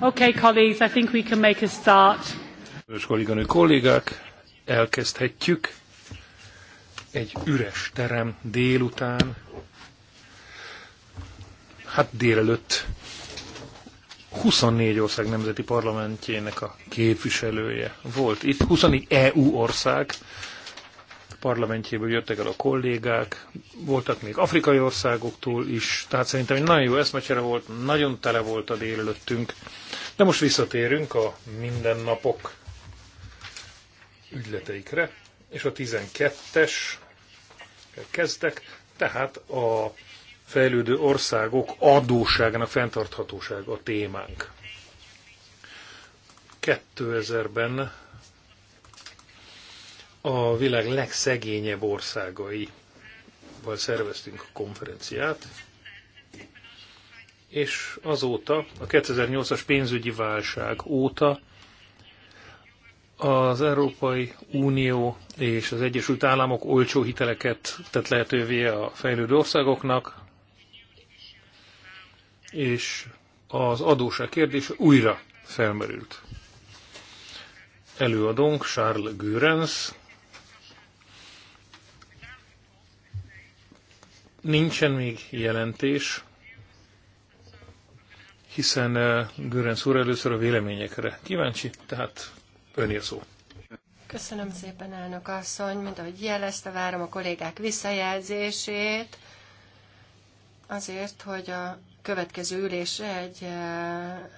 Okay, colleagues, I think we can make a start. Kedves kolléganő kollégák, elkezdhetjük. Egy üres terem délután, hát délelőtt 24 ország nemzeti parlamentjének a képviselője volt itt, 24 EU ország, parlamentjéből jöttek el a kollégák, voltak még afrikai országoktól is, tehát szerintem egy nagyon jó eszmecsere volt, nagyon tele volt a délelőttünk, de most visszatérünk a mindennapok ügyleteikre, és a 12-es kezdtek, tehát a fejlődő országok adósságának fenntarthatóság a témánk. 2000-ben a világ legszegényebb országaival szerveztünk a konferenciát, és azóta, a 2008-as pénzügyi válság óta az Európai Unió és az Egyesült Államok olcsó hiteleket tett lehetővé a fejlődő országoknak, és az adóság kérdése újra felmerült. Előadónk Charles Gürens nincsen még jelentés, hiszen eh, Görenc úr először a véleményekre kíváncsi, tehát önél szó. Köszönöm szépen, elnök asszony, mint ahogy jelezte, várom a kollégák visszajelzését, azért, hogy a következő ülésre egy eh,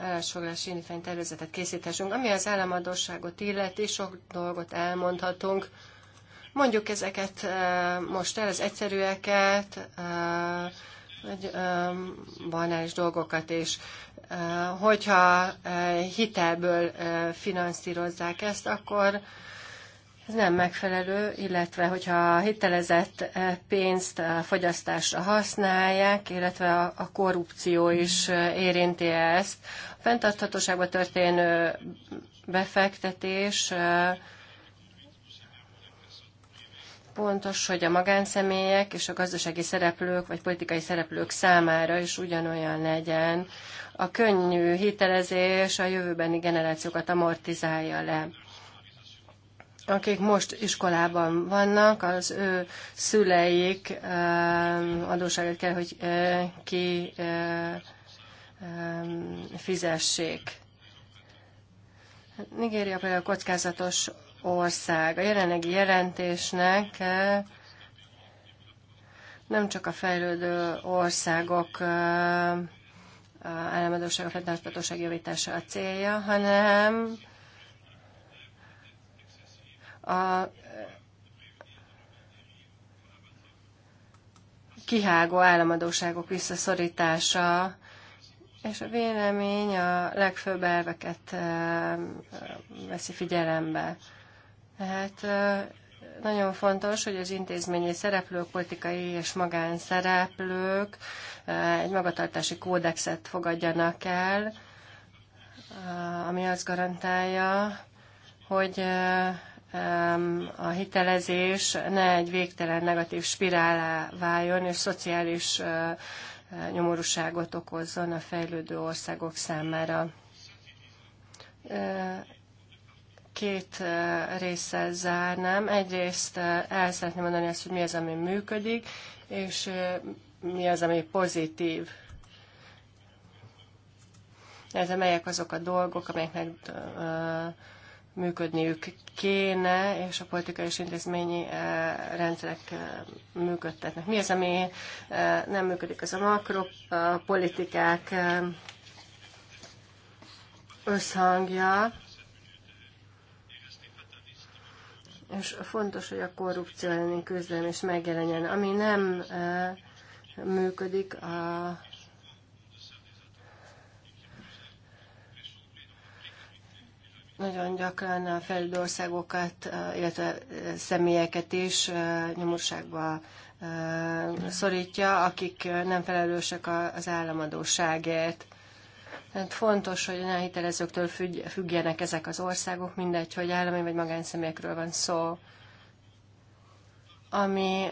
állásfoglalási indítvány tervezetet készíthessünk. Ami az államadóságot illeti, sok dolgot elmondhatunk. Mondjuk ezeket eh, most el, az egyszerűeket, vagy banális dolgokat és hogyha hitelből finanszírozzák ezt, akkor ez nem megfelelő, illetve hogyha a hitelezett pénzt a fogyasztásra használják, illetve a, korrupció is érinti ezt. A fenntarthatóságba történő befektetés fontos, hogy a magánszemélyek és a gazdasági szereplők vagy politikai szereplők számára is ugyanolyan legyen. A könnyű hitelezés a jövőbeni generációkat amortizálja le akik most iskolában vannak, az ő szüleik eh, adóságot kell, hogy eh, ki eh, fizessék. Nigéria például kockázatos ország. A jelenlegi jelentésnek eh, nem csak a fejlődő országok eh, eh, államadósága, fenntarthatóság javítása a célja, hanem a kihágó államadóságok visszaszorítása, és a vélemény a legfőbb elveket veszi figyelembe. Tehát nagyon fontos, hogy az intézményi szereplők, politikai és magánszereplők egy magatartási kódexet fogadjanak el, ami azt garantálja, hogy a hitelezés ne egy végtelen negatív spirálá váljon, és szociális nyomorúságot okozzon a fejlődő országok számára két résszel zárnám. Egyrészt el szeretném mondani azt, hogy mi az, ami működik, és mi az, ami pozitív. Ez melyek azok a dolgok, amelyeknek működniük kéne, és a politikai és intézményi rendszerek működtetnek. Mi az, ami nem működik, az a makropolitikák összhangja. és fontos, hogy a korrupció elleni küzdelem is megjelenjen. Ami nem működik, a nagyon gyakran a fejlődő országokat, illetve személyeket is nyomorságba szorítja, akik nem felelősek az államadóságért. Tehát fontos, hogy a hitelezőktől függjenek ezek az országok, mindegy, hogy állami vagy magánszemélyekről van szó. Ami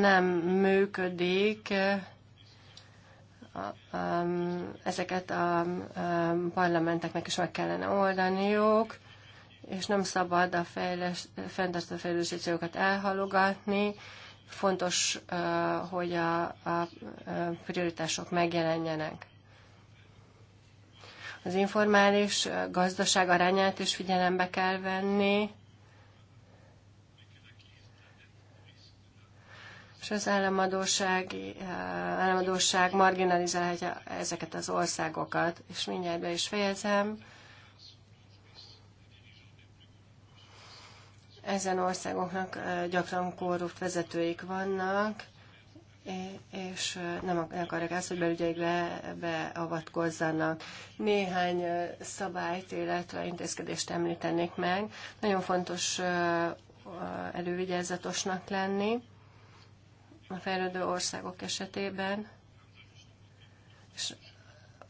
nem működik, ezeket a parlamenteknek is meg kellene oldaniuk, és nem szabad a fenntartó fejlődési elhalogatni. Fontos, hogy a, a prioritások megjelenjenek. Az informális gazdaság arányát is figyelembe kell venni. És az államadóság, államadóság marginalizálja ezeket az országokat. És mindjárt be is fejezem. Ezen országoknak gyakran korrupt vezetőik vannak, és nem akarják azt, hogy be, beavatkozzanak. Néhány szabályt, illetve intézkedést említenék meg. Nagyon fontos elővigyázatosnak lenni a fejlődő országok esetében, és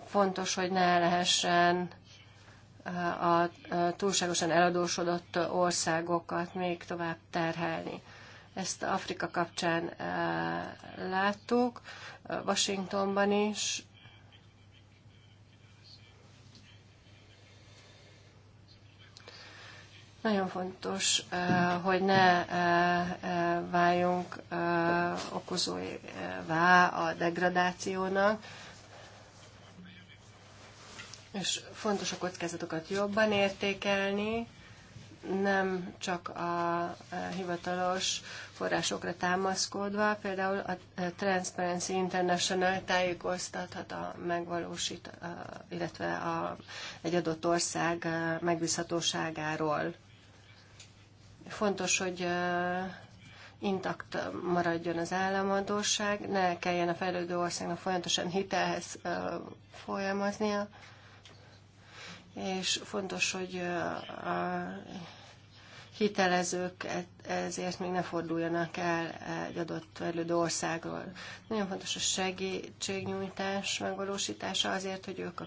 fontos, hogy ne lehessen a túlságosan eladósodott országokat még tovább terhelni. Ezt Afrika kapcsán láttuk, Washingtonban is. Nagyon fontos, hogy ne váljunk okozóivá a degradációnak, és fontos a kockázatokat jobban értékelni, nem csak a hivatalos forrásokra támaszkodva, például a Transparency International tájékoztathat a megvalósít, illetve a, egy adott ország megbízhatóságáról. Fontos, hogy intakt maradjon az államadóság, ne kelljen a fejlődő országnak folyamatosan hitelhez folyamoznia, és fontos, hogy a hitelezők e-, ezért még ne forduljanak el egy adott fejlődő országról. Nagyon fontos a segítségnyújtás megvalósítása azért, hogy ők a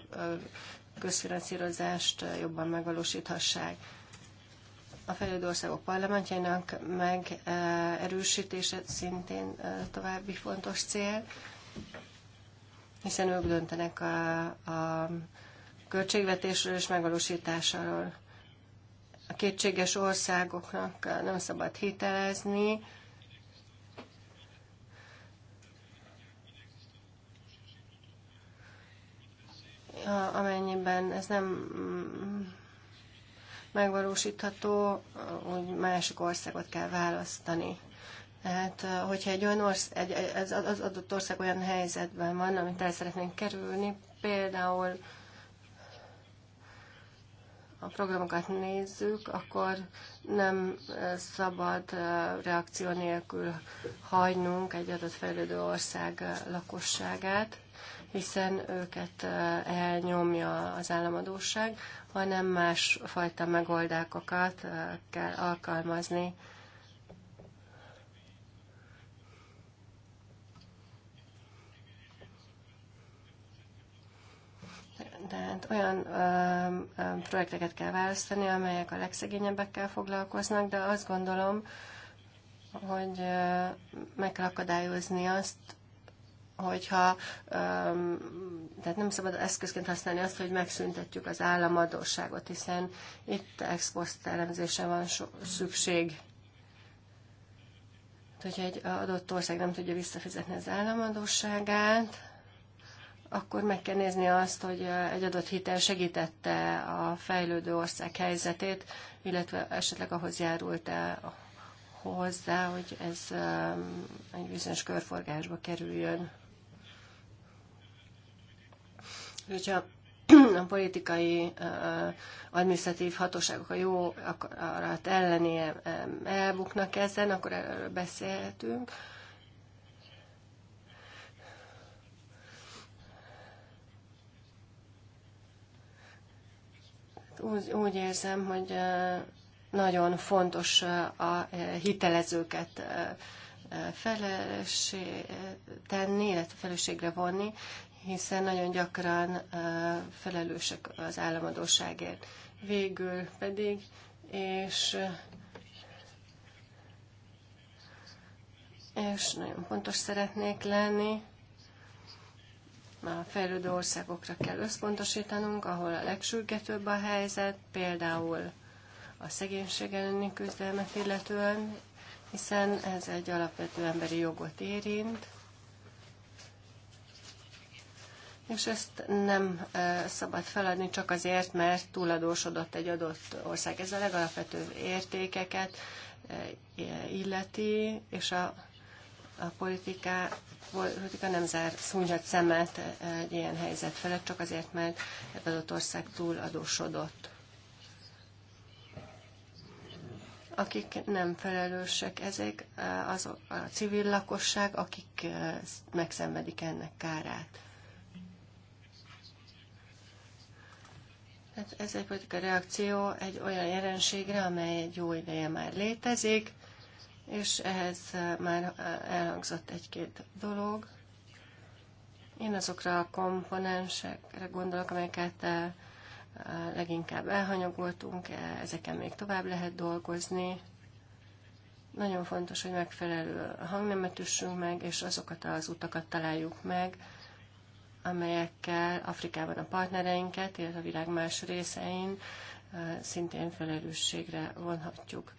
közfinanszírozást jobban megvalósíthassák. A fejlődő országok parlamentjainak megerősítése szintén további fontos cél, hiszen ők döntenek a, a költségvetésről és megvalósításáról. A kétséges országoknak nem szabad hitelezni, amennyiben ez nem megvalósítható, úgy másik országot kell választani. Tehát, hogyha egy olyan orsz egy, az adott ország olyan helyzetben van, amit el szeretnénk kerülni, például a programokat nézzük, akkor nem szabad reakció nélkül hagynunk egy adott fejlődő ország lakosságát, hiszen őket elnyomja az államadóság, hanem másfajta megoldákokat kell alkalmazni Tehát olyan ö, ö, projekteket kell választani, amelyek a legszegényebbekkel foglalkoznak, de azt gondolom, hogy ö, meg kell akadályozni azt, hogyha ö, tehát nem szabad eszközként használni azt, hogy megszüntetjük az államadóságot, hiszen itt exposzt elemzése van so, szükség. Hát, hogyha egy adott ország nem tudja visszafizetni az államadóságát, akkor meg kell nézni azt, hogy egy adott hitel segítette a fejlődő ország helyzetét, illetve esetleg ahhoz járult-e hozzá, hogy ez egy bizonyos körforgásba kerüljön. Hogyha a politikai adminisztratív hatóságok a jó akarat ellenére elbuknak ezen, akkor erről beszélhetünk Úgy, úgy érzem, hogy nagyon fontos a hitelezőket felelőssé tenni, illetve felelősségre vonni, hiszen nagyon gyakran felelősek az államadóságért. Végül pedig, és és nagyon fontos szeretnék lenni, a fejlődő országokra kell összpontosítanunk, ahol a legsürgetőbb a helyzet, például a szegénység elleni küzdelmet illetően, hiszen ez egy alapvető emberi jogot érint, és ezt nem szabad feladni csak azért, mert túladósodott egy adott ország. Ez a legalapvetőbb értékeket illeti, és a a politika, politika nem zár szúnyhat szemet egy ilyen helyzet felett, csak azért, mert ebben az ország túl adósodott. akik nem felelősek ezek, az a civil lakosság, akik eh, megszenvedik ennek kárát. Hát ez egy politikai reakció egy olyan jelenségre, amely egy jó ideje már létezik, és ehhez eh, már eh, elhangzott egy-két dolog. Én azokra a komponensekre gondolok, amelyeket eh, leginkább elhanyagoltunk, ezeken még tovább lehet dolgozni. Nagyon fontos, hogy megfelelő hangnemet üssünk meg, és azokat az utakat találjuk meg, amelyekkel Afrikában a partnereinket, illetve a világ más részein szintén felelősségre vonhatjuk.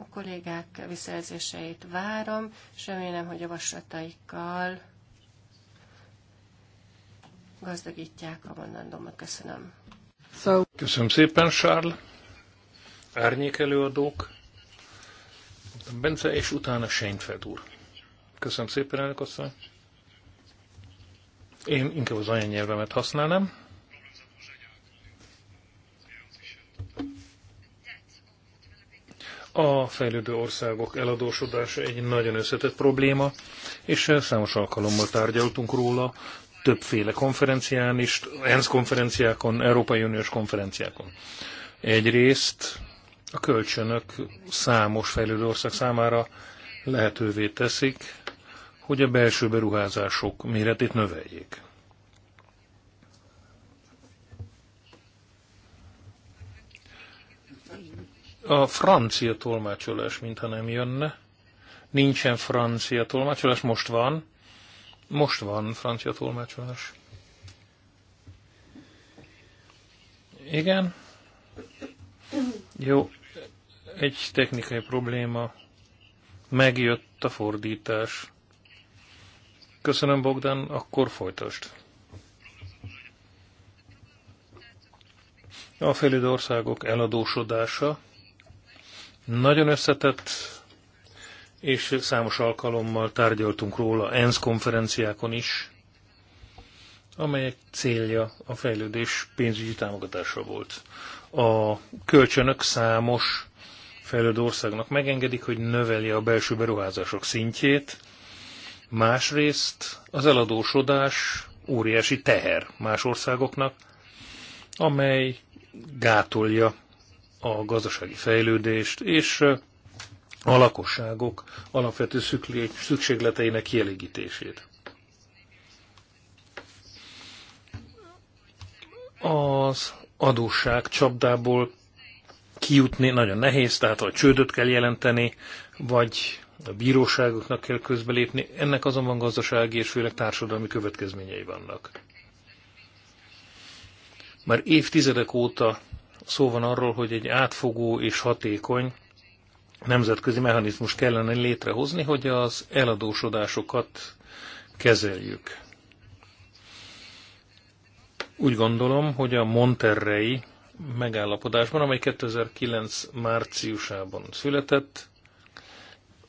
A kollégák visszajelzéseit várom, és remélem, hogy javaslataikkal gazdagítják a mondandómat. Köszönöm. Köszönöm szépen, Charles. Árnyék előadók. Bence és utána Seinfeld úr. Köszönöm szépen, elnök asszony. Én inkább az anyanyelvemet használnám. A fejlődő országok eladósodása egy nagyon összetett probléma, és számos alkalommal tárgyaltunk róla, többféle konferencián is, ENSZ konferenciákon, Európai Uniós konferenciákon. Egyrészt a kölcsönök számos fejlődő ország számára lehetővé teszik, hogy a belső beruházások méretét növeljék. a francia tolmácsolás, mintha nem jönne. Nincsen francia tolmácsolás, most van. Most van francia tolmácsolás. Igen. Jó. Egy technikai probléma. Megjött a fordítás. Köszönöm, Bogdan, akkor folytasd. A fejlődő országok eladósodása nagyon összetett, és számos alkalommal tárgyaltunk róla ENSZ konferenciákon is, amelyek célja a fejlődés pénzügyi támogatása volt. A kölcsönök számos fejlődő országnak megengedik, hogy növeli a belső beruházások szintjét, másrészt az eladósodás óriási teher más országoknak, amely gátolja a gazdasági fejlődést és a lakosságok alapvető szükségleteinek kielégítését. Az adósság csapdából kijutni nagyon nehéz, tehát a csődöt kell jelenteni, vagy a bíróságoknak kell közbelépni, ennek azonban gazdasági és főleg társadalmi következményei vannak. Már évtizedek óta szó van arról, hogy egy átfogó és hatékony nemzetközi mechanizmus kellene létrehozni, hogy az eladósodásokat kezeljük. Úgy gondolom, hogy a Monterrey megállapodásban, amely 2009 márciusában született,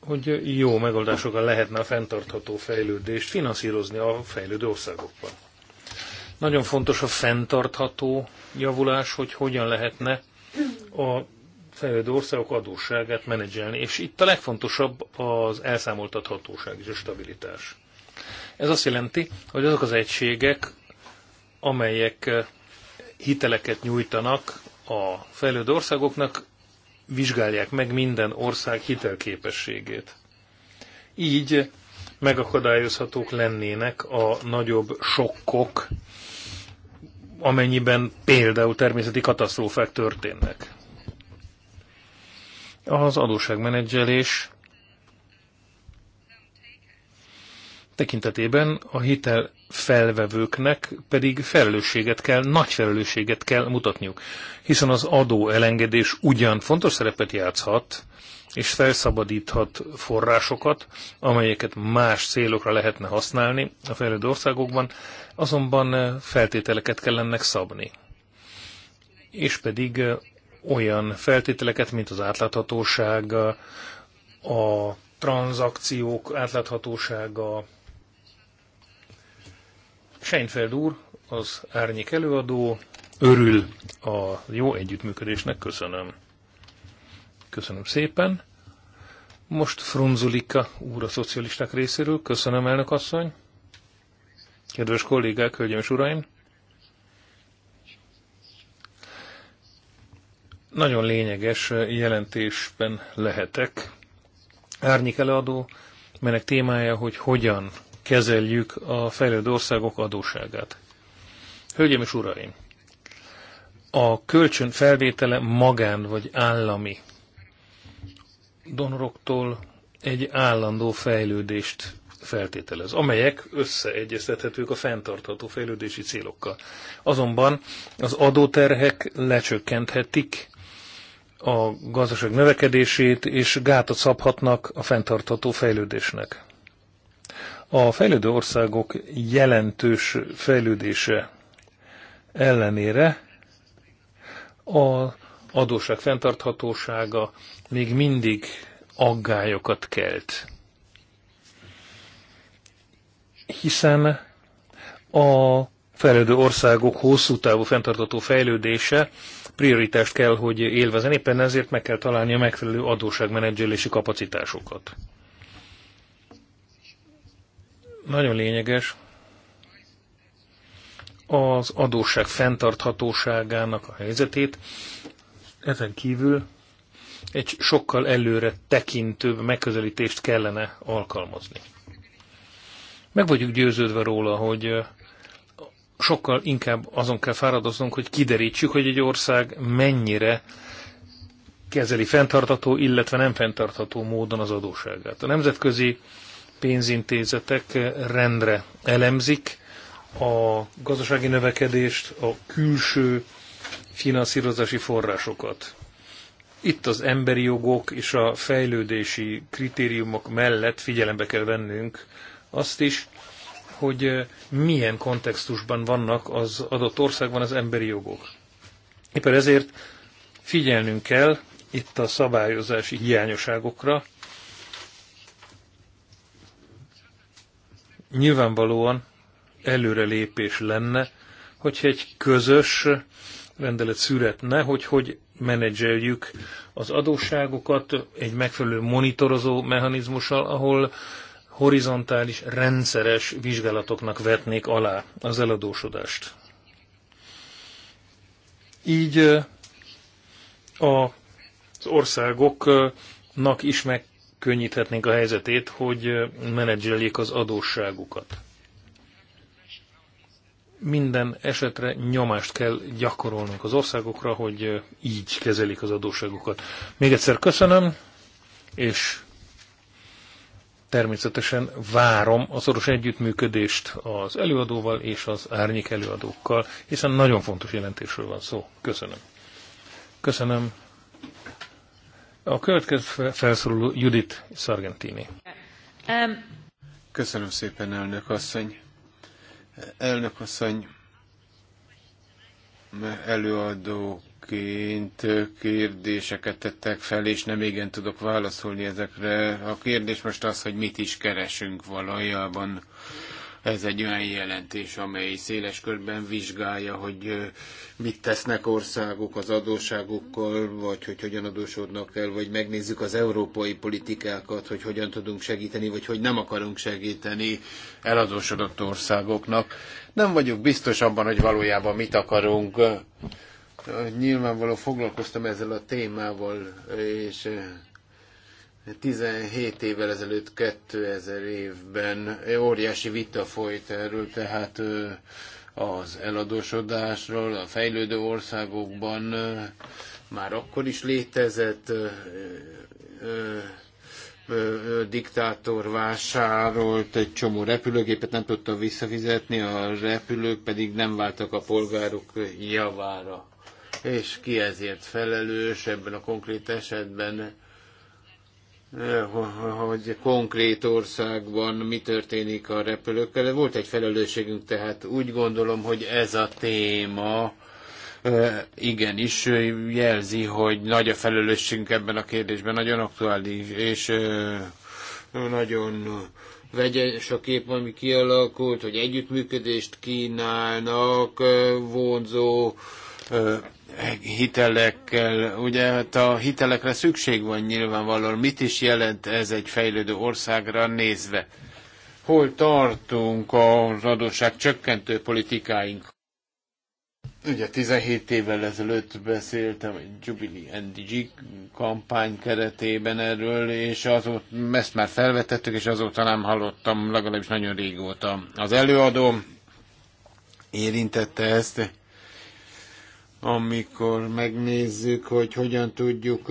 hogy jó megoldásokkal lehetne a fenntartható fejlődést finanszírozni a fejlődő országokban. Nagyon fontos a fenntartható javulás, hogy hogyan lehetne a fejlődő országok adósságát menedzselni, és itt a legfontosabb az elszámoltathatóság és a stabilitás. Ez azt jelenti, hogy azok az egységek, amelyek eh, hiteleket nyújtanak a fejlődő országoknak, vizsgálják meg minden ország hitelképességét. Így megakadályozhatók lennének a nagyobb sokkok, amennyiben például természeti katasztrófák történnek. Az adóságmenedzselés tekintetében a hitel felvevőknek pedig felelősséget kell, nagy felelősséget kell mutatniuk, hiszen az adó elengedés ugyan fontos szerepet játszhat, és felszabadíthat forrásokat, amelyeket más célokra lehetne használni a fejlődő országokban, azonban eh, feltételeket kell ennek szabni. És pedig eh, olyan feltételeket, mint az átláthatóság, eh, a tranzakciók átláthatósága. Seinfeld úr, az árnyék előadó, örül a jó együttműködésnek, köszönöm. Köszönöm szépen. Most Frunzulika úr a szocialisták részéről. Köszönöm, elnök asszony. Kedves kollégák, hölgyeim és uraim! Nagyon lényeges jelentésben lehetek. Árnyék eladó. melynek témája, hogy hogyan kezeljük a fejlődő országok adóságát. Hölgyeim és uraim! A kölcsön felvétele magán vagy állami donoroktól egy állandó fejlődést feltételez, amelyek összeegyeztethetők a fenntartható fejlődési célokkal. Azonban az adóterhek lecsökkenthetik a gazdaság növekedését, és gátat szabhatnak a fenntartható fejlődésnek. A fejlődő országok jelentős fejlődése ellenére a adóság fenntarthatósága még mindig aggályokat kelt. Hiszen a fejlődő országok hosszú távú fenntartató fejlődése prioritást kell, hogy élvezen, éppen ezért meg kell találni a megfelelő adósságmenedzselési kapacitásokat. Nagyon lényeges az adósság fenntarthatóságának a helyzetét, ezen kívül egy sokkal előre tekintőbb megközelítést kellene alkalmazni. Meg vagyunk győződve róla, hogy sokkal inkább azon kell fáradoznunk, hogy kiderítsük, hogy egy ország mennyire kezeli fenntartható, illetve nem fenntartható módon az adóságát. A nemzetközi pénzintézetek rendre elemzik a gazdasági növekedést, a külső finanszírozási forrásokat. Itt az emberi jogok és a fejlődési kritériumok mellett figyelembe kell vennünk azt is, hogy eh, milyen kontextusban vannak az adott országban az emberi jogok. Éppen ezért figyelnünk kell itt a szabályozási hiányosságokra. Nyilvánvalóan előrelépés lenne, hogyha egy közös rendelet születne, hogy hogy menedzseljük az adósságokat egy megfelelő monitorozó mechanizmussal, ahol horizontális, rendszeres vizsgálatoknak vetnék alá az eladósodást. Így az országoknak is megkönnyíthetnénk a helyzetét, hogy menedzseljék az adósságukat minden esetre nyomást kell gyakorolnunk az országokra, hogy így kezelik az adósságokat. Még egyszer köszönöm, és természetesen várom a szoros együttműködést az előadóval és az árnyék előadókkal, hiszen nagyon fontos jelentésről van szó. Köszönöm. Köszönöm. A következő felszóló Judit Sargentini. Um, köszönöm szépen, elnök asszony. Elnök asszony, előadóként kérdéseket tettek fel, és nem igen tudok válaszolni ezekre. A kérdés most az, hogy mit is keresünk valójában ez egy olyan jelentés, amely széles körben vizsgálja, hogy mit tesznek országok az adósságokkal, vagy hogy hogyan adósodnak el, vagy megnézzük az európai politikákat, hogy hogyan tudunk segíteni, vagy hogy nem akarunk segíteni eladósodott országoknak. Nem vagyok biztos abban, hogy valójában mit akarunk nyilvánvalóan foglalkoztam ezzel a témával, és 17 évvel ezelőtt, 2000 évben óriási vita folyt erről, tehát az eladósodásról a fejlődő országokban már akkor is létezett diktátor vásárolt egy csomó repülőgépet, nem tudta visszafizetni, a repülők pedig nem váltak a polgárok javára. És ki ezért felelős ebben a konkrét esetben? hogy konkrét országban mi történik a repülőkkel. Volt egy felelősségünk, tehát úgy gondolom, hogy ez a téma igenis jelzi, hogy nagy a felelősségünk ebben a kérdésben, nagyon aktuális, és nagyon vegyes a kép, ami kialakult, hogy együttműködést kínálnak, vonzó hitelekkel, ugye hát a hitelekre szükség van nyilvánvalóan. Mit is jelent ez egy fejlődő országra nézve? Hol tartunk a adósság csökkentő politikáink? Ugye 17 évvel ezelőtt beszéltem egy Jubilee NDG kampány keretében erről, és azóta ezt már felvetettük, és azóta nem hallottam, legalábbis nagyon régóta. Az előadó érintette ezt, amikor megnézzük, hogy hogyan tudjuk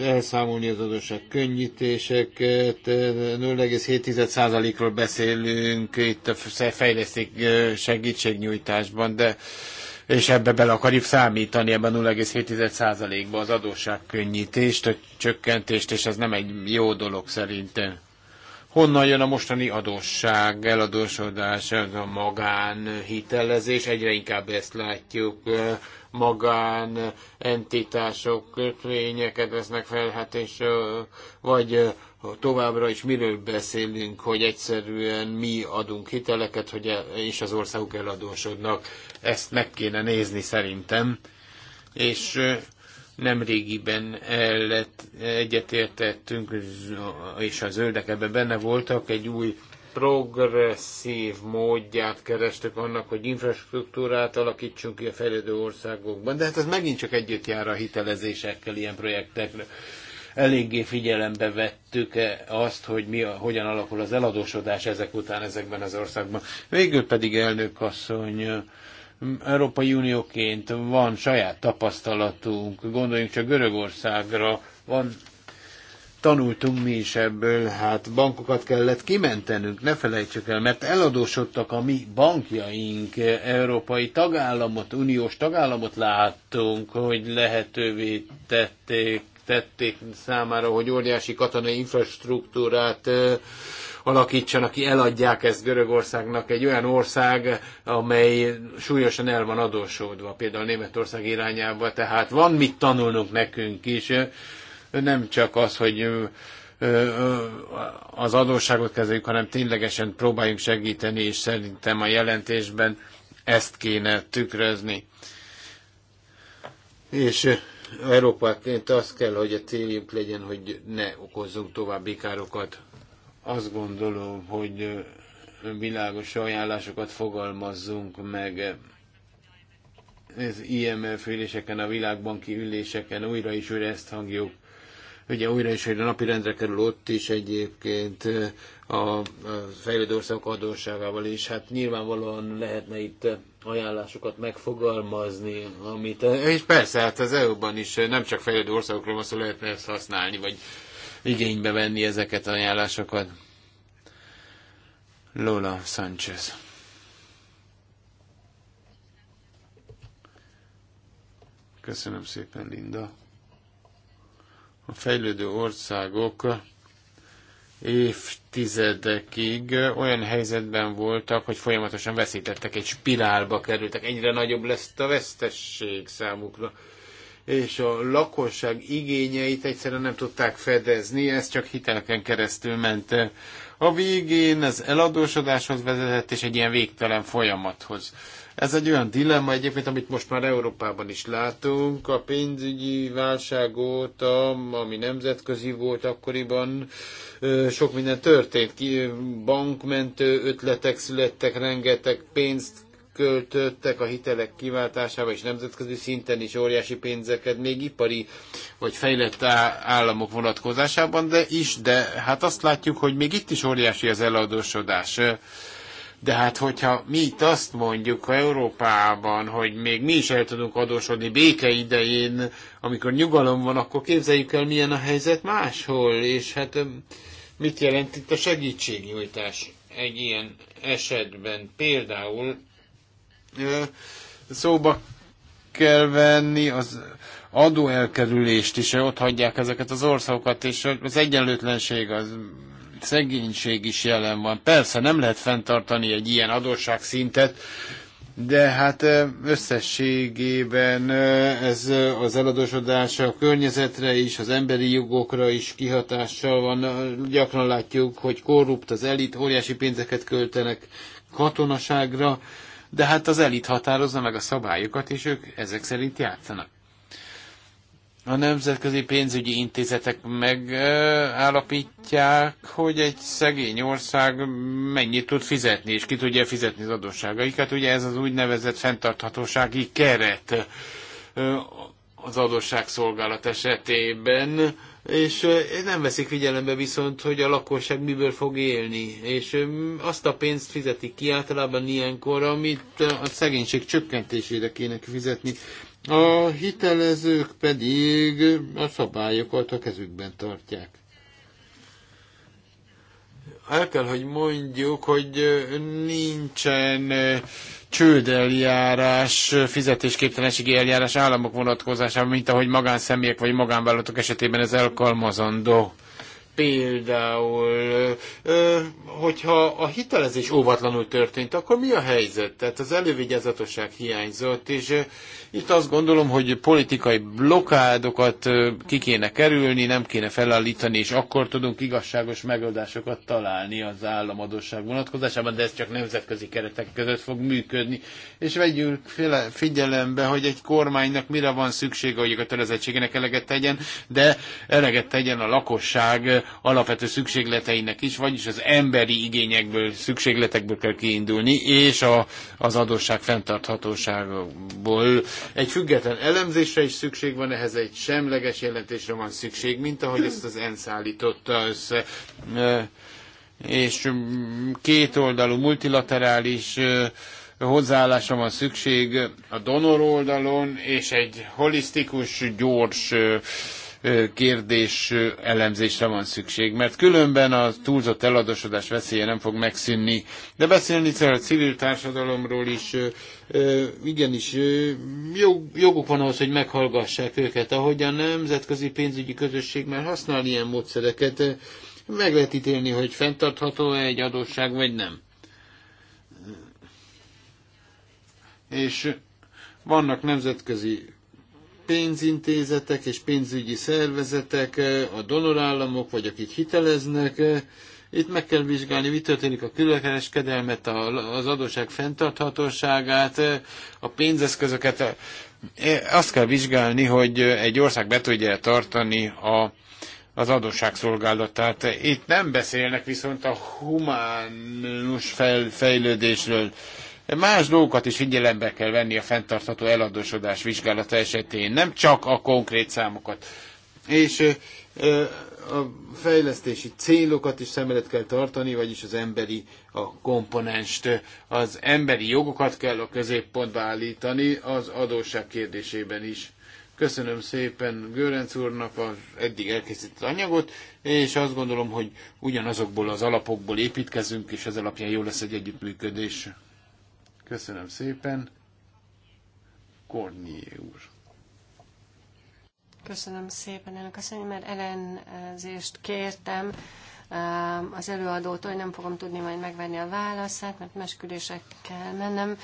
elszámolni az adósság könnyítéseket. 0,7%-ról beszélünk itt a fejleszték segítségnyújtásban, de és ebbe bele akarjuk számítani, ebben 0,7%-ba az adósság könnyítést, a csökkentést, és ez nem egy jó dolog szerintem. Honnan jön a mostani adósság, eladósodás, a magánhitelezés? Egyre inkább ezt látjuk magán entitások kötvényeket vesznek fel, hát és vagy továbbra is miről beszélünk, hogy egyszerűen mi adunk hiteleket, hogy e, és az országok eladósodnak. Ezt meg kéne nézni szerintem. És nem el egyetértettünk, és a zöldek ebben benne voltak, egy új progresszív módját kerestük annak, hogy infrastruktúrát alakítsunk ki a fejlődő országokban, de hát ez megint csak együtt jár a hitelezésekkel, ilyen projektekre. Eléggé figyelembe vettük -e azt, hogy mi, hogyan alakul az eladósodás ezek után ezekben az országban. Végül pedig elnök asszony, Európai Unióként van saját tapasztalatunk, gondoljunk csak Görögországra, van tanultunk mi is ebből, hát bankokat kellett kimentenünk, ne felejtsük el, mert eladósodtak a mi bankjaink, európai tagállamot, uniós tagállamot láttunk, hogy lehetővé tették, tették számára, hogy óriási katonai infrastruktúrát alakítsanak ki, eladják ezt Görögországnak, egy olyan ország, amely súlyosan el van adósodva, például Németország irányába, tehát van mit tanulnunk nekünk is nem csak az, hogy az adósságot kezeljük, hanem ténylegesen próbáljunk segíteni, és szerintem a jelentésben ezt kéne tükrözni. És Európaként az kell, hogy a céljunk legyen, hogy ne okozzunk további károkat. Azt gondolom, hogy világos ajánlásokat fogalmazzunk meg ez IMF üléseken, a világbanki üléseken újra is újra ezt hangjuk, ugye újra is, hogy a napi rendre kerül ott is egyébként a fejlődő országok adósságával is. Hát nyilvánvalóan lehetne itt ajánlásokat megfogalmazni, amit, és persze, hát az EU-ban is nem csak fejlődő országokról van szó, lehetne ezt használni, vagy igénybe venni ezeket az ajánlásokat. Lola Sanchez. Köszönöm szépen, Linda a fejlődő országok évtizedekig olyan helyzetben voltak, hogy folyamatosan veszítettek, egy spirálba kerültek, ennyire nagyobb lesz a vesztesség számukra és a lakosság igényeit egyszerűen nem tudták fedezni, ez csak hitelken keresztül ment. A végén ez eladósodáshoz vezetett, és egy ilyen végtelen folyamathoz. Ez egy olyan dilemma egyébként, amit most már Európában is látunk. A pénzügyi válság óta, ami nemzetközi volt akkoriban, sok minden történt. Bankmentő ötletek születtek, rengeteg pénzt költöttek a hitelek kiváltásába, és nemzetközi szinten is óriási pénzeket, még ipari vagy fejlett államok vonatkozásában, de is, de hát azt látjuk, hogy még itt is óriási az eladósodás de hát, hogyha mi itt azt mondjuk ha Európában, hogy még mi is el tudunk adósodni béke idején, amikor nyugalom van, akkor képzeljük el, milyen a helyzet máshol, és hát mit jelent itt a segítségnyújtás egy ilyen esetben? Például szóba kell venni az adóelkerülést is, ott hagyják ezeket az országokat, és az egyenlőtlenség az szegénység is jelen van. Persze nem lehet fenntartani egy ilyen adósságszintet, de hát összességében ez az eladósodás a környezetre is, az emberi jogokra is kihatással van. Gyakran látjuk, hogy korrupt az elit, óriási pénzeket költenek katonaságra, de hát az elit határozza meg a szabályokat, és ők ezek szerint játszanak. A nemzetközi pénzügyi intézetek megállapítják, hogy egy szegény ország mennyit tud fizetni, és ki tudja fizetni az adósságaikat. Ugye ez az úgynevezett fenntarthatósági keret az adósságszolgálat esetében, és nem veszik figyelembe viszont, hogy a lakosság miből fog élni, és azt a pénzt fizetik ki általában ilyenkor, amit a szegénység csökkentésére kéne fizetni. A hitelezők pedig a szabályokat a kezükben tartják. El kell, hogy mondjuk, hogy nincsen csődeljárás, fizetésképtelenségi eljárás államok vonatkozásában, mint ahogy magánszemélyek vagy magánvállalatok esetében ez alkalmazandó. Például, hogyha a hitelezés óvatlanul történt, akkor mi a helyzet? Tehát az elővigyázatosság hiányzott, és itt azt gondolom, hogy politikai blokádokat ki kéne kerülni, nem kéne felállítani, és akkor tudunk igazságos megoldásokat találni az államadóság vonatkozásában, de ez csak nemzetközi keretek között fog működni. És vegyünk figyelembe, hogy egy kormánynak mire van szüksége, hogy a kötelezettségének eleget tegyen, de eleget tegyen a lakosság alapvető szükségleteinek is, vagyis az emberi igényekből, szükségletekből kell kiindulni, és a, az adósság fenntarthatóságból egy független elemzésre is szükség van, ehhez egy semleges jelentésre van szükség, mint ahogy ezt az ENSZ állította össze. És mm, kétoldalú multilaterális hozzáállásra van szükség a donor oldalon, és egy holisztikus, gyors kérdés elemzésre van szükség, mert különben a túlzott eladósodás veszélye nem fog megszűnni. De beszélni kell a civil társadalomról is, igenis joguk van ahhoz, hogy meghallgassák őket, ahogy a nemzetközi pénzügyi közösség már használ ilyen módszereket, meg lehet ítélni, hogy fenntartható-e egy adósság, vagy nem. És vannak nemzetközi pénzintézetek és pénzügyi szervezetek, eh, a donorállamok, vagy akik hiteleznek, eh, itt meg kell vizsgálni, mi történik a külkereskedelmet, az adóság fenntarthatóságát, eh, a pénzeszközöket. Azt kell vizsgálni, hogy egy ország be tudja tartani a, az adósságszolgálatát. Itt nem beszélnek viszont a humánus fejlődésről. Más dolgokat is figyelembe kell venni a fenntartható eladósodás vizsgálata esetén, nem csak a konkrét számokat. És a fejlesztési célokat is szem előtt kell tartani, vagyis az emberi a komponenst, az emberi jogokat kell a középpontba állítani az adósság kérdésében is. Köszönöm szépen Görenc úrnak az eddig elkészített anyagot, és azt gondolom, hogy ugyanazokból az alapokból építkezünk, és ez alapján jó lesz egy együttműködés. Köszönöm szépen. Korni úr. Köszönöm szépen, elnök asszony, mert ellenzést kértem az előadótól, hogy nem fogom tudni majd megvenni a válaszát, mert mesküdések mennem.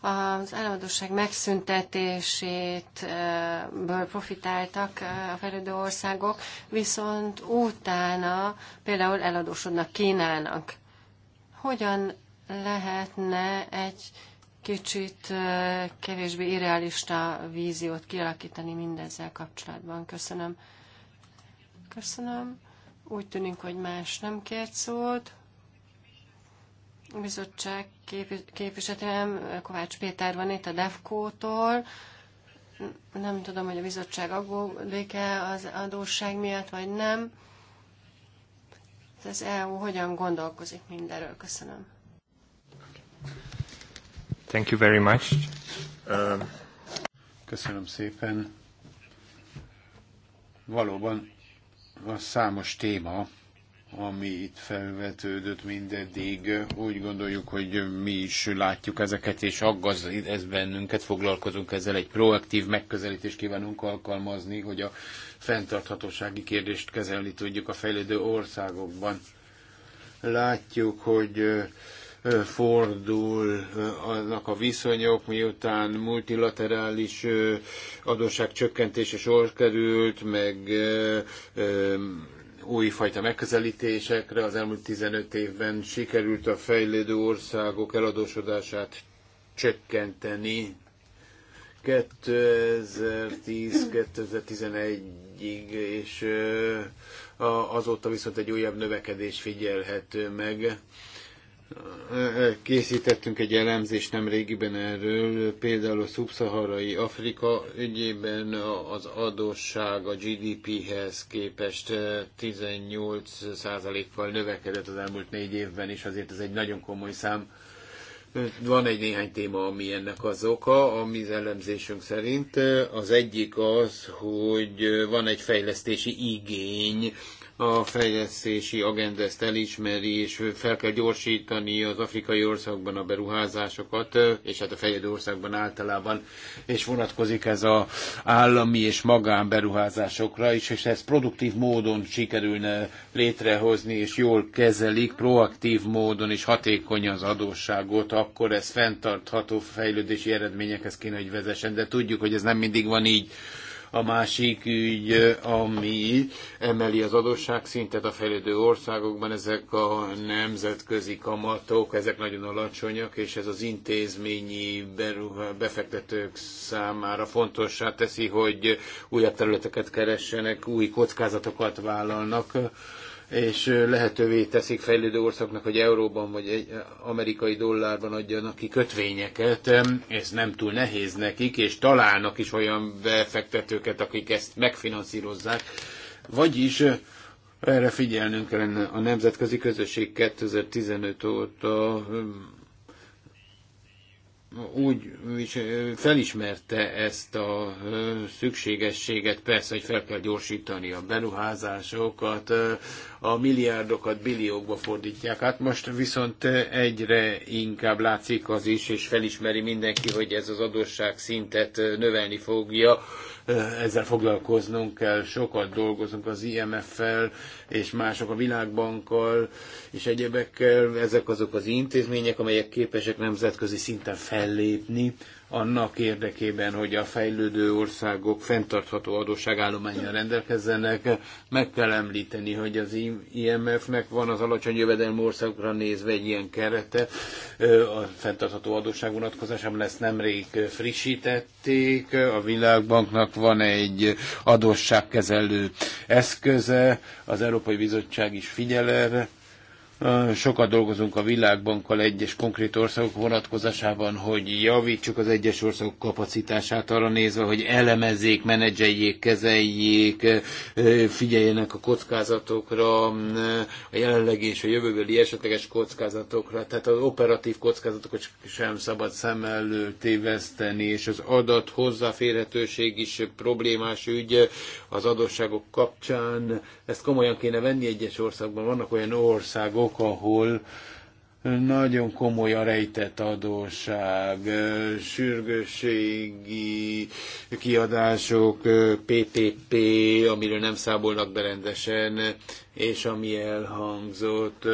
Az államadóság megszüntetésétből profitáltak a fejlődő országok, viszont utána például eladósodnak Kínának hogyan lehetne egy kicsit kevésbé irrealista víziót kialakítani mindezzel kapcsolatban. Köszönöm. Köszönöm. Úgy tűnik, hogy más nem kért szót. bizottság képviseletében Kovács Péter van itt a DEFCO-tól. Nem tudom, hogy a bizottság aggódik-e az adósság miatt, vagy nem. Tehát az EU hogyan gondolkozik mindenről? Köszönöm. Thank you very much. Um, Köszönöm szépen. Valóban a számos téma, ami itt felvetődött mindeddig. Úgy gondoljuk, hogy mi is látjuk ezeket, és aggaz ez bennünket, foglalkozunk ezzel, egy proaktív megközelítést kívánunk alkalmazni, hogy a fenntarthatósági kérdést kezelni tudjuk a fejlődő országokban. Látjuk, hogy fordul annak a viszonyok, miután multilaterális csökkentése sor került, meg újfajta megközelítésekre. Az elmúlt 15 évben sikerült a fejlődő országok eladósodását csökkenteni. 2010-2011-ig, és azóta viszont egy újabb növekedés figyelhető meg készítettünk egy elemzést nem régiben erről, például a szubszaharai Afrika ügyében az adósság a GDP-hez képest 18%-kal eh, növekedett az elmúlt négy évben, és azért ez egy nagyon komoly szám. Van egy néhány téma, ami ennek az oka, ami az elemzésünk szerint. Az egyik az, hogy van egy fejlesztési igény a fejlesztési agenda ezt elismeri, és fel kell gyorsítani az afrikai országban a beruházásokat, és hát a fejlődő országban általában, és vonatkozik ez a állami és magánberuházásokra is, és ezt produktív módon sikerülne létrehozni, és jól kezelik, proaktív módon és hatékony az adósságot, akkor ez fenntartható fejlődési eredményekhez kéne, hogy vezessen, de tudjuk, hogy ez nem mindig van így a másik ügy, ami emeli az adósságszintet a fejlődő országokban, ezek a nemzetközi kamatok, ezek nagyon alacsonyak, és ez az intézményi befektetők számára fontossá teszi, hogy újabb területeket keressenek, új kockázatokat vállalnak és lehetővé teszik fejlődő országnak, hogy euróban vagy egy amerikai dollárban adjanak ki kötvényeket. Ez nem túl nehéz nekik, és találnak is olyan befektetőket, akik ezt megfinanszírozzák. Vagyis erre figyelnünk kellene a nemzetközi közösség 2015 óta úgy felismerte ezt a szükségességet, persze, hogy fel kell gyorsítani a beruházásokat, a milliárdokat billiókba fordítják. Hát most viszont egyre inkább látszik az is, és felismeri mindenki, hogy ez az adósság szintet növelni fogja ezzel foglalkoznunk kell, sokat dolgozunk az IMF-fel, és mások a világbankkal, és egyebekkel. Ezek azok az intézmények, amelyek képesek nemzetközi szinten fellépni annak érdekében, hogy a fejlődő országok fenntartható adósságállományjal rendelkezzenek. Meg kell említeni, hogy az IMF-nek van az alacsony jövedelmi országokra nézve egy ilyen kerete. A fenntartható adósság vonatkozásában lesz nemrég frissítették. A Világbanknak van egy adósságkezelő eszköze. Az Európai Bizottság is figyel erre Sokat dolgozunk a világbankkal egyes konkrét országok vonatkozásában, hogy javítsuk az egyes országok kapacitását arra nézve, hogy elemezzék, menedzseljék, kezeljék, figyeljenek a kockázatokra, a jelenlegi és a jövőbeli esetleges kockázatokra, tehát az operatív kockázatokat sem szabad szem előtt téveszteni, és az adat hozzáférhetőség is problémás ügy az adósságok kapcsán. Ezt komolyan kéne venni egyes országban. Vannak olyan országok, országok, ahol nagyon komoly a rejtett adóság, sürgősségi kiadások, PPP, amiről nem számolnak be rendesen, és ami elhangzott,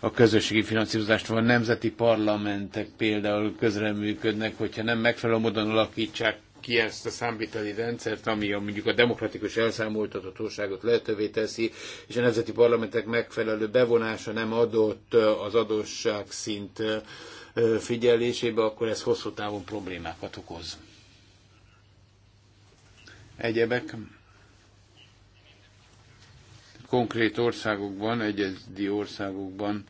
a közösségi finanszírozást van, nemzeti parlamentek például közreműködnek, hogyha nem megfelelő módon alakítsák ki ezt a számviteli rendszert, ami a, mondjuk a demokratikus elszámoltathatóságot lehetővé teszi, és a nemzeti parlamentek megfelelő bevonása nem adott az adósság szint figyelésébe, akkor ez hosszú távon problémákat okoz. Egyebek konkrét országokban, egyedi országokban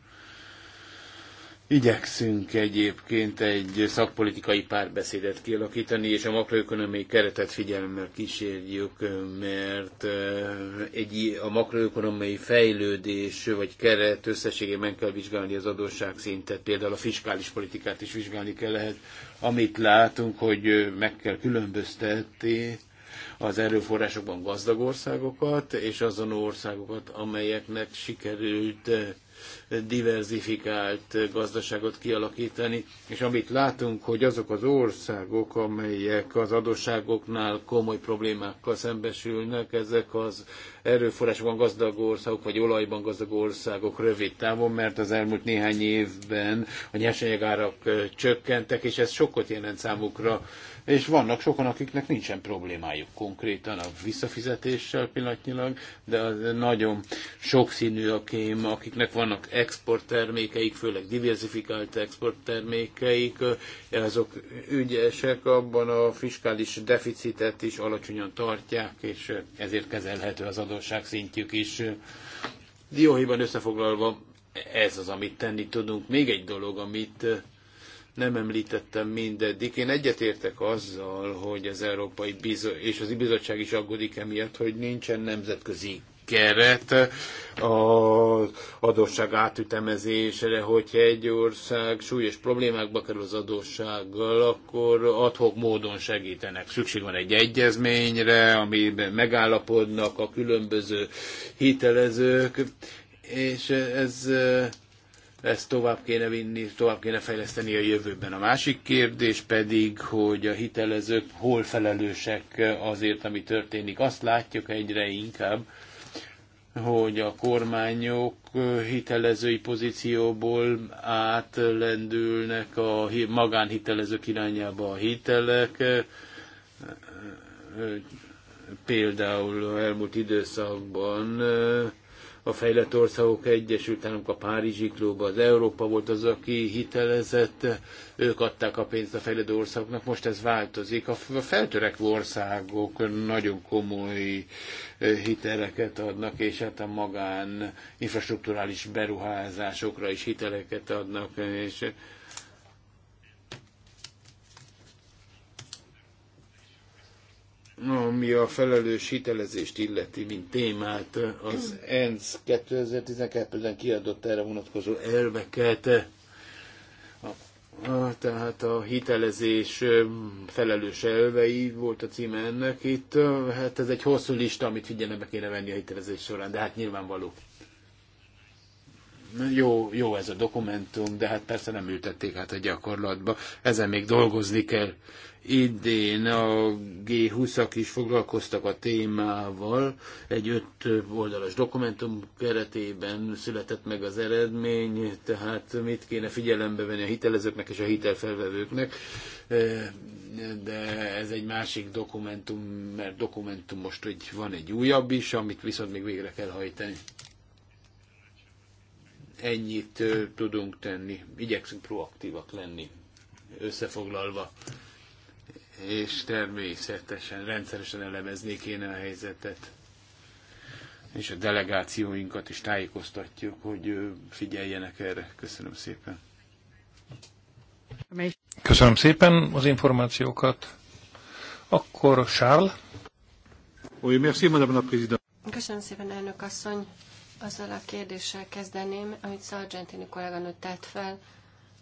Igyekszünk egyébként egy szakpolitikai párbeszédet kialakítani, és a makroökonomiai keretet figyelemmel kísérjük, mert eh, egy, a makroökonomiai fejlődés vagy keret összességében kell vizsgálni az szintet. például a fiskális politikát is vizsgálni kell lehet, amit látunk, hogy eh, meg kell különböztetni az erőforrásokban gazdag országokat, és azon országokat, amelyeknek sikerült eh, diverzifikált gazdaságot kialakítani, és amit látunk, hogy azok az országok, amelyek az adósságoknál komoly problémákkal szembesülnek, ezek az erőforrásban gazdag országok, vagy olajban gazdag országok rövid távon, mert az elmúlt néhány évben a nyersanyagárak csökkentek, és ez sokkot jelent számukra és vannak sokan, akiknek nincsen problémájuk konkrétan a visszafizetéssel pillanatnyilag, de az nagyon sokszínű a kém, akiknek vannak exporttermékeik, főleg diversifikált exporttermékeik, azok ügyesek abban a fiskális deficitet is alacsonyan tartják, és ezért kezelhető az adósság szintjük is. Dióhéjban összefoglalva, ez az, amit tenni tudunk. Még egy dolog, amit nem említettem mindeddig. Én egyetértek azzal, hogy az Európai bizo és az Bizottság is aggódik emiatt, hogy nincsen nemzetközi keret az adósság átütemezésre, hogyha egy ország súlyos problémákba kerül az adóssággal, akkor adhok módon segítenek. Szükség van egy egyezményre, amiben megállapodnak a különböző hitelezők, és ez ezt tovább kéne vinni, tovább kéne fejleszteni a jövőben. A másik kérdés pedig, hogy a hitelezők hol felelősek azért, ami történik. Azt látjuk egyre inkább, hogy a kormányok hitelezői pozícióból átlendülnek a magánhitelezők irányába a hitelek. Például elmúlt időszakban a fejlett országok egyesült államok, a Párizsi klub, az Európa volt az, aki hitelezett, ők adták a pénzt a fejlett országoknak, most ez változik. A feltörekvő országok nagyon komoly eh, hiteleket adnak, és hát a magán infrastruktúrális beruházásokra is hiteleket adnak, és ami a felelős hitelezést illeti, mint témát, az ENSZ 2012-ben kiadott erre vonatkozó elveket, tehát a hitelezés felelős elvei volt a címe ennek itt. Hát ez egy hosszú lista, amit figyelembe kéne venni a hitelezés során, de hát nyilvánvaló. Jó, jó ez a dokumentum, de hát persze nem ültették hát a gyakorlatba. Ezen még dolgozni kell idén a G20-ak is foglalkoztak a témával. Egy öt oldalas dokumentum keretében született meg az eredmény, tehát mit kéne figyelembe venni a hitelezőknek és a hitelfelvevőknek. E, de ez egy másik dokumentum, mert dokumentum most hogy van egy újabb is, amit viszont még végre kell hajtani. Ennyit tudunk tenni. Igyekszünk proaktívak lenni. Összefoglalva és természetesen rendszeresen elemezni én a helyzetet. És a delegációinkat is tájékoztatjuk, hogy figyeljenek erre. Köszönöm szépen. Köszönöm szépen az információkat. Akkor Charles. Oui, merci, madame la Köszönöm szépen, elnök asszony. Azzal a kérdéssel kezdeném, amit Sargentini kolléganő tett fel.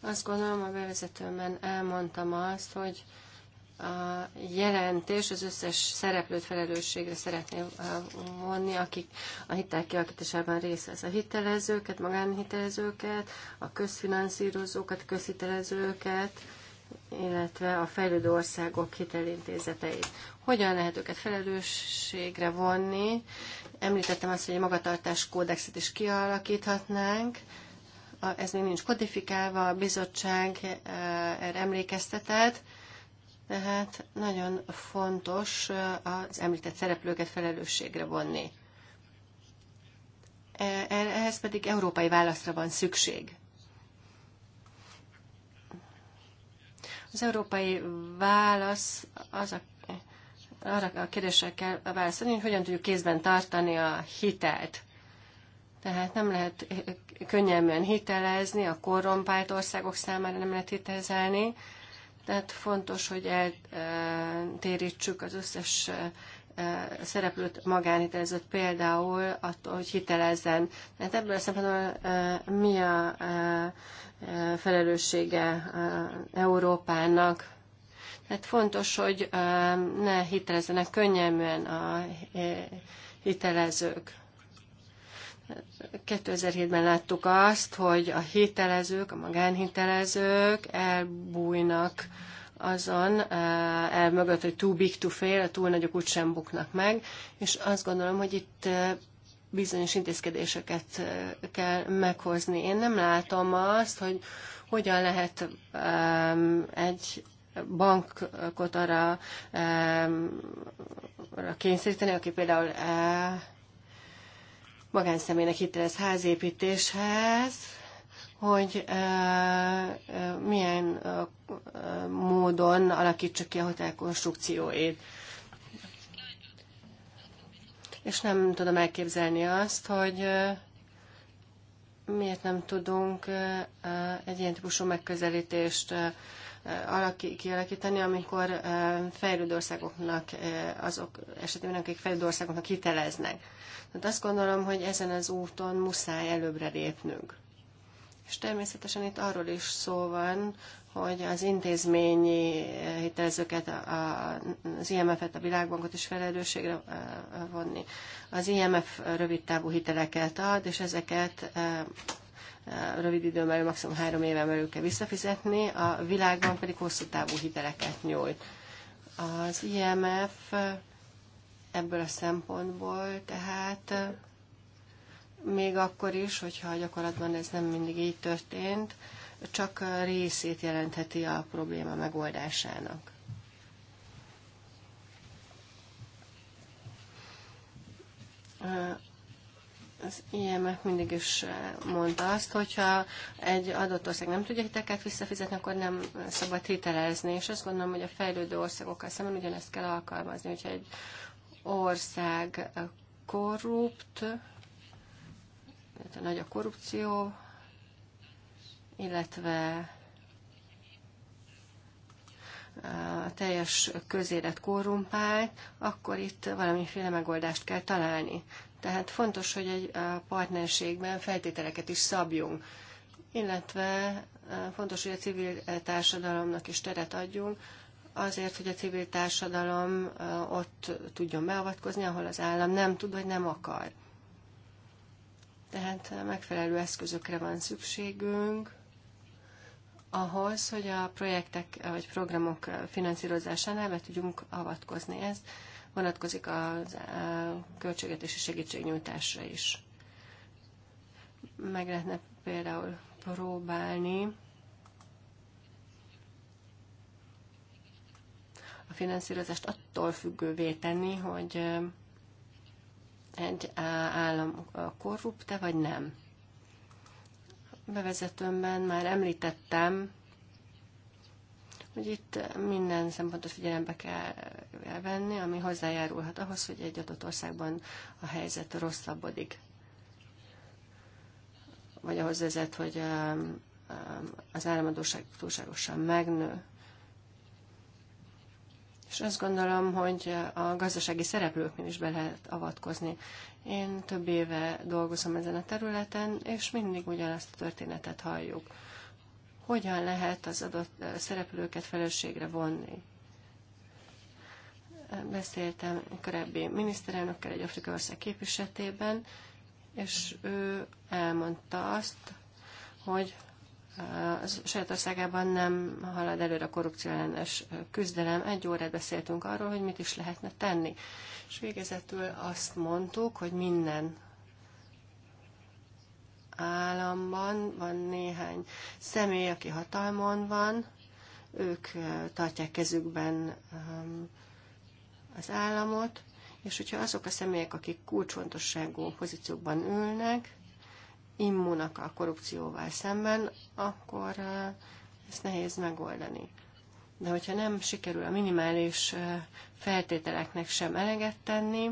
Azt gondolom, a bevezetőmben elmondtam azt, hogy a jelentés az összes szereplőt felelősségre szeretné uh, vonni, akik a hitel kialakításában részt vesz. A hitelezőket, magánhitelezőket, a közfinanszírozókat, közhitelezőket, illetve a fejlődő országok hitelintézeteit. Hogyan lehet őket felelősségre vonni? Említettem azt, hogy egy magatartás kódexet is kialakíthatnánk, ez még nincs kodifikálva, a bizottság uh, erre emlékeztetett, tehát nagyon fontos eh, az említett szereplőket felelősségre vonni. E, e, ehhez pedig európai válaszra van szükség. Az európai válasz az a, arra a kérdésre kell válaszolni, hogy hogyan tudjuk kézben tartani a hitelt. Tehát nem lehet könnyelműen hitelezni, a korrompált országok számára nem lehet hitelezni. Tehát fontos, hogy eltérítsük az összes e, szereplőt magánhitelezett például attól, hogy hitelezzen. Tehát ebből a szempontból e, mi a e, felelőssége Európának? Tehát fontos, hogy ne hitelezzenek könnyelműen a hitelezők. 2007-ben láttuk azt, hogy a hitelezők, a magánhitelezők elbújnak azon eh, el mögött, hogy too big to fail, a túl nagyok úgy sem buknak meg, és azt gondolom, hogy itt eh, bizonyos intézkedéseket eh, kell meghozni. Én nem látom azt, hogy hogyan lehet egy bankot arra, arra kényszeríteni, aki például magánszemélynek hitelez házépítéshez, hogy uh, uh, milyen uh, módon alakítsa ki a hotel konstrukcióét. És nem tudom elképzelni azt, hogy miért nem tudunk egy ilyen típusú megközelítést kialakítani, amikor fejlődő országoknak, azok esetében, akik fejlődő országoknak hiteleznek. Tehát azt gondolom, hogy ezen az úton muszáj előbbre lépnünk. És természetesen itt arról is szó van, hogy az intézményi hitelezőket, az IMF-et, a világbankot is felelősségre vonni. Az IMF rövidtávú hiteleket ad, és ezeket rövid időn belül, maximum három éven belül kell visszafizetni, a világban pedig hosszú távú hiteleket nyújt. Az IMF ebből a szempontból tehát eh, még akkor is, hogyha a gyakorlatban ez nem mindig így történt, csak részét jelentheti a probléma megoldásának. Eh, az IMF mindig is eh, mondta azt, hogyha egy adott ország nem tudja hiteket visszafizetni, akkor nem szabad hitelezni, és azt gondolom, hogy a fejlődő országokkal szemben ugyanezt kell alkalmazni, hogyha egy ország eh, korrupt, illetve nagy a korrupció, illetve eh, a teljes közélet korrumpált, akkor itt valamiféle megoldást kell találni. Tehát fontos, hogy egy partnerségben feltételeket is szabjunk, illetve e, fontos, hogy a civil e, társadalomnak is teret adjunk, azért, hogy a civil társadalom e, ott tudjon beavatkozni, ahol az állam nem tud vagy nem akar. Tehát megfelelő eszközökre van szükségünk ahhoz, hogy a projektek vagy programok finanszírozásánál be tudjunk avatkozni. Ez vonatkozik a költségvetési segítségnyújtásra is. Meg lehetne például próbálni a finanszírozást attól függővé tenni, hogy egy állam korrupte vagy nem. Bevezetőmben már említettem, hogy itt minden szempontot figyelembe kell venni, ami hozzájárulhat ahhoz, hogy egy adott országban a helyzet rosszabbodik. Vagy ahhoz vezet, hogy um, um, az államadóság túlságosan megnő. És azt gondolom, hogy a gazdasági szereplőknél is be lehet avatkozni. Én több éve dolgozom ezen a területen, és mindig ugyanazt a történetet halljuk hogyan lehet az adott szereplőket felelősségre vonni. Beszéltem korábbi miniszterelnökkel egy Afrika ország képviseletében, és ő elmondta azt, hogy az saját országában nem halad előre a korrupció ellenes küzdelem. Egy órát beszéltünk arról, hogy mit is lehetne tenni. És végezetül azt mondtuk, hogy minden államban van néhány személy, aki hatalmon van, ők tartják kezükben az államot, és hogyha azok a személyek, akik kulcsfontosságú pozíciókban ülnek, immunak a korrupcióval szemben, akkor ezt nehéz megoldani. De hogyha nem sikerül a minimális feltételeknek sem eleget tenni,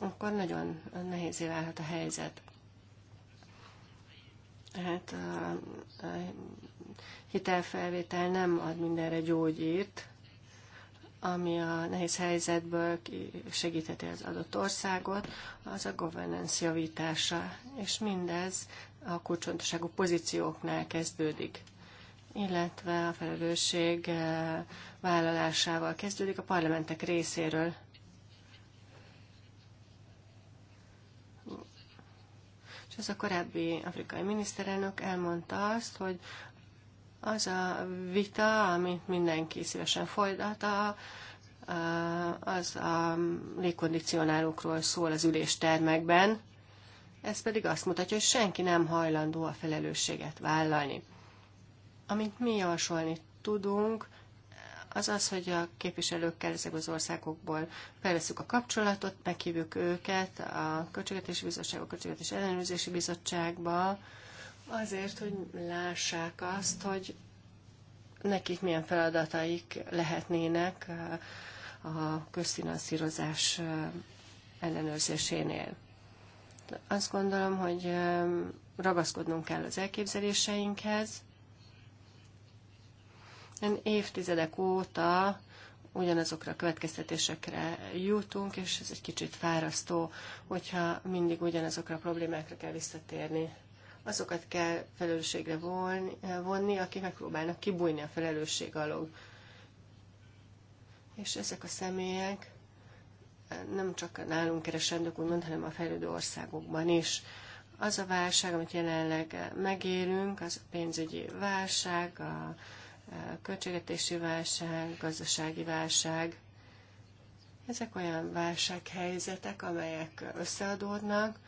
akkor nagyon nehézé válhat a helyzet. Tehát a, a hitelfelvétel nem ad mindenre gyógyít, ami a nehéz helyzetből segítheti az adott országot, az a governance javítása, és mindez a kulcsontosságú pozícióknál kezdődik illetve a felelősség eh, vállalásával kezdődik a parlamentek részéről. És az a korábbi afrikai miniszterelnök elmondta azt, hogy az a vita, amit mindenki szívesen folytat, az a légkondicionálókról szól az üléstermekben, ez pedig azt mutatja, hogy senki nem hajlandó a felelősséget vállalni. Amit mi javasolni tudunk, az az, hogy a képviselőkkel ezek az országokból felveszük a kapcsolatot, meghívjuk őket a Költségvetési Bizottság, a Költségvetési Ellenőrzési Bizottságba, azért, hogy lássák azt, hogy nekik milyen feladataik lehetnének a közfinanszírozás ellenőrzésénél. Azt gondolom, hogy ragaszkodnunk kell az elképzeléseinkhez, én évtizedek óta ugyanazokra a következtetésekre jutunk, és ez egy kicsit fárasztó, hogyha mindig ugyanazokra a problémákra kell visszatérni. Azokat kell felelősségre vonni, akik megpróbálnak kibújni a felelősség alól. És ezek a személyek eh, nem csak nálunk keresendők, úgymond, hanem a fejlődő országokban is. Az a válság, amit jelenleg megélünk, az a pénzügyi válság, a költségetési válság, gazdasági válság. Ezek olyan válsághelyzetek, amelyek összeadódnak,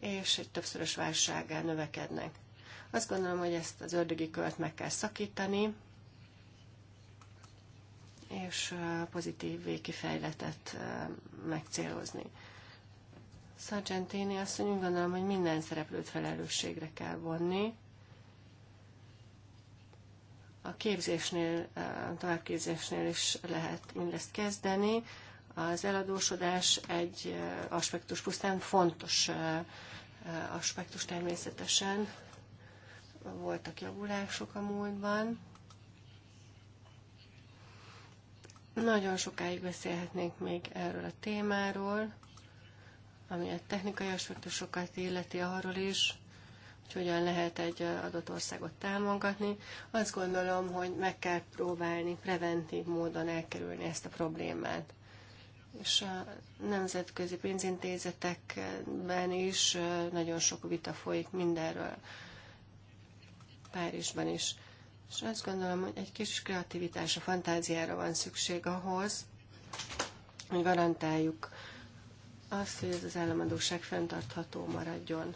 és egy többszörös válsággá növekednek. Azt gondolom, hogy ezt az ördögi költ meg kell szakítani, és pozitív végkifejletet megcélozni. Sargentini azt hogy gondolom, hogy minden szereplőt felelősségre kell vonni, a képzésnél, a továbbképzésnél is lehet mindezt kezdeni. Az eladósodás egy aspektus pusztán fontos aspektus természetesen. Voltak javulások a múltban. Nagyon sokáig beszélhetnénk még erről a témáról, ami a technikai aspektusokat illeti arról is, hogy hogyan lehet egy adott országot támogatni. Azt gondolom, hogy meg kell próbálni preventív módon elkerülni ezt a problémát. És a nemzetközi pénzintézetekben is nagyon sok vita folyik mindenről, Párizsban is. És azt gondolom, hogy egy kis kreativitás, a fantáziára van szükség ahhoz, hogy garantáljuk azt, hogy ez az államadóság fenntartható maradjon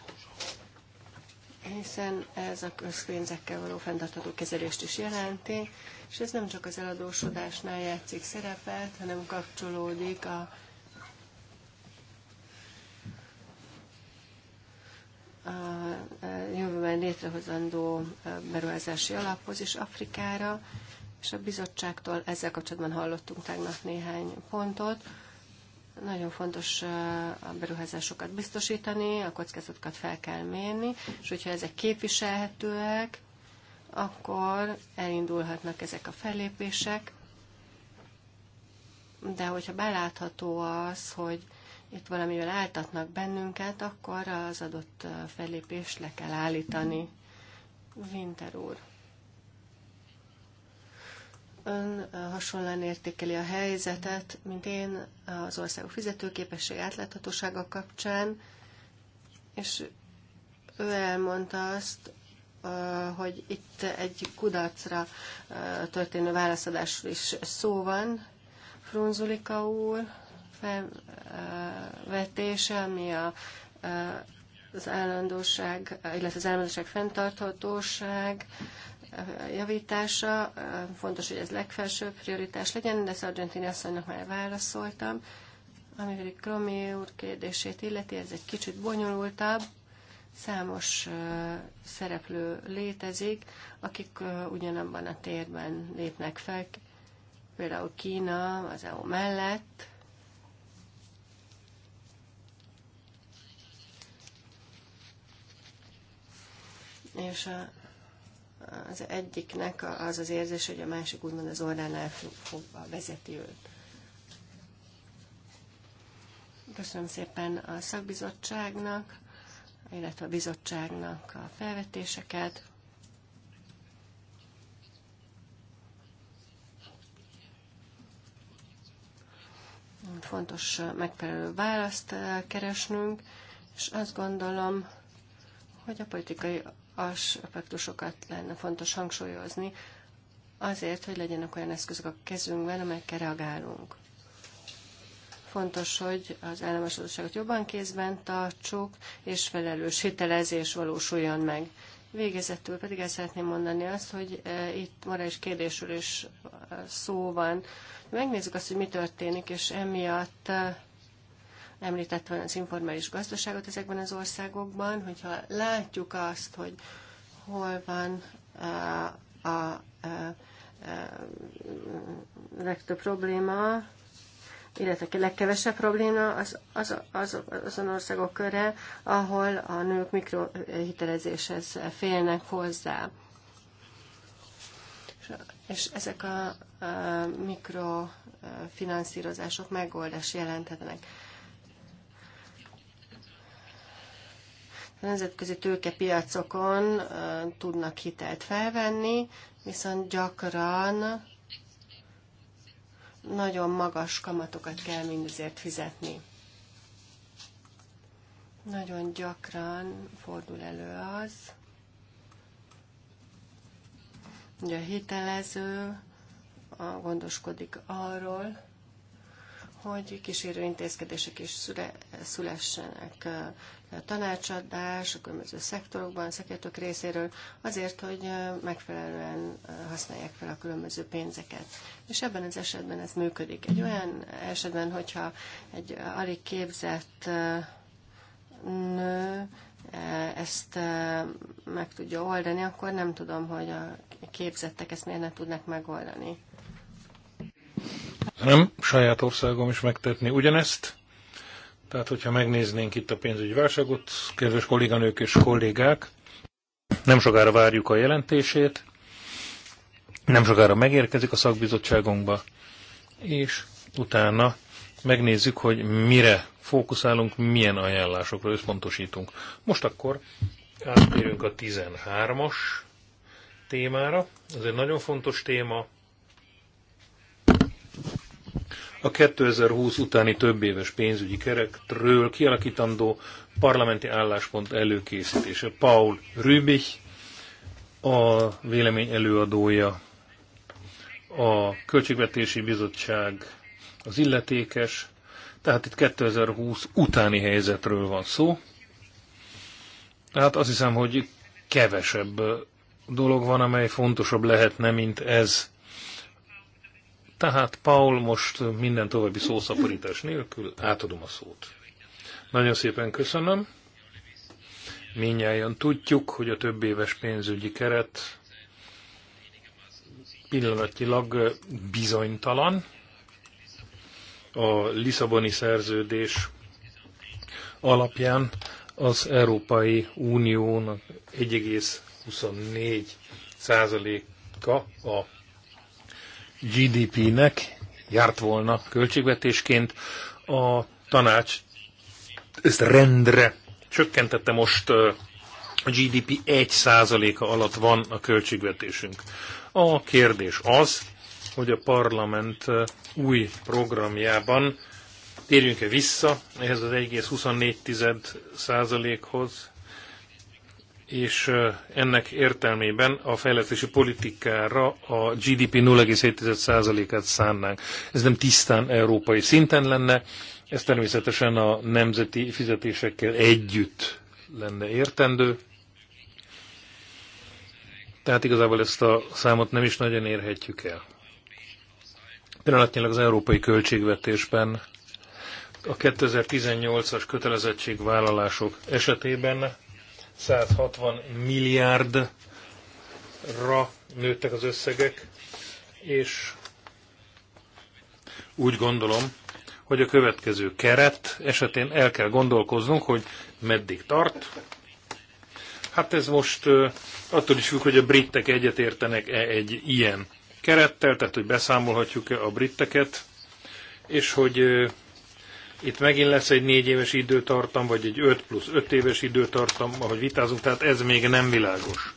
hiszen ez a közpénzekkel való fenntartható kezelést is jelenti, és ez nem csak az eladósodásnál játszik szerepet, hanem kapcsolódik a a jövőben létrehozandó beruházási alaphoz is Afrikára, és a bizottságtól ezzel kapcsolatban hallottunk tegnap néhány pontot. Nagyon fontos a beruházásokat biztosítani, a kockázatokat fel kell mérni, és hogyha ezek képviselhetőek, akkor elindulhatnak ezek a fellépések. De hogyha belátható az, hogy itt valamivel áltatnak bennünket, akkor az adott fellépést le kell állítani. Winter úr. Ön hasonlóan értékeli a helyzetet, mint én az országok fizetőképesség átláthatósága kapcsán, és ő elmondta azt, hogy itt egy kudarcra történő válaszadásról is szó van. Frunzulika úr felvetése, ami a, az állandóság, illetve az állandóság fenntarthatóság, javítása. Fontos, hogy ez legfelsőbb prioritás legyen, de Sargentini asszonynak már válaszoltam. Ami pedig Kromi úr kérdését illeti, ez egy kicsit bonyolultabb. Számos szereplő létezik, akik ugyanabban a térben lépnek fel, például Kína az EU mellett, és a az egyiknek az az érzés, hogy a másik úgymond az orránál fogva vezeti őt. Köszönöm szépen a szakbizottságnak, illetve a bizottságnak a felvetéseket. Fontos megfelelő választ keresnünk, és azt gondolom, hogy a politikai aspektusokat lenne fontos hangsúlyozni, azért, hogy legyenek olyan eszközök a kezünkben, amelyekkel reagálunk. Fontos, hogy az államosodottságot jobban kézben tartsuk, és felelős hitelezés valósuljon meg. Végezetül pedig el szeretném mondani azt, hogy e, itt morális kérdésről is e, szó van. Megnézzük azt, hogy mi történik, és emiatt e, említett volna az informális gazdaságot ezekben az országokban, hogyha látjuk azt, hogy hol van eh, a, a, eh, a eh, legtöbb probléma, illetve a legkevesebb probléma az, az, az, azon országok köre, ahol a nők mikrohitelezéshez félnek hozzá. És, és ezek a, a mikrofinanszírozások megoldást jelenthetnek. A nemzetközi tőkepiacokon tudnak hitelt felvenni, viszont gyakran nagyon magas kamatokat kell mindezért fizetni. Nagyon gyakran fordul elő az, hogy a hitelező gondoskodik arról, hogy kísérő intézkedések is szülessenek tanácsadás a különböző szektorokban, a szakértők részéről, azért, hogy megfelelően használják fel a különböző pénzeket. És ebben az esetben ez működik. Egy olyan esetben, hogyha egy alig képzett nő ezt meg tudja oldani, akkor nem tudom, hogy a képzettek ezt miért ne tudnak megoldani. Nem, saját országom is megtetni ugyanezt. Tehát, hogyha megnéznénk itt a pénzügyi válságot, kedves kolléganők és kollégák, nem sokára várjuk a jelentését, nem sokára megérkezik a szakbizottságunkba, és utána megnézzük, hogy mire fókuszálunk, milyen ajánlásokra összpontosítunk. Most akkor áttérünk a 13-as témára. Ez egy nagyon fontos téma, a 2020 utáni több éves pénzügyi keretről kialakítandó parlamenti álláspont előkészítése. Paul Rübich, a vélemény előadója, a Költségvetési Bizottság az illetékes, tehát itt 2020 utáni helyzetről van szó. Tehát azt hiszem, hogy kevesebb dolog van, amely fontosabb lehetne, mint ez. Tehát Paul most minden további szószaporítás nélkül átadom a szót. Nagyon szépen köszönöm. Minnyáján tudjuk, hogy a több éves pénzügyi keret pillanatilag bizonytalan. A Lisszaboni szerződés alapján az Európai Uniónak 1,24 százaléka a GDP-nek járt volna költségvetésként, a tanács ezt rendre csökkentette most a GDP 1%-a alatt van a költségvetésünk. A kérdés az, hogy a parlament új programjában térjünk-e vissza ehhez az 1,24%-hoz, és ennek értelmében a fejlesztési politikára a GDP 0,7%-át szánnánk. Ez nem tisztán európai szinten lenne, ez természetesen a nemzeti fizetésekkel együtt lenne értendő. Tehát igazából ezt a számot nem is nagyon érhetjük el. Pillanatnyilag az európai költségvetésben a 2018-as kötelezettségvállalások esetében 160 milliárdra nőttek az összegek, és úgy gondolom, hogy a következő keret esetén el kell gondolkoznunk, hogy meddig tart. Hát ez most attól is függ, hogy a britek egyetértenek-e egy ilyen kerettel, tehát hogy beszámolhatjuk-e a britteket, és hogy itt megint lesz egy négy éves időtartam, vagy egy 5 plusz 5 éves időtartam, ahogy vitázunk, tehát ez még nem világos.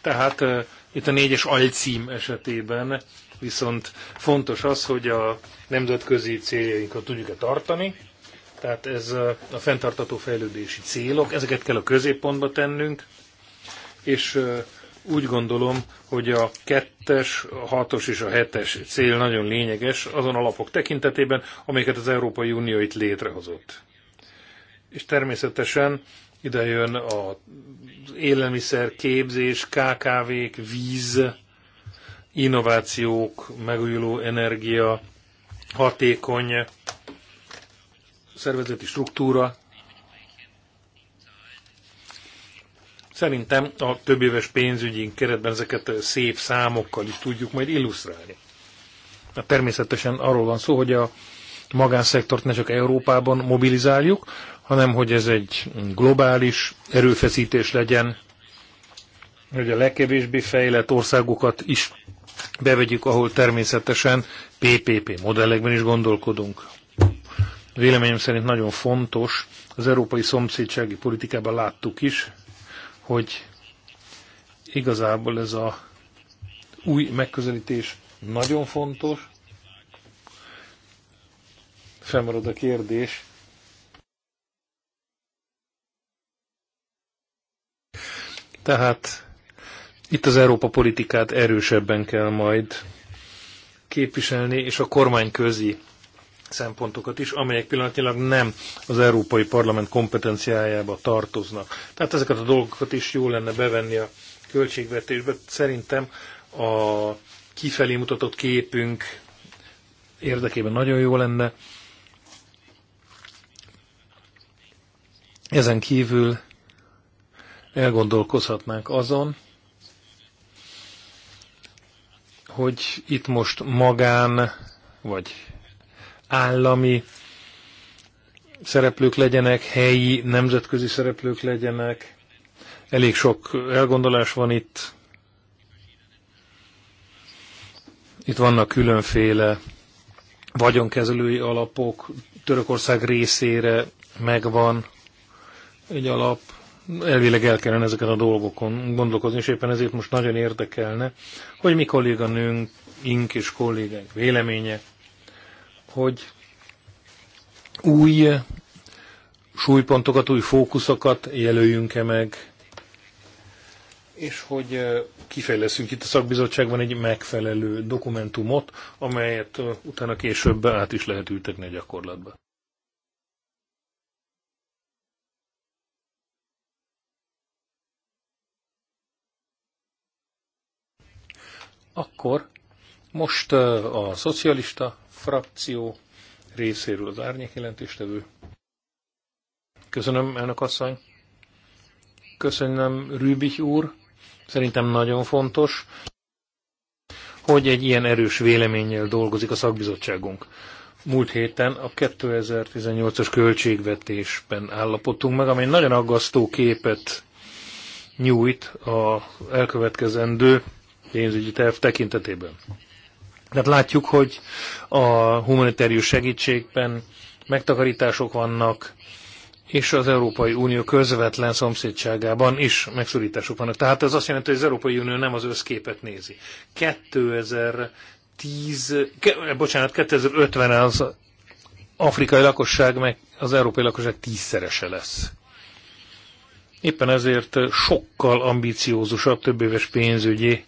Tehát itt a négyes alcím esetében viszont fontos az, hogy a nemzetközi céljainkat tudjuk-e tartani, tehát ez a fenntartató fejlődési célok, ezeket kell a középpontba tennünk, és úgy gondolom, hogy a kettes, a hatos és a hetes cél nagyon lényeges azon alapok tekintetében, amelyeket az Európai Unió itt létrehozott. És természetesen ide jön az élelmiszer, képzés, KKV-k, víz, innovációk, megújuló energia, hatékony szervezeti struktúra, Szerintem a több éves pénzügyi keretben ezeket szép számokkal is tudjuk majd illusztrálni. Na, természetesen arról van szó, hogy a magánszektort ne csak Európában mobilizáljuk, hanem hogy ez egy globális erőfeszítés legyen, hogy a legkevésbé fejlett országokat is bevegyük, ahol természetesen PPP modellekben is gondolkodunk. Véleményem szerint nagyon fontos, az európai szomszédsági politikában láttuk is, hogy igazából ez a új megközelítés nagyon fontos. Felmarad a kérdés, Tehát itt az Európa politikát erősebben kell majd képviselni, és a kormányközi szempontokat is, amelyek pillanatnyilag nem az Európai Parlament kompetenciájába tartoznak. Tehát ezeket a dolgokat is jó lenne bevenni a költségvetésbe. Szerintem a kifelé mutatott képünk érdekében nagyon jó lenne. Ezen kívül elgondolkozhatnánk azon, hogy itt most magán vagy állami szereplők legyenek, helyi, nemzetközi szereplők legyenek. Elég sok elgondolás van itt. Itt vannak különféle vagyonkezelői alapok, Törökország részére megvan egy alap. Elvileg el kellene ezeket a dolgokon gondolkozni, és éppen ezért most nagyon érdekelne, hogy mi kolléganőnk, ink és kollégánk véleménye hogy új súlypontokat, új fókuszokat jelöljünk-e meg, és hogy kifejleszünk itt a szakbizottságban egy megfelelő dokumentumot, amelyet utána később át is lehet ültetni a gyakorlatba. Akkor most a szocialista frakció részéről az árnyék jelentéstevő. Köszönöm, elnök asszony. Köszönöm, Rübich úr. Szerintem nagyon fontos, hogy egy ilyen erős véleménnyel dolgozik a szakbizottságunk. Múlt héten a 2018-as költségvetésben állapodtunk meg, amely nagyon aggasztó képet nyújt a elkövetkezendő pénzügyi terv tekintetében. Tehát látjuk, hogy a humanitárius segítségben megtakarítások vannak, és az Európai Unió közvetlen szomszédságában is megszorítások vannak. Tehát ez azt jelenti, hogy az Európai Unió nem az összképet nézi. 2010, ke, eh, bocsánat, 2050 az afrikai lakosság, meg az európai lakosság tízszerese lesz. Éppen ezért sokkal ambiciózusabb többéves pénzügyi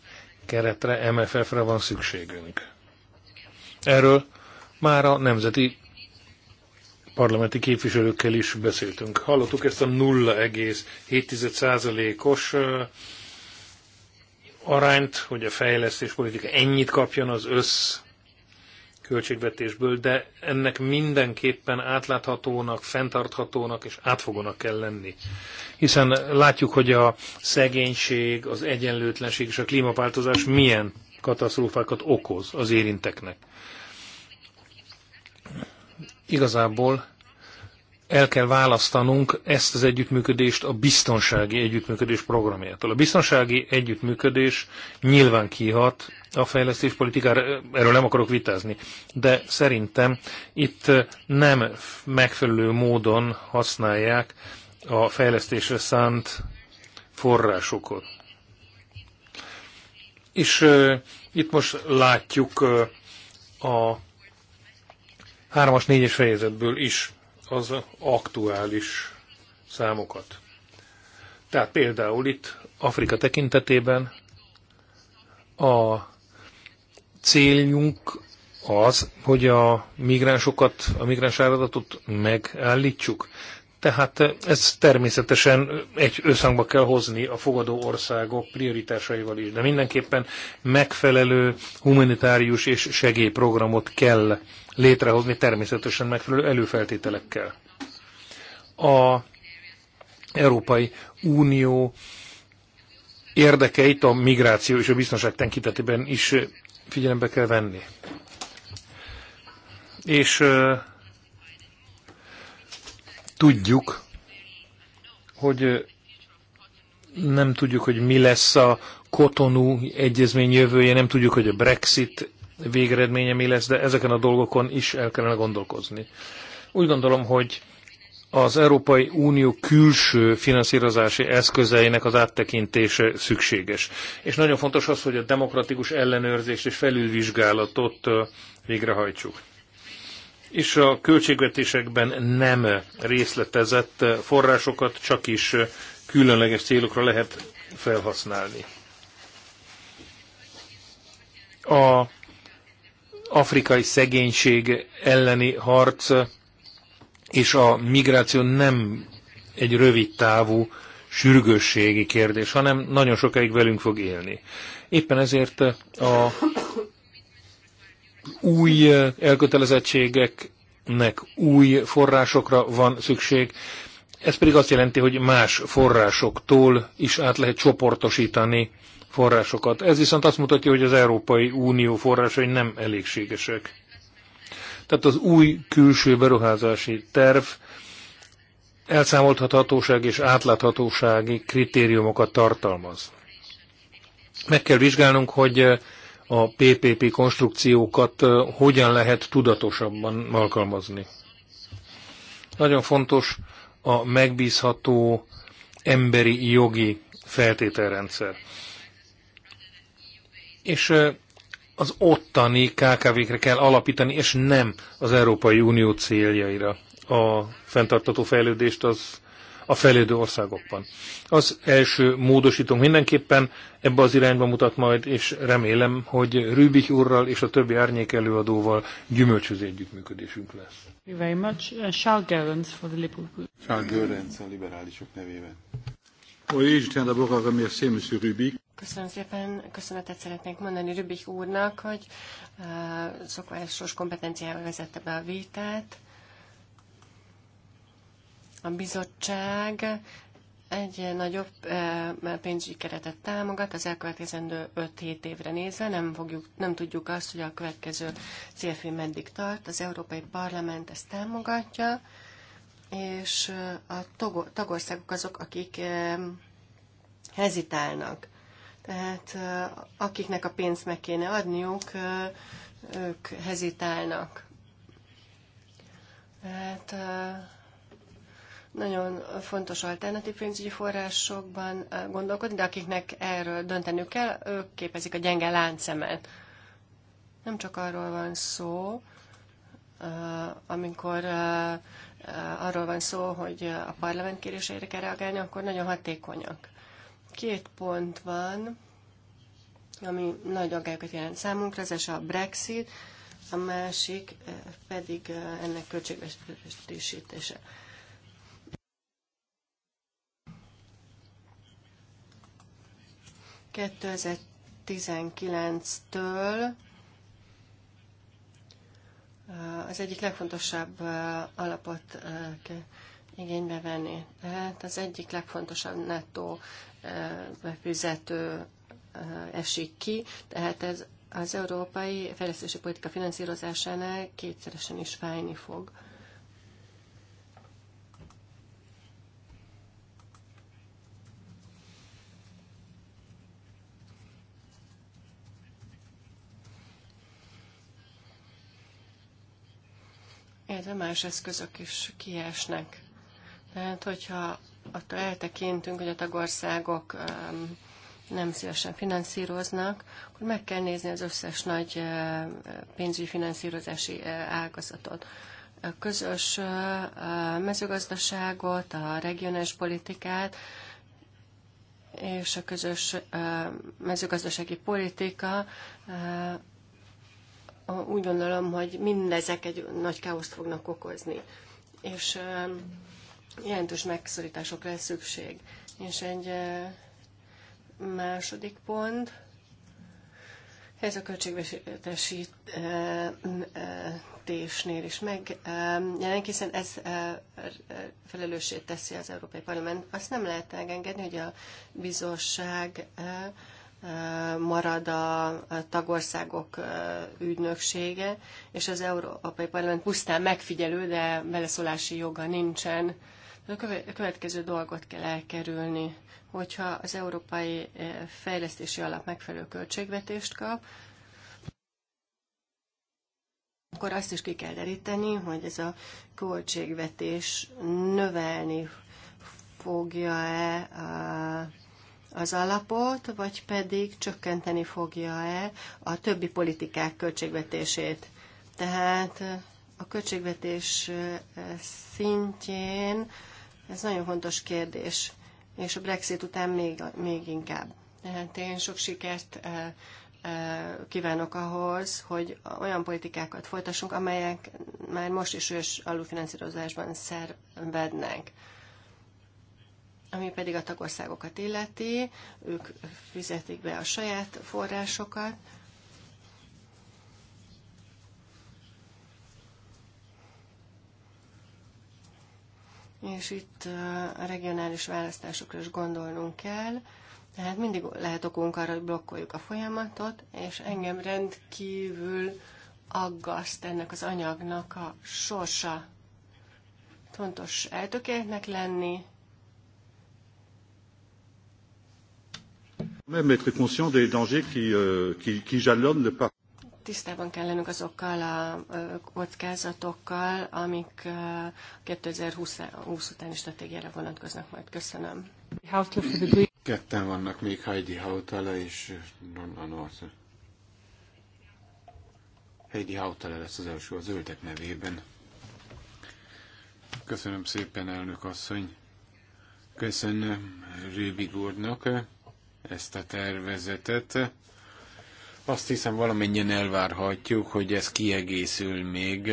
keretre, MFF-re van szükségünk. Erről már a nemzeti parlamenti képviselőkkel is beszéltünk. Hallottuk ezt a 0,7%-os arányt, hogy a fejlesztés politika ennyit kapjon az össz költségvetésből, de ennek mindenképpen átláthatónak, fenntarthatónak és átfogónak kell lenni. Hiszen látjuk, hogy a szegénység, az egyenlőtlenség és a klímaváltozás milyen katasztrófákat okoz az érinteknek. Igazából el kell választanunk ezt az együttműködést a biztonsági együttműködés programjától. A biztonsági együttműködés nyilván kihat a fejlesztéspolitikára, erről nem akarok vitázni, de szerintem itt nem megfelelő módon használják a fejlesztésre szánt forrásokat. És uh, itt most látjuk uh, a hármas, négyes fejezetből is az aktuális számokat. Tehát például itt Afrika tekintetében a céljunk az, hogy a migránsokat, a migráns áradatot megállítsuk. Tehát ez természetesen egy összhangba kell hozni a fogadó országok prioritásaival is, de mindenképpen megfelelő humanitárius és segélyprogramot kell létrehozni, természetesen megfelelő előfeltételekkel. A Európai Unió érdekeit a migráció és a biztonság tekintetében is figyelembe kell venni. És Tudjuk, hogy nem tudjuk, hogy mi lesz a kotonú egyezmény jövője, nem tudjuk, hogy a Brexit végeredménye mi lesz, de ezeken a dolgokon is el kellene gondolkozni. Úgy gondolom, hogy az Európai Unió külső finanszírozási eszközeinek az áttekintése szükséges. És nagyon fontos az, hogy a demokratikus ellenőrzést és felülvizsgálatot végrehajtsuk és a költségvetésekben nem részletezett forrásokat csak is különleges célokra lehet felhasználni. A afrikai szegénység elleni harc és a migráció nem egy rövid távú sürgősségi kérdés, hanem nagyon sokáig velünk fog élni. Éppen ezért a új elkötelezettségeknek új forrásokra van szükség, ez pedig azt jelenti, hogy más forrásoktól is át lehet csoportosítani forrásokat. Ez viszont azt mutatja, hogy az Európai Unió forrásai nem elégségesek. Tehát az új külső beruházási terv elszámolthatóság és átláthatósági kritériumokat tartalmaz. Meg kell vizsgálnunk, hogy a PPP konstrukciókat hogyan lehet tudatosabban alkalmazni. Nagyon fontos a megbízható emberi jogi feltételrendszer. És az ottani KKV-kre kell alapítani, és nem az Európai Unió céljaira a fenntartató fejlődést az a fejlődő országokban. Az első módosítunk mindenképpen ebbe az irányba mutat majd, és remélem, hogy Rübik úrral és a többi árnyék előadóval gyümölcsöző együttműködésünk lesz. Thank you very much. Uh, Charles Gerens for the Liberal Charles Gerens a liberálisok nevében. Köszönöm szépen, köszönetet szeretnék mondani Rübik úrnak, hogy uh, szokásos kompetenciával vezette be a vitát. A bizottság egy nagyobb eh, pénzügyi keretet támogat az elkövetkezendő 5-7 évre nézve. Nem, fogjuk, nem tudjuk azt, hogy a következő célfilm meddig tart. Az Európai Parlament ezt támogatja, és eh, a tagországok azok, akik eh, hezitálnak. Tehát akiknek a pénzt meg kéne adniuk, ők hezitálnak. Tehát nagyon fontos alternatív pénzügyi forrásokban eh, gondolkodni, de akiknek erről döntenük kell, ők képezik a gyenge láncemet. Nem csak arról van szó, eh, amikor eh, arról van szó, hogy a parlament kérésére kell reagálni, akkor nagyon hatékonyak. Két pont van, ami nagy aggályokat jelent számunkra, az a Brexit, a másik pedig ennek költségvetésítése. 2019-től eh, az egyik legfontosabb eh, alapot eh, kell igénybe venni. Tehát az egyik legfontosabb nettó befizető esik ki, tehát ez az európai fejlesztési politika finanszírozásánál kétszeresen is fájni fog. illetve más eszközök is kiesnek. Tehát, hogyha attól eltekintünk, hogy a tagországok nem szívesen finanszíroznak, akkor meg kell nézni az összes nagy pénzügyi finanszírozási ágazatot. A közös mezőgazdaságot, a regionális politikát, és a közös mezőgazdasági politika úgy gondolom, hogy mindezek egy nagy káoszt fognak okozni, és jelentős megszorításokra lesz szükség. És egy második pont, ez a költségvetésnél is meg jelen, hiszen ez felelőssé teszi az Európai Parlament. Azt nem lehet elengedni, hogy a bizottság marad a tagországok ügynöksége, és az Európai Parlament pusztán megfigyelő, de beleszólási joga nincsen. A következő dolgot kell elkerülni, hogyha az Európai Fejlesztési Alap megfelelő költségvetést kap, akkor azt is ki kell deríteni, hogy ez a költségvetés növelni fogja-e a az alapot, vagy pedig csökkenteni fogja-e a többi politikák költségvetését. Tehát a költségvetés szintjén ez nagyon fontos kérdés, és a Brexit után még, még inkább. Tehát én sok sikert kívánok ahhoz, hogy olyan politikákat folytassunk, amelyek már most is súlyos alulfinanszírozásban szervednek. Ami pedig a tagországokat illeti, ők fizetik be a saját forrásokat, és itt a regionális választásokra is gondolnunk kell. Tehát mindig lehet okunk arra, hogy blokkoljuk a folyamatot, és engem rendkívül aggaszt ennek az anyagnak a sorsa. Fontos eltökéltnek lenni, tisztában kell lennünk azokkal a kockázatokkal, amik 2020 utáni stratégiára vonatkoznak majd. Köszönöm. Ketten vannak még Heidi Hautala és Donna Norton. Heidi Hautala lesz az első a zöldek nevében. Köszönöm szépen, elnök asszony. Köszönöm Rübig úrnak ezt a tervezetet. Azt hiszem valamennyien elvárhatjuk, hogy ez kiegészül még.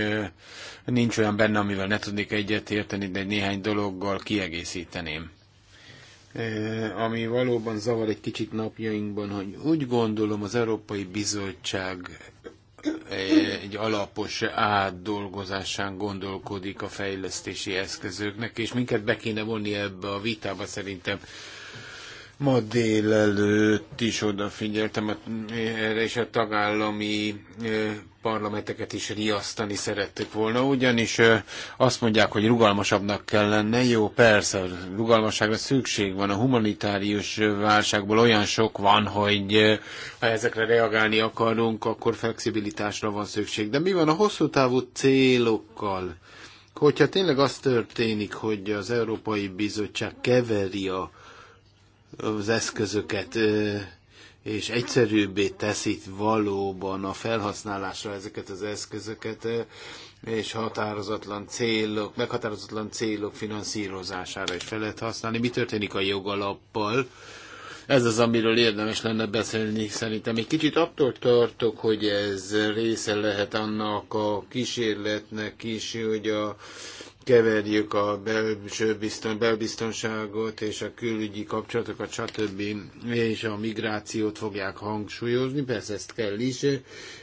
Nincs olyan benne, amivel ne tudnék egyet érteni, de néhány dologgal kiegészíteném. E, ami valóban zavar egy kicsit napjainkban, hogy úgy gondolom az Európai Bizottság egy alapos átdolgozásán gondolkodik a fejlesztési eszközöknek, és minket be kéne vonni ebbe a vitába szerintem Ma délelőtt is odafigyeltem erre, is a tagállami parlamenteket is riasztani szerettük volna, ugyanis azt mondják, hogy rugalmasabbnak kell lenne. Jó, persze, rugalmasságra szükség van. A humanitárius válságból olyan sok van, hogy ha ezekre reagálni akarunk, akkor flexibilitásra van szükség. De mi van a hosszú távú célokkal? Hogyha tényleg az történik, hogy az Európai Bizottság keveri a az eszközöket, és egyszerűbbé teszi valóban a felhasználásra ezeket az eszközöket, és határozatlan célok, meghatározatlan célok finanszírozására is fel lehet használni. Mi történik a jogalappal? Ez az, amiről érdemes lenne beszélni szerintem. Egy kicsit attól tartok, hogy ez része lehet annak a kísérletnek is, hogy a keverjük a belső biztons, belbiztonságot és a külügyi kapcsolatokat, stb. és a migrációt fogják hangsúlyozni, persze ezt kell is,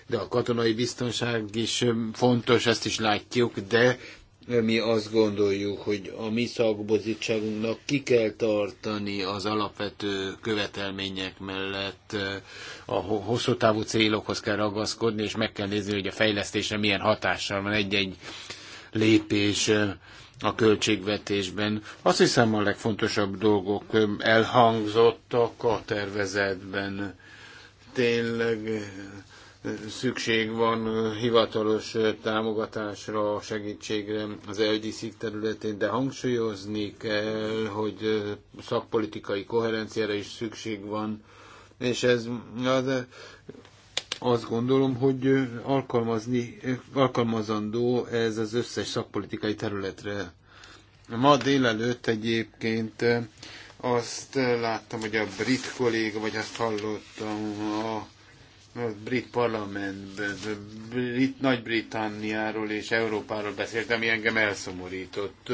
de a katonai biztonság is fontos, ezt is látjuk, de mi azt gondoljuk, hogy a mi szakbozítságunknak ki kell tartani az alapvető követelmények mellett, a hosszú távú célokhoz kell ragaszkodni, és meg kell nézni, hogy a fejlesztésre milyen hatással van egy-egy lépés a költségvetésben. Azt hiszem a legfontosabb dolgok elhangzottak a tervezetben. Tényleg szükség van hivatalos támogatásra, segítségre az LGC területén, de hangsúlyozni kell, hogy szakpolitikai koherenciára is szükség van, és ez az azt gondolom, hogy alkalmazni, alkalmazandó ez az összes szakpolitikai területre. Ma délelőtt egyébként azt láttam, hogy a brit kolléga, vagy azt hallottam a, a brit parlamentben, brit, Nagy-Britanniáról és Európáról beszélt, ami engem elszomorított.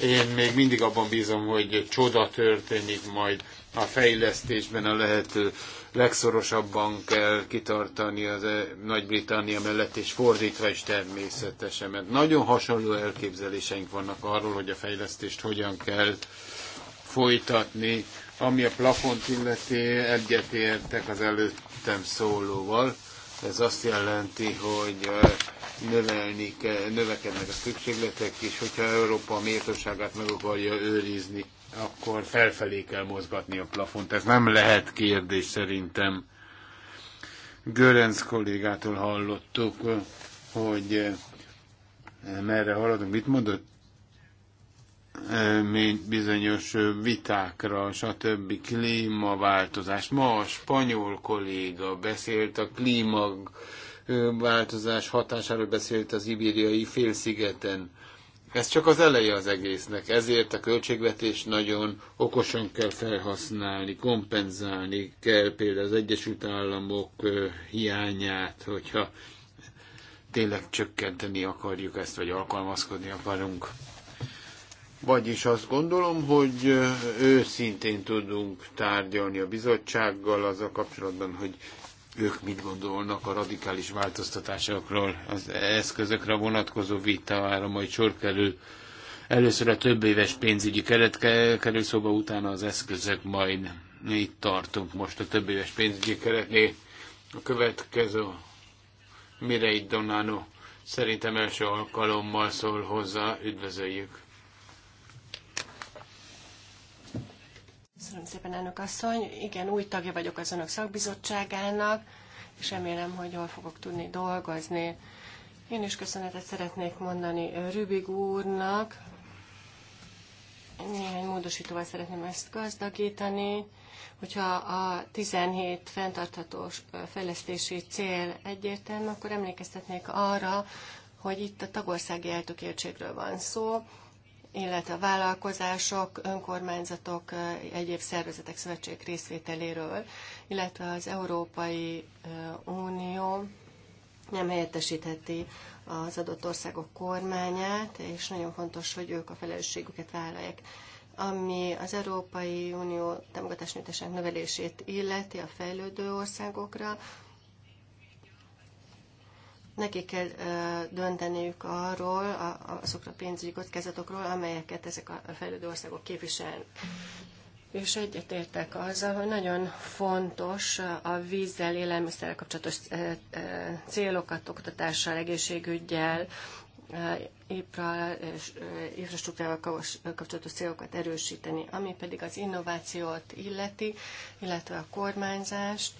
Én még mindig abban bízom, hogy csoda történik majd a fejlesztésben a lehető legszorosabban kell kitartani az e- Nagy-Britannia mellett, és fordítva is természetesen, mert nagyon hasonló elképzeléseink vannak arról, hogy a fejlesztést hogyan kell folytatni. Ami a plafont illeti, egyetértek az előttem szólóval. Ez azt jelenti, hogy növelni kell, növekednek a szükségletek, és hogyha Európa méltóságát meg akarja őrizni, akkor felfelé kell mozgatni a plafont. Ez nem lehet kérdés szerintem. Görenc kollégától hallottuk, hogy eh, merre haladunk. Mit mondott? Eh, bizonyos vitákra, stb. klímaváltozás. Ma a spanyol kolléga beszélt a klímaváltozás hatásáról beszélt az ibériai félszigeten ez csak az eleje az egésznek, ezért a költségvetés nagyon okosan kell felhasználni, kompenzálni kell például az Egyesült Államok hiányát, hogyha tényleg csökkenteni akarjuk ezt, vagy alkalmazkodni akarunk. Vagyis azt gondolom, hogy őszintén tudunk tárgyalni a bizottsággal az a kapcsolatban, hogy ők mit gondolnak a radikális változtatásokról, az eszközökre vonatkozó vitára majd sor kerül. Először a több éves pénzügyi keret kerül szóba, utána az eszközök majd itt tartunk most a több éves pénzügyi keretnél. A következő Mirei Donano szerintem első alkalommal szól hozzá, üdvözöljük. Köszönöm szépen, elnök asszony. Igen, új tagja vagyok az önök szakbizottságának, és remélem, hogy jól fogok tudni dolgozni. Én is köszönetet szeretnék mondani Rübig úrnak. Néhány módosítóval szeretném ezt gazdagítani. Hogyha a 17 fenntarthatós fejlesztési cél egyértelmű, akkor emlékeztetnék arra, hogy itt a tagországi eltökéltségről van szó illetve a vállalkozások, önkormányzatok, egyéb szervezetek, szövetség részvételéről, illetve az Európai Unió nem helyettesítheti az adott országok kormányát, és nagyon fontos, hogy ők a felelősségüket vállalják. Ami az Európai Unió támogatásnyújtásának növelését illeti a fejlődő országokra, Neki kell dönteniük arról, azokra a pénzügyi kockázatokról, amelyeket ezek a fejlődő országok képviselnek. És egyetértek azzal, hogy nagyon fontos a vízzel, élelmiszerrel kapcsolatos célokat, oktatással, egészségügyel, infrastruktúrával kapcsolatos célokat erősíteni, ami pedig az innovációt illeti, illetve a kormányzást.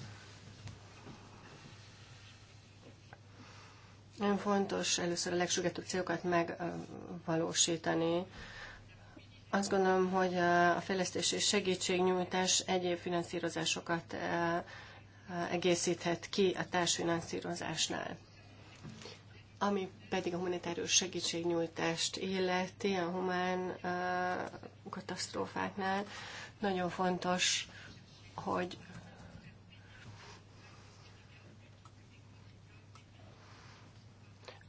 Nagyon fontos először a legsügetőbb célokat megvalósítani. Azt gondolom, hogy a fejlesztés és segítségnyújtás egyéb finanszírozásokat eh, eh, egészíthet ki a társfinanszírozásnál. Ami pedig a humanitárius segítségnyújtást illeti a humán eh, katasztrófáknál, nagyon fontos, hogy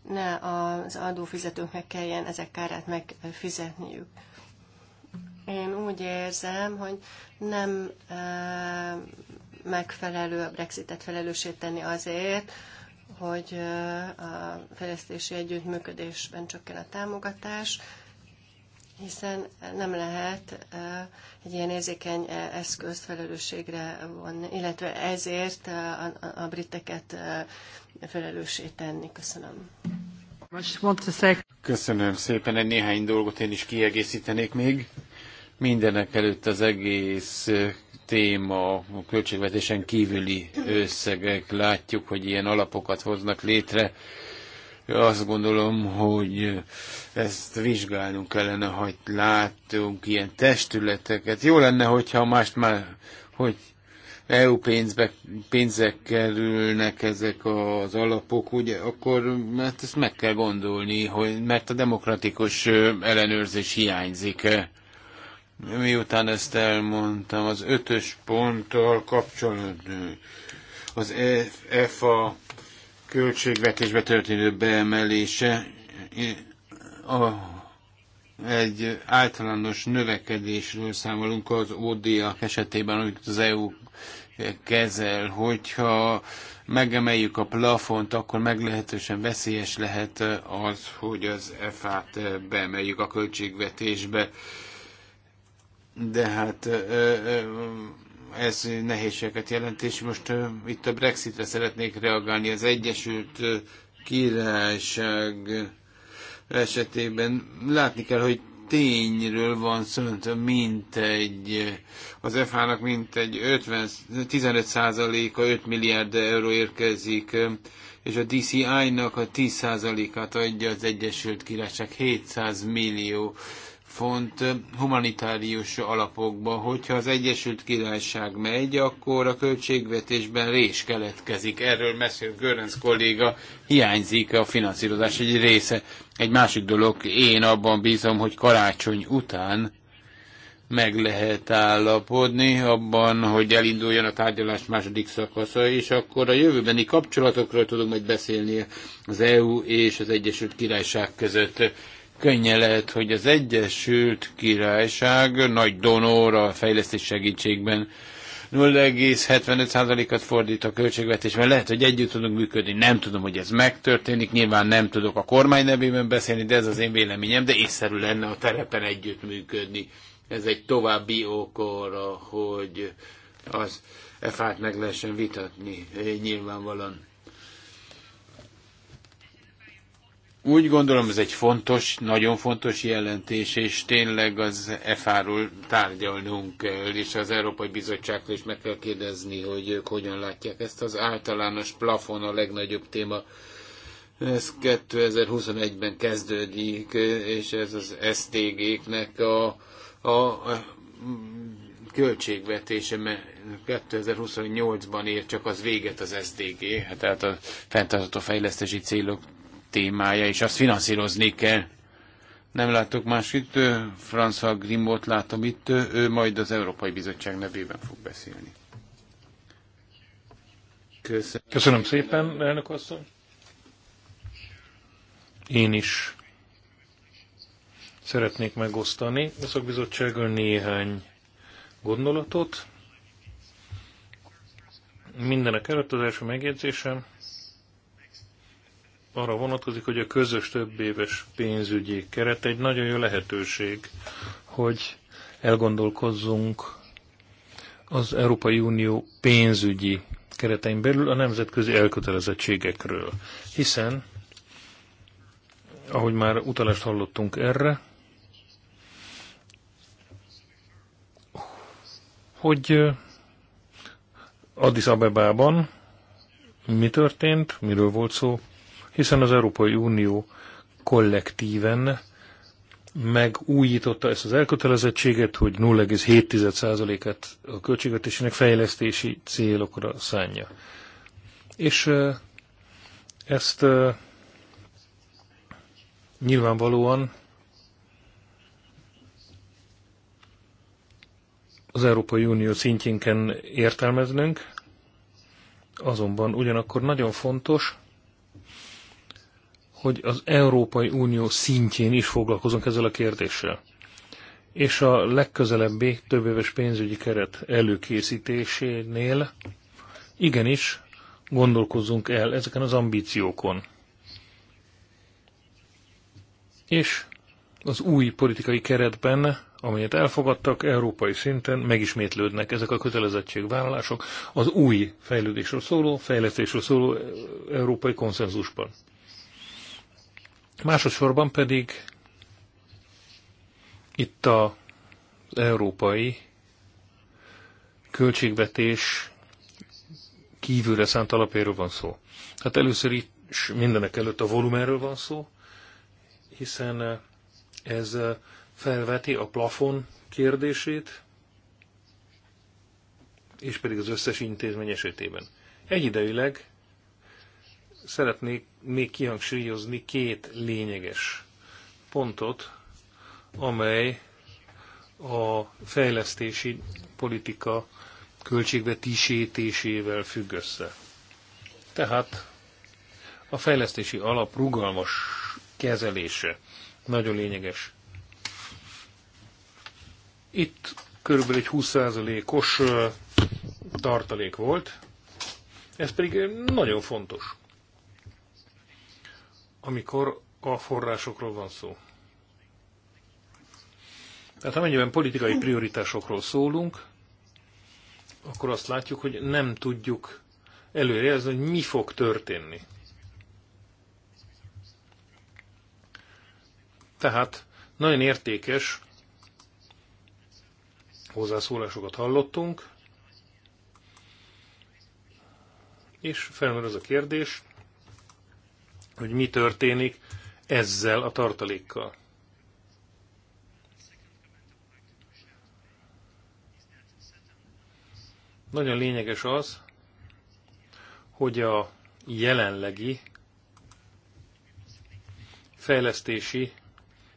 ne az adófizetőknek kelljen ezek kárát megfizetniük. Én úgy érzem, hogy nem e, megfelelő a Brexitet felelősét tenni azért, hogy e, a fejlesztési együttműködésben csökken a támogatás, hiszen nem lehet e, egy ilyen érzékeny e, eszközt felelősségre vonni, illetve ezért e, a, a, a briteket e, tenni. Köszönöm. Köszönöm szépen, egy néhány dolgot én is kiegészítenék még. Mindenek előtt az egész téma a költségvetésen kívüli összegek. Látjuk, hogy ilyen alapokat hoznak létre. Azt gondolom, hogy ezt vizsgálnunk kellene, hogy látunk ilyen testületeket. Jó lenne, hogyha mást már, hogy EU pénzbe, pénzek kerülnek ezek az alapok, ugye, akkor hát ezt meg kell gondolni, hogy, mert a demokratikus ellenőrzés hiányzik. Miután ezt elmondtam, az ötös ponttal kapcsolatban az EFA költségvetésbe történő beemelése a, egy általános növekedésről számolunk az ODA esetében, amit az EU kezel, hogyha megemeljük a plafont, akkor meglehetősen veszélyes lehet az, hogy az FA-t beemeljük a költségvetésbe. De hát ez nehézséget jelent, és most itt a Brexitre szeretnék reagálni. Az Egyesült Királyság esetében látni kell, hogy tényről van szó, mint egy, az FH-nak mint egy 50, 15%-a 5 milliárd euró érkezik, és a DCI-nak a 10%-át adja az Egyesült Királyság 700 millió font humanitárius alapokba, hogyha az Egyesült Királyság megy, akkor a költségvetésben rés keletkezik. Erről mesél Görönc kolléga, hiányzik a finanszírozás egy része. Egy másik dolog, én abban bízom, hogy karácsony után meg lehet állapodni abban, hogy elinduljon a tárgyalás második szakasza, és akkor a jövőbeni kapcsolatokról tudunk majd beszélni az EU és az Egyesült Királyság között Könnyen lehet, hogy az Egyesült Királyság nagy donor a fejlesztés segítségben 0,75%-at fordít a költségvetés, mert lehet, hogy együtt tudunk működni, nem tudom, hogy ez megtörténik, nyilván nem tudok a kormány nevében beszélni, de ez az én véleményem, de észszerű lenne a terepen együtt működni. Ez egy további ok arra, hogy az EFÁ-t meg lehessen vitatni nyilvánvalóan. Úgy gondolom, ez egy fontos, nagyon fontos jelentés, és tényleg az EFA-ról tárgyalnunk kell, és az Európai Bizottságtól is meg kell kérdezni, hogy ők hogyan látják ezt. Az általános plafon a legnagyobb téma. Ez 2021-ben kezdődik, és ez az sztg knek a, a, a költségvetése, mert 2028-ban ér csak az véget az SDG, hát tehát a fenntartható fejlesztési célok témája, és azt finanszírozni kell. Nem látok más itt, François Grimbot látom itt, ő majd az Európai Bizottság nevében fog beszélni. Köszönöm, Köszönöm szépen, elnök asszony. Én is szeretnék megosztani a szakbizottsággal néhány gondolatot. Mindenek előtt az első megjegyzésem, arra vonatkozik, hogy a közös több éves pénzügyi keret egy nagyon jó lehetőség, hogy elgondolkozzunk az Európai Unió pénzügyi keretein belül a nemzetközi elkötelezettségekről. Hiszen, ahogy már utalást hallottunk erre, hogy Addis Abebában mi történt, miről volt szó, hiszen az Európai Unió kollektíven megújította ezt az elkötelezettséget, hogy 07 et a költségvetésének fejlesztési célokra szánja. És ezt nyilvánvalóan az Európai Unió szintjén kell értelmeznünk, azonban ugyanakkor nagyon fontos, hogy az Európai Unió szintjén is foglalkozunk ezzel a kérdéssel. És a legközelebbi többéves pénzügyi keret előkészítésénél igenis gondolkozzunk el ezeken az ambíciókon. És az új politikai keretben, amelyet elfogadtak európai szinten, megismétlődnek ezek a kötelezettségvállalások az új fejlődésről szóló, fejlesztésről szóló eh, európai konszenzusban. Másodszorban pedig itt a európai költségvetés kívülre szánt alapjáról van szó. Hát először is mindenek előtt a volumenről van szó, hiszen ez felveti a plafon kérdését, és pedig az összes intézmény esetében. Egyidejűleg szeretnék még kihangsúlyozni két lényeges pontot, amely a fejlesztési politika költségvetésítésével függ össze. Tehát a fejlesztési alap rugalmas kezelése nagyon lényeges. Itt körülbelül egy 20%-os tartalék volt, ez pedig nagyon fontos amikor a forrásokról van szó. Tehát amennyiben politikai prioritásokról szólunk, akkor azt látjuk, hogy nem tudjuk előrejelzni, hogy mi fog történni. Tehát nagyon értékes hozzászólásokat hallottunk, és felmerül az a kérdés, hogy mi történik ezzel a tartalékkal. Nagyon lényeges az, hogy a jelenlegi fejlesztési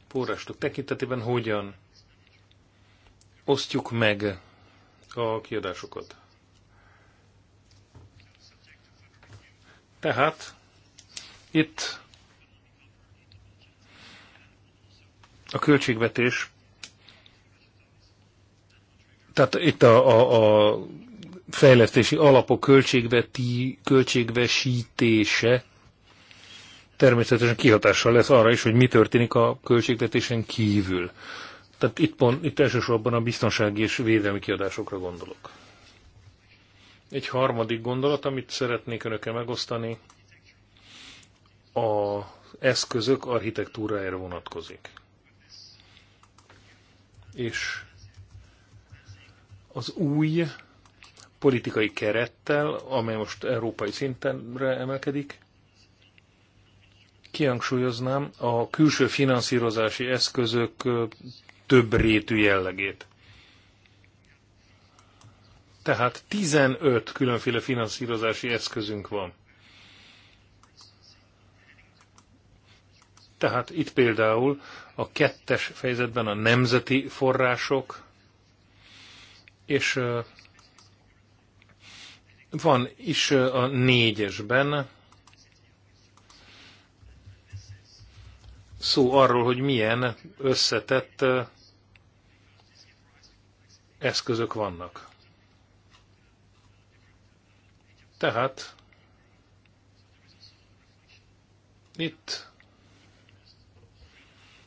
forrástok tekintetében hogyan osztjuk meg a kiadásokat. Tehát itt a költségvetés, tehát itt a, a, a fejlesztési alapok költségveti, költségvesítése természetesen kihatással lesz arra is, hogy mi történik a költségvetésen kívül. Tehát itt, pont, itt elsősorban a biztonsági és védelmi kiadásokra gondolok. Egy harmadik gondolat, amit szeretnék önökkel megosztani, a eszközök architektúrájára vonatkozik. És az új politikai kerettel, amely most európai szintenre emelkedik, kihangsúlyoznám a külső finanszírozási eszközök több rétű jellegét. Tehát 15 különféle finanszírozási eszközünk van. Tehát itt például a kettes fejezetben a nemzeti források, és van is a négyesben szó arról, hogy milyen összetett eszközök vannak. Tehát itt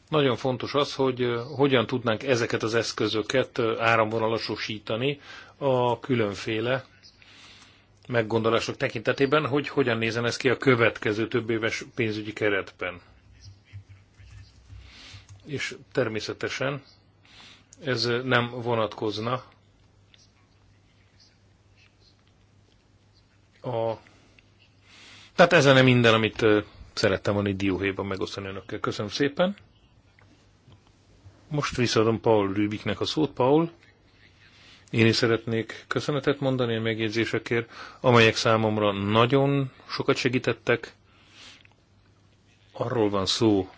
nagyon fontos az, hogy hogyan tudnánk ezeket az eszközöket áramvonalasosítani a különféle meggondolások tekintetében, hogy hogyan nézen ez ki a következő több éves pénzügyi keretben. És természetesen ez nem vonatkozna a... Tehát ez lenne minden, amit szerettem volna itt dióhéjban megosztani önökkel. Köszönöm szépen! Most visszaadom Paul Lübiknek a szót. Paul, én is szeretnék köszönetet mondani a megjegyzésekért, amelyek számomra nagyon sokat segítettek. Arról van szó,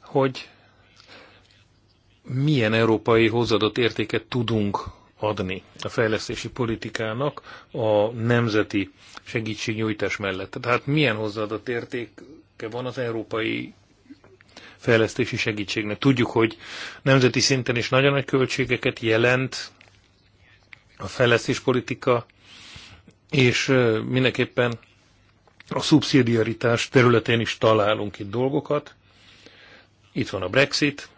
hogy milyen európai hozadott értéket tudunk adni a fejlesztési politikának a nemzeti segítségnyújtás mellett. Tehát milyen hozzáadott értéke van az európai fejlesztési segítségnek. Tudjuk, hogy nemzeti szinten is nagyon nagy költségeket jelent a fejlesztéspolitika, és mindenképpen a szubszidiaritás területén is találunk itt dolgokat. Itt van a Brexit,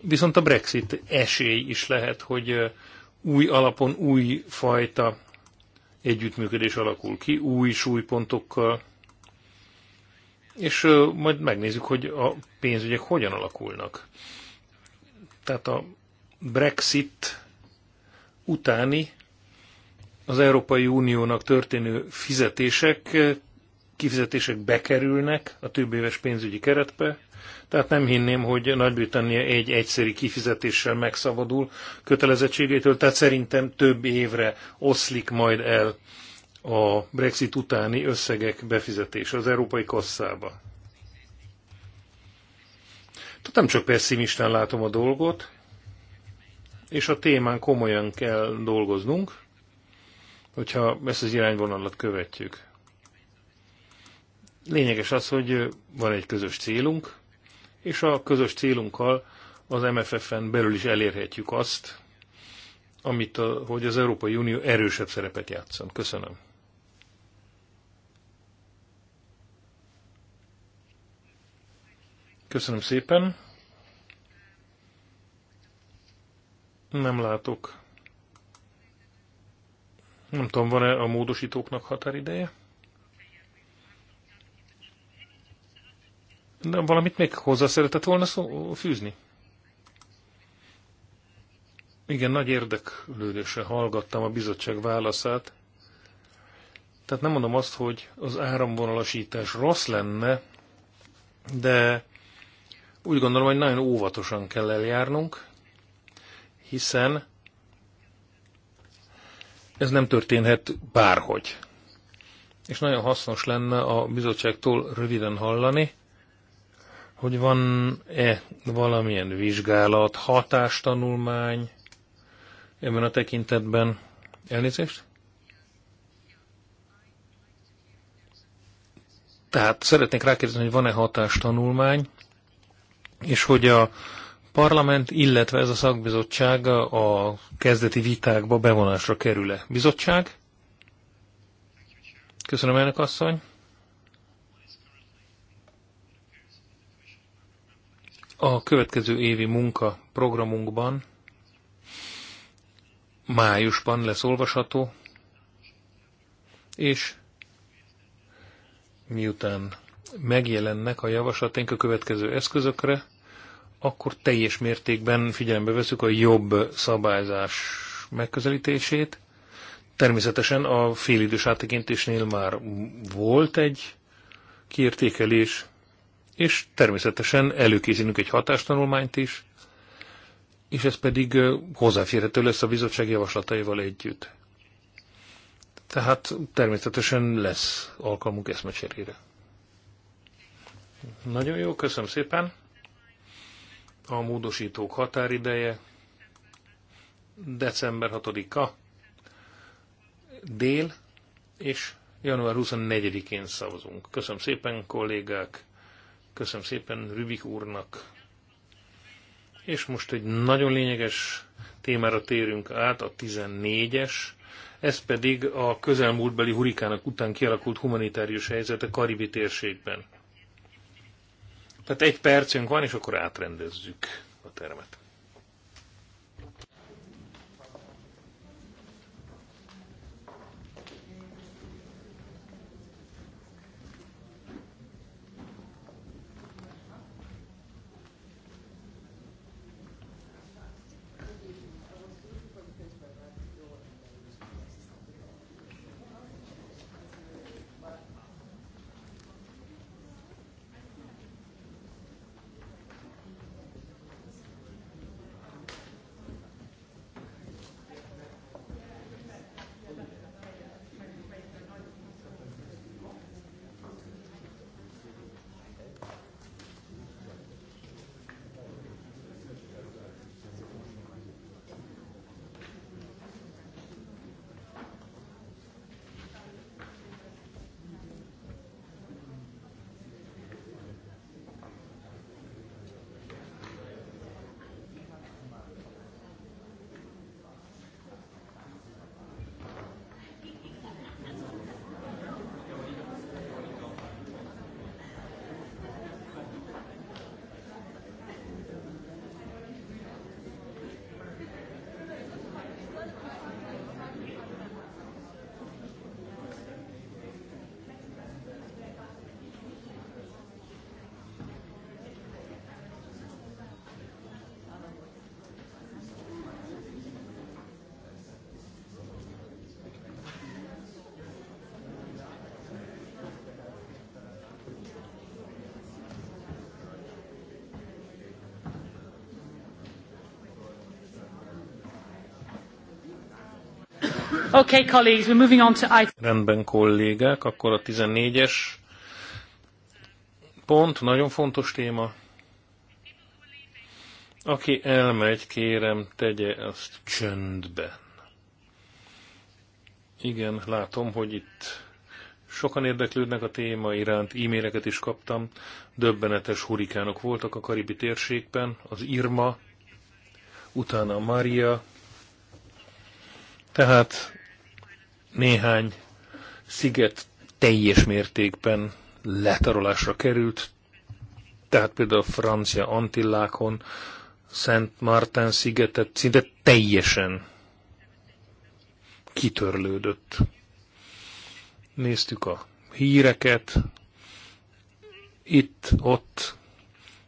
viszont a Brexit esély is lehet, hogy új alapon új fajta együttműködés alakul ki, új súlypontokkal, és majd megnézzük, hogy a pénzügyek hogyan alakulnak. Tehát a Brexit utáni az Európai Uniónak történő fizetések, kifizetések bekerülnek a több éves pénzügyi keretbe, tehát nem hinném, hogy Nagy-Britannia egy egyszeri kifizetéssel megszabadul kötelezettségétől, tehát szerintem több évre oszlik majd el a Brexit utáni összegek befizetése az európai kasszába. Tehát nem csak pessimistán látom a dolgot, és a témán komolyan kell dolgoznunk, hogyha ezt az irányvonalat követjük. Lényeges az, hogy van egy közös célunk, és a közös célunkkal az MFF-en belül is elérhetjük azt, amit a, hogy az Európai Unió erősebb szerepet játszon. Köszönöm. Köszönöm szépen. Nem látok. Nem tudom, van-e a módosítóknak határideje? De valamit még hozzá szeretett volna szó, fűzni? Igen, nagy érdeklődéssel hallgattam a bizottság válaszát. Tehát nem mondom azt, hogy az áramvonalasítás rossz lenne, de úgy gondolom, hogy nagyon óvatosan kell eljárnunk, hiszen ez nem történhet bárhogy. És nagyon hasznos lenne a bizottságtól röviden hallani, hogy van-e valamilyen vizsgálat, hatástanulmány ebben a tekintetben. Elnézést? Tehát szeretnék rákérdezni, hogy van-e hatástanulmány, és hogy a parlament, illetve ez a szakbizottság a kezdeti vitákba bevonásra kerül-e. Bizottság? Köszönöm, elnök asszony. A következő évi munka programunkban májusban lesz olvasható, és miután megjelennek a javaslataink a következő eszközökre, akkor teljes mértékben figyelembe veszük a jobb szabályzás megközelítését. Természetesen a félidős áttekintésnél már volt egy kiértékelés, és természetesen előkészítünk egy hatástanulmányt is, és ez pedig hozzáférhető lesz a bizottság javaslataival együtt. Tehát természetesen lesz alkalmunk eszmecserére. Nagyon jó, köszönöm szépen. A módosítók határideje december 6-a dél, és január 24-én szavazunk. Köszönöm szépen, kollégák, köszönöm szépen Rübik úrnak. És most egy nagyon lényeges témára térünk át, a 14-es, ez pedig a közelmúltbeli hurikának után kialakult humanitárius helyzet a Karibi térségben. Tehát egy percünk van, és akkor átrendezzük a termet. Okay, colleagues, we're moving on to item. Rendben, kollégák, akkor a 14-es pont, nagyon fontos téma. Aki elmegy, kérem, tegye azt csöndben. Igen, látom, hogy itt sokan érdeklődnek a téma iránt, e-maileket is kaptam. Döbbenetes hurikánok voltak a karibi térségben, az Irma, utána a Maria. Tehát néhány sziget teljes mértékben letarolásra került, tehát például a francia Antillákon, Szent Martin szigetet szinte teljesen kitörlődött. Néztük a híreket, itt, ott,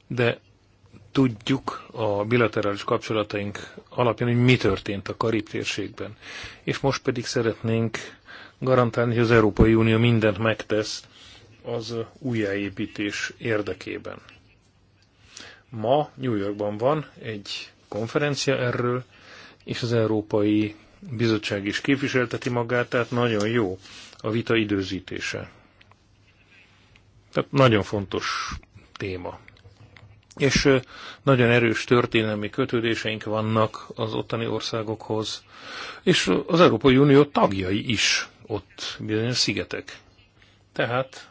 de tudjuk a bilaterális kapcsolataink alapján, hogy mi történt a Karib térségben. És most pedig szeretnénk garantálni, hogy az Európai Unió mindent megtesz az újjáépítés érdekében. Ma New Yorkban van egy konferencia erről, és az Európai Bizottság is képviselteti magát, tehát nagyon jó a vita időzítése. Tehát nagyon fontos téma és nagyon erős történelmi kötődéseink vannak az ottani országokhoz, és az Európai Unió tagjai is ott bizonyos szigetek. Tehát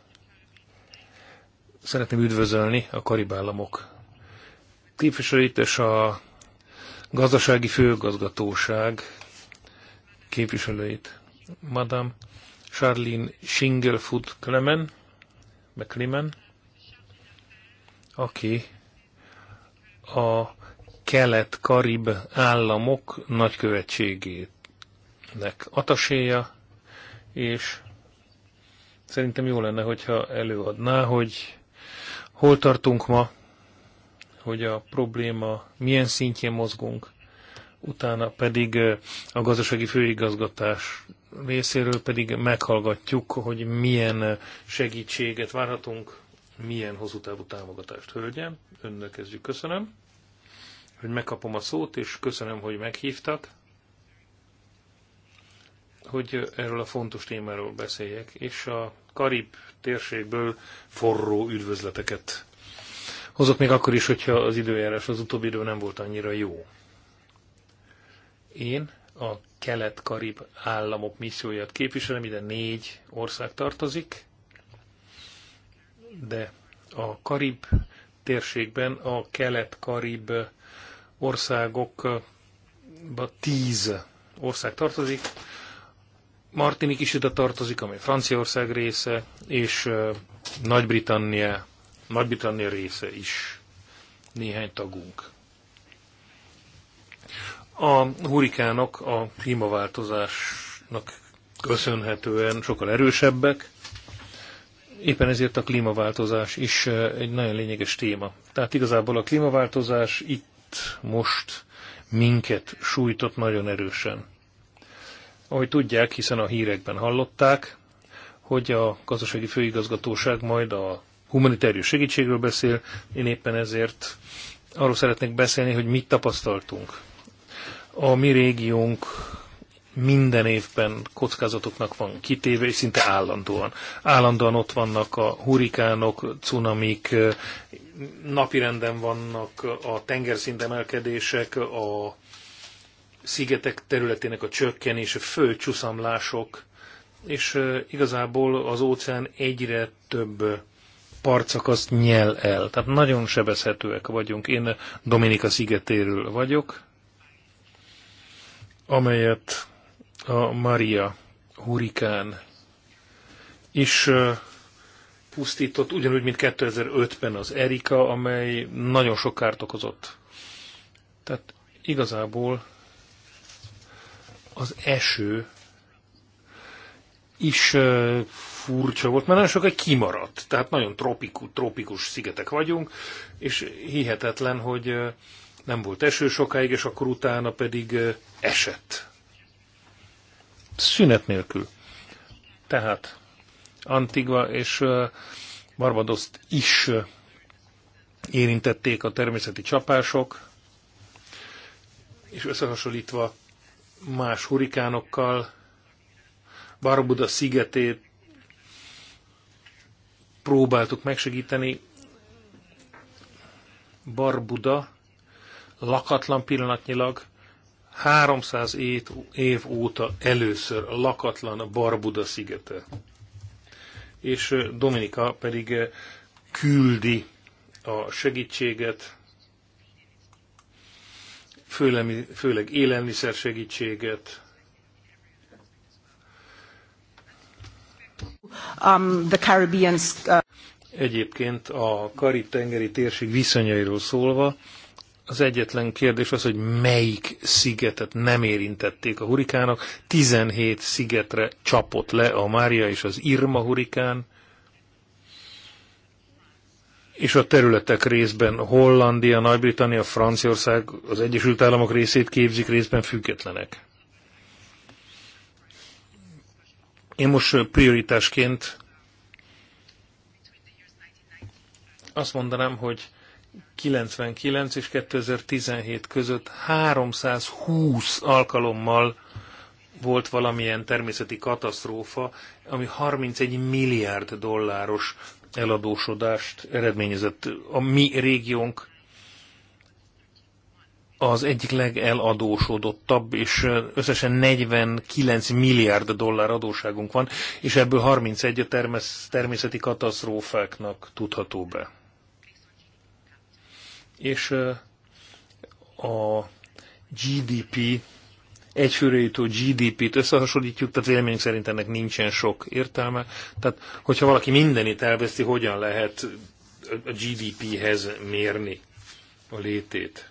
szeretném üdvözölni a karibállamok képviselőit és a gazdasági főgazgatóság képviselőit. Madame Charlene Shingelfoot Klemen, McClemen, aki a kelet-karib államok nagykövetségének ataséja, és szerintem jó lenne, hogyha előadná, hogy hol tartunk ma, hogy a probléma milyen szintjén mozgunk, utána pedig a gazdasági főigazgatás részéről pedig meghallgatjuk, hogy milyen segítséget várhatunk, milyen hosszú távú támogatást. Hölgyem, önnel kezdjük, köszönöm hogy megkapom a szót, és köszönöm, hogy meghívtak, hogy erről a fontos témáról beszéljek, és a Karib térségből forró üdvözleteket hozok még akkor is, hogyha az időjárás az utóbbi idő nem volt annyira jó. Én a kelet-karib államok misszióját képviselem, ide négy ország tartozik, de a karib térségben a kelet-karib országokba tíz ország tartozik. Martinik is ide tartozik, amely Franciaország része, és Nagy-Britannia, Nagy-Britannia része is néhány tagunk. A hurikánok a klímaváltozásnak köszönhetően sokkal erősebbek, éppen ezért a klímaváltozás is egy nagyon lényeges téma. Tehát igazából a klímaváltozás itt most minket sújtott nagyon erősen. Ahogy tudják, hiszen a hírekben hallották, hogy a gazdasági főigazgatóság majd a humanitárius segítségről beszél, én éppen ezért arról szeretnék beszélni, hogy mit tapasztaltunk. A mi régiónk minden évben kockázatoknak van kitéve, és szinte állandóan. Állandóan ott vannak a hurikánok, cunamik, napirenden vannak a tengerszint emelkedések, a szigetek területének a csökkenése, földcsúszamlások, és igazából az óceán egyre több partszakaszt nyel el. Tehát nagyon sebezhetőek vagyunk. Én Dominika szigetéről vagyok, amelyet a Maria hurikán is pusztított, ugyanúgy, mint 2005-ben az Erika, amely nagyon sok kárt okozott. Tehát igazából az eső is furcsa volt, mert nagyon egy kimaradt. Tehát nagyon tropikus, tropikus szigetek vagyunk, és hihetetlen, hogy nem volt eső sokáig, és akkor utána pedig esett szünet nélkül. Tehát Antigua és Barbados is érintették a természeti csapások, és összehasonlítva más hurikánokkal, Barbuda szigetét próbáltuk megsegíteni. Barbuda lakatlan pillanatnyilag, 300 év óta először lakatlan Barbuda szigete. És Dominika pedig küldi a segítséget, főleg, főleg élelmiszer segítséget. Um, the Caribbean's, uh... Egyébként a Karib-tengeri térség viszonyairól szólva, az egyetlen kérdés az, hogy melyik szigetet nem érintették a hurikánok? 17 szigetre csapott le a Mária és az Irma hurikán, és a területek részben Hollandia, Nagy-Britannia, Franciaország, az Egyesült Államok részét képzik, részben függetlenek. Én most prioritásként azt mondanám, hogy 99 és 2017 között 320 alkalommal volt valamilyen természeti katasztrófa, ami 31 milliárd dolláros eladósodást eredményezett. A mi régiónk az egyik legeladósodottabb, és összesen 49 milliárd dollár adóságunk van, és ebből 31 a természeti katasztrófáknak tudható be és a GDP, egyfőre jutó GDP-t összehasonlítjuk, tehát véleményünk szerint ennek nincsen sok értelme. Tehát, hogyha valaki mindenit elveszi, hogyan lehet a GDP-hez mérni a létét?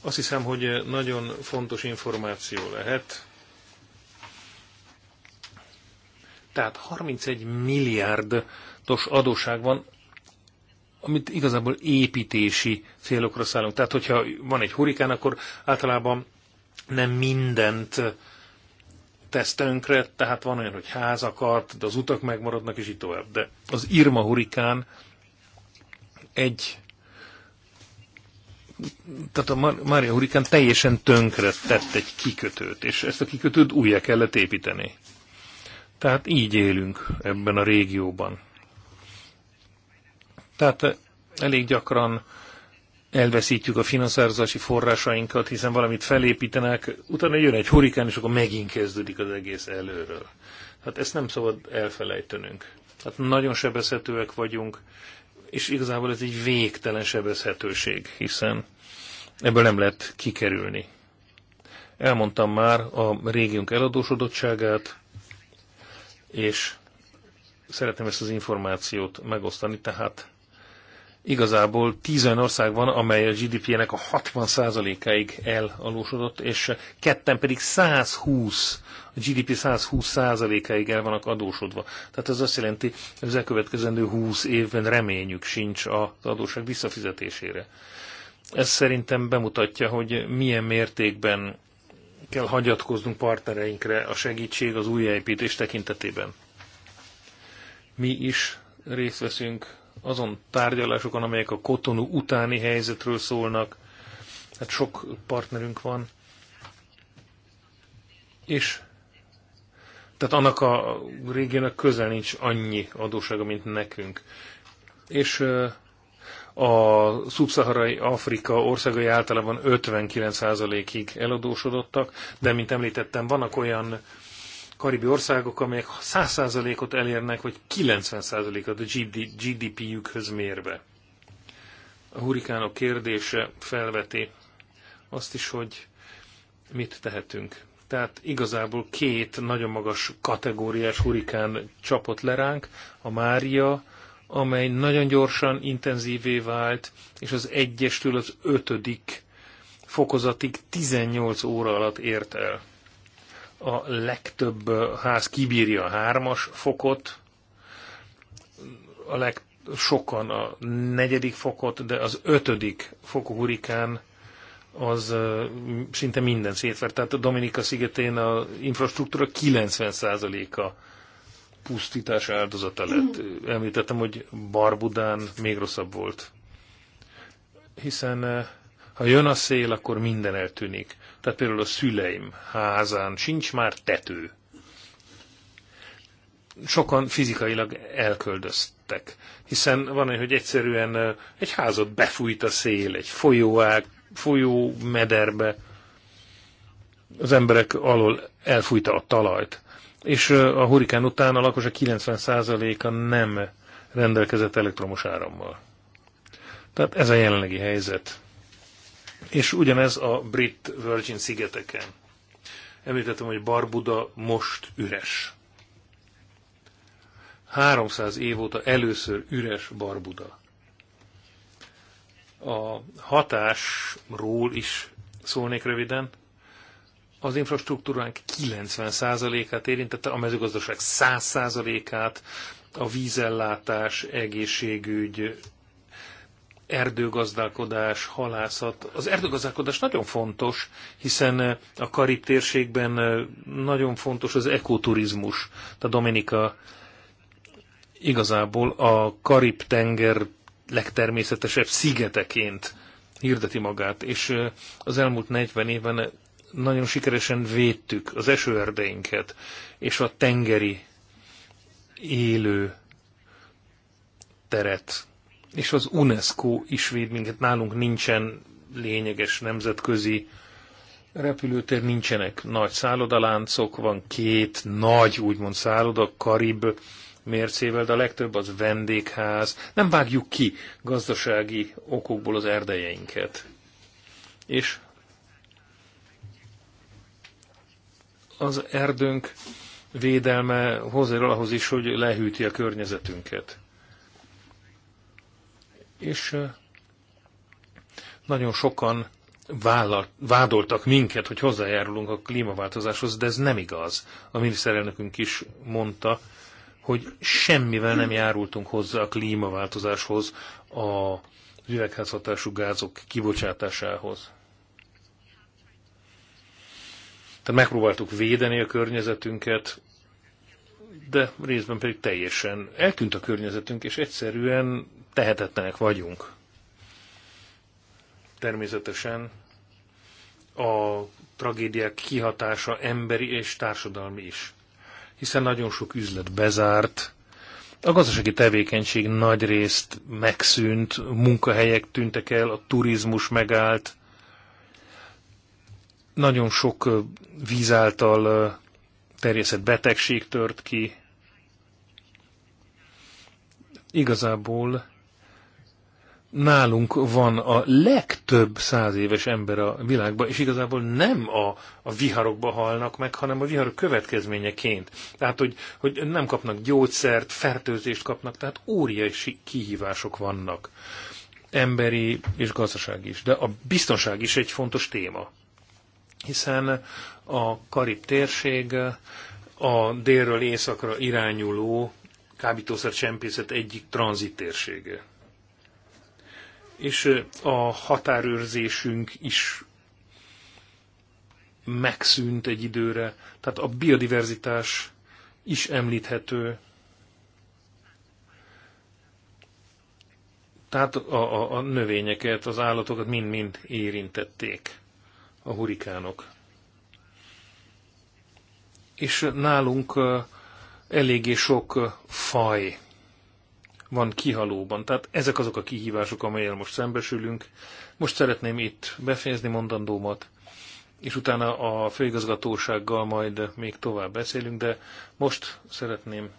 Azt hiszem, hogy nagyon fontos információ lehet. Tehát 31 milliárdos adóság van amit igazából építési célokra szállunk. Tehát, hogyha van egy hurikán, akkor általában nem mindent tesz tönkre, tehát van olyan, hogy akart, de az utak megmaradnak, és így tovább. De az Irma hurikán egy tehát a Mária Hurikán teljesen tönkre tett egy kikötőt, és ezt a kikötőt újra kellett építeni. Tehát így élünk ebben a régióban. Tehát elég gyakran elveszítjük a finanszírozási forrásainkat, hiszen valamit felépítenek, utána jön egy hurikán, és akkor megint kezdődik az egész előről. Hát ezt nem szabad elfelejtenünk. Hát nagyon sebezhetőek vagyunk, és igazából ez egy végtelen sebezhetőség, hiszen ebből nem lehet kikerülni. Elmondtam már a régiónk eladósodottságát, és szeretném ezt az információt megosztani, tehát Igazából 10 olyan ország van, amely a GDP-nek a 60%-áig elalósodott, és ketten pedig 120 a GDP 120%-áig el vannak adósodva. Tehát ez azt jelenti, hogy az elkövetkezendő 20 évben reményük sincs az adóság visszafizetésére. Ez szerintem bemutatja, hogy milyen mértékben kell hagyatkoznunk partnereinkre a segítség az újjáépítés tekintetében. Mi is részt veszünk azon tárgyalásokon, amelyek a kotonú utáni helyzetről szólnak, hát sok partnerünk van, és tehát annak a régiónak közel nincs annyi adósága, mint nekünk. És a szubszaharai Afrika országai általában 59%-ig eladósodottak, de mint említettem, vannak olyan karibi országok, amelyek 100%-ot elérnek, vagy 90%-ot a GDP-jükhöz mérve. A hurikánok kérdése felveti azt is, hogy mit tehetünk. Tehát igazából két nagyon magas kategóriás hurikán csapott le ránk, a Mária, amely nagyon gyorsan intenzívé vált, és az egyestől az ötödik fokozatig 18 óra alatt ért el a legtöbb ház kibírja a hármas fokot, a leg, sokan a negyedik fokot, de az ötödik fokú hurikán az szinte minden szétver. Tehát a Dominika szigetén a infrastruktúra 90%-a pusztítás áldozata lett. Mhm. Említettem, hogy Barbudán még rosszabb volt. Hiszen ha jön a szél, akkor minden eltűnik. Tehát például a szüleim házán sincs már tető. Sokan fizikailag elköldöztek, hiszen van egy, hogy egyszerűen egy házat befújt a szél, egy folyóág, folyó mederbe, az emberek alól elfújta a talajt. És a hurikán után a lakosok 90%-a nem rendelkezett elektromos árammal. Tehát ez a jelenlegi helyzet. És ugyanez a brit Virgin szigeteken. Említettem, hogy Barbuda most üres. 300 év óta először üres Barbuda. A hatásról is szólnék röviden. Az infrastruktúránk 90%-át érintette, a mezőgazdaság 100%-át, a vízellátás, egészségügy, erdőgazdálkodás, halászat. Az erdőgazdálkodás nagyon fontos, hiszen a Karib térségben nagyon fontos az ekoturizmus. Tehát Dominika igazából a Karib tenger legtermészetesebb szigeteként hirdeti magát, és az elmúlt 40 évben nagyon sikeresen védtük az esőerdeinket, és a tengeri élő teret és az UNESCO is véd minket. Nálunk nincsen lényeges nemzetközi repülőtér, nincsenek nagy szállodaláncok, van két nagy, úgymond szálloda, Karib mércével, de a legtöbb az vendégház. Nem vágjuk ki gazdasági okokból az erdejeinket. És az erdőnk védelme hozzájárul ahhoz is, hogy lehűti a környezetünket és nagyon sokan vállalt, vádoltak minket, hogy hozzájárulunk a klímaváltozáshoz, de ez nem igaz. A miniszterelnökünk is mondta, hogy semmivel nem járultunk hozzá a klímaváltozáshoz, a üvegházhatású gázok kibocsátásához. Tehát megpróbáltuk védeni a környezetünket, de részben pedig teljesen eltűnt a környezetünk, és egyszerűen tehetetlenek vagyunk. Természetesen a tragédiák kihatása emberi és társadalmi is. Hiszen nagyon sok üzlet bezárt, a gazdasági tevékenység nagy részt megszűnt, munkahelyek tűntek el, a turizmus megállt, nagyon sok víz által terjeszett betegség tört ki. Igazából nálunk van a legtöbb száz éves ember a világban, és igazából nem a, a viharokba halnak meg, hanem a viharok következményeként. Tehát, hogy, hogy nem kapnak gyógyszert, fertőzést kapnak, tehát óriási kihívások vannak. Emberi és gazdasági is. De a biztonság is egy fontos téma. Hiszen a Karib térség a délről északra irányuló kábítószer csempészet egyik térsége és a határőrzésünk is megszűnt egy időre. Tehát a biodiverzitás is említhető. Tehát a, a, a növényeket, az állatokat mind-mind érintették a hurikánok. És nálunk eléggé sok faj van kihalóban. Tehát ezek azok a kihívások, amelyel most szembesülünk. Most szeretném itt befejezni mondandómat, és utána a főigazgatósággal majd még tovább beszélünk, de most szeretném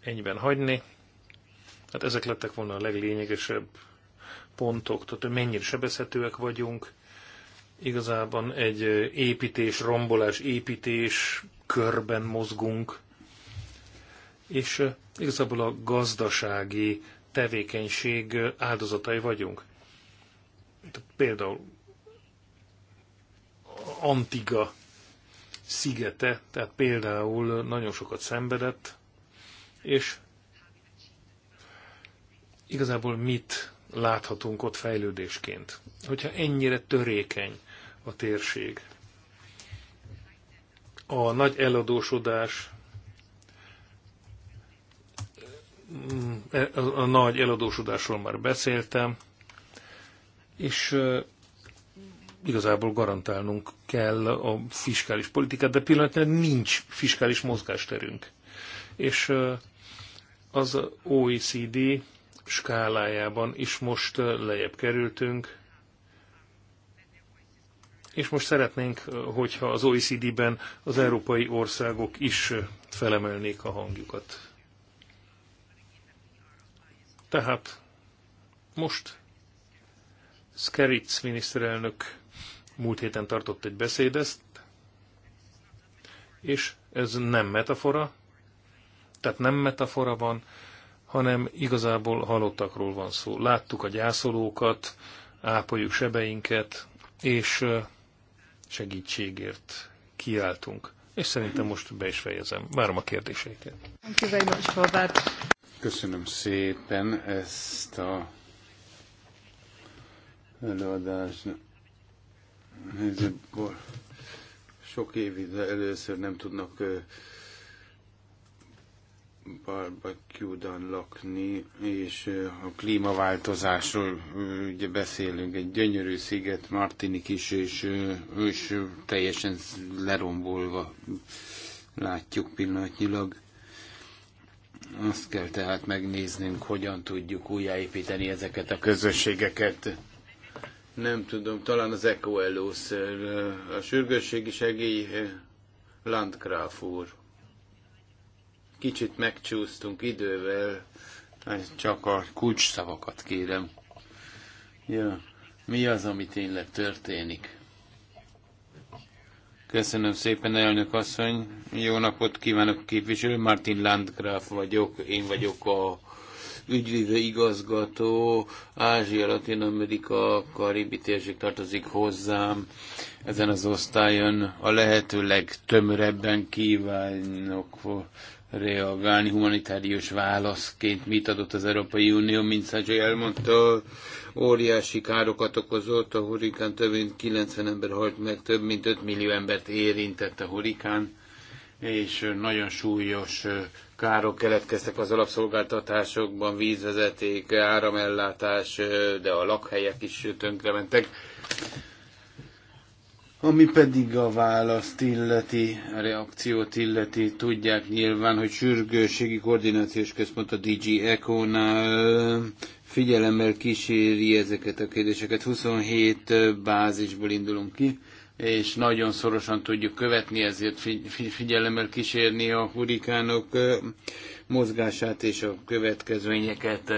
ennyiben hagyni. Hát ezek lettek volna a leglényegesebb pontok, tehát hogy mennyire sebezhetőek vagyunk. Igazában egy építés, rombolás, építés körben mozgunk és igazából a gazdasági tevékenység áldozatai vagyunk. Például Antiga szigete, tehát például nagyon sokat szenvedett, és igazából mit láthatunk ott fejlődésként, hogyha ennyire törékeny a térség. A nagy eladósodás, E, a, a nagy eladósodásról már beszéltem, és e, igazából garantálnunk kell a fiskális politikát, de pillanatnyilag nincs fiskális mozgásterünk. És e, az OECD skálájában is most lejjebb kerültünk, és most szeretnénk, hogyha az OECD-ben az európai országok is felemelnék a hangjukat. Tehát most Skeritz miniszterelnök múlt héten tartott egy beszédet, és ez nem metafora, tehát nem metafora van, hanem igazából halottakról van szó. Láttuk a gyászolókat, ápoljuk sebeinket, és segítségért kiáltunk. És szerintem most be is fejezem. Várom a kérdéseiket. Köszönöm szépen ezt a előadást. Ez sok évig először nem tudnak barbecue-dan lakni, és a klímaváltozásról ugye beszélünk, egy gyönyörű sziget, Martinik is, és, és teljesen lerombolva látjuk pillanatnyilag. Azt kell tehát megnéznünk, hogyan tudjuk újjáépíteni ezeket a közösségeket. Nem tudom, talán az eko először. A sürgősségi segély Landgraf úr. Kicsit megcsúsztunk idővel, hát csak a kulcs szavakat kérem. Ja. Mi az, ami tényleg történik? Köszönöm szépen, elnök asszony. Jó napot kívánok, képviselő. Martin Landgraf vagyok. Én vagyok a ügyvívő igazgató. Ázsia, Latin Amerika, Karibi térség tartozik hozzám. Ezen az osztályon a lehető legtömörebben kívánok reagálni humanitárius válaszként, mit adott az Európai Unió, mint Szágyai elmondta, óriási károkat okozott, a hurikán több mint 90 ember halt meg, több mint 5 millió embert érintett a hurikán, és nagyon súlyos károk keletkeztek az alapszolgáltatásokban, vízvezeték, áramellátás, de a lakhelyek is tönkrementek. Ami pedig a választ illeti, a reakciót illeti, tudják nyilván, hogy sürgősségi koordinációs központ a DG echo nál figyelemmel kíséri ezeket a kérdéseket. 27 bázisból indulunk ki, és nagyon szorosan tudjuk követni, ezért figyelemmel kísérni a hurikánok mozgását és a következményeket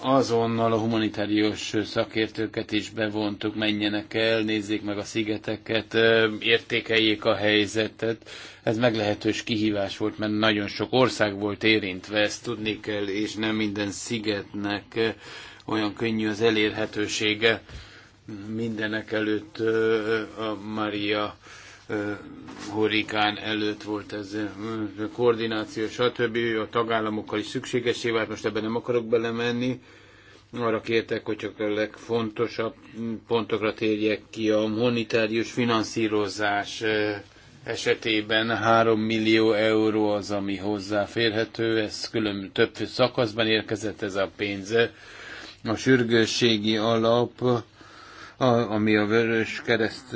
azonnal a humanitárius szakértőket is bevontuk, menjenek el, nézzék meg a szigeteket, értékeljék a helyzetet. Ez meglehetős kihívás volt, mert nagyon sok ország volt érintve, ezt tudni kell, és nem minden szigetnek olyan könnyű az elérhetősége. Mindenek előtt a Maria hurrikán előtt volt ez a koordináció, stb. A tagállamokkal is szükségesé vált, most ebben nem akarok belemenni. Arra kértek, hogy csak a legfontosabb pontokra térjek ki a monetárius finanszírozás esetében 3 millió euró az, ami hozzáférhető, ez külön több szakaszban érkezett ez a pénze. A sürgősségi alap a, ami a Vörös Kereszt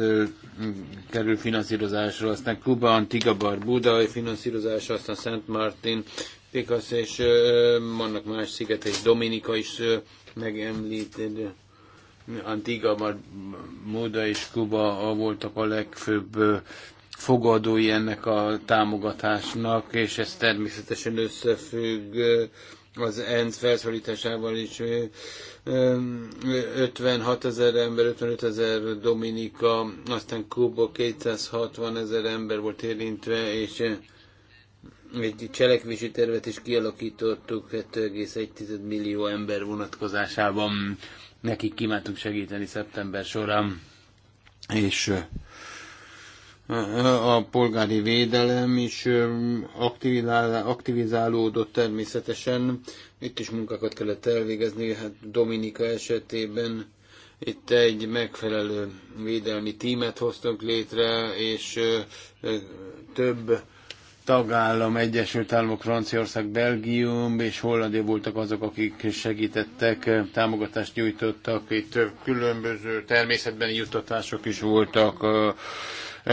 kerül finanszírozásra, aztán Kuba, Antigua, Barbuda finanszírozása, aztán Szent Martin, Pikasz és ö, vannak más szigetek, Dominika is ö, megemlítődő. Antigua, Barbuda és Kuba voltak a legfőbb ö, fogadói ennek a támogatásnak, és ez természetesen összefügg az ENSZ felszólításával is 56 ezer ember, 55 ezer Dominika, aztán Kubo 260 ezer ember volt érintve, és egy cselekvési tervet is kialakítottuk 2,1 millió ember vonatkozásában. Nekik kívántunk segíteni szeptember során, és a polgári védelem is aktivizálódott természetesen. Itt is munkákat kellett elvégezni, hát Dominika esetében itt egy megfelelő védelmi tímet hoztunk létre, és több tagállam, Egyesült Államok, Franciaország, Belgium és Hollandia voltak azok, akik segítettek, támogatást nyújtottak, itt különböző természetbeni juttatások is voltak,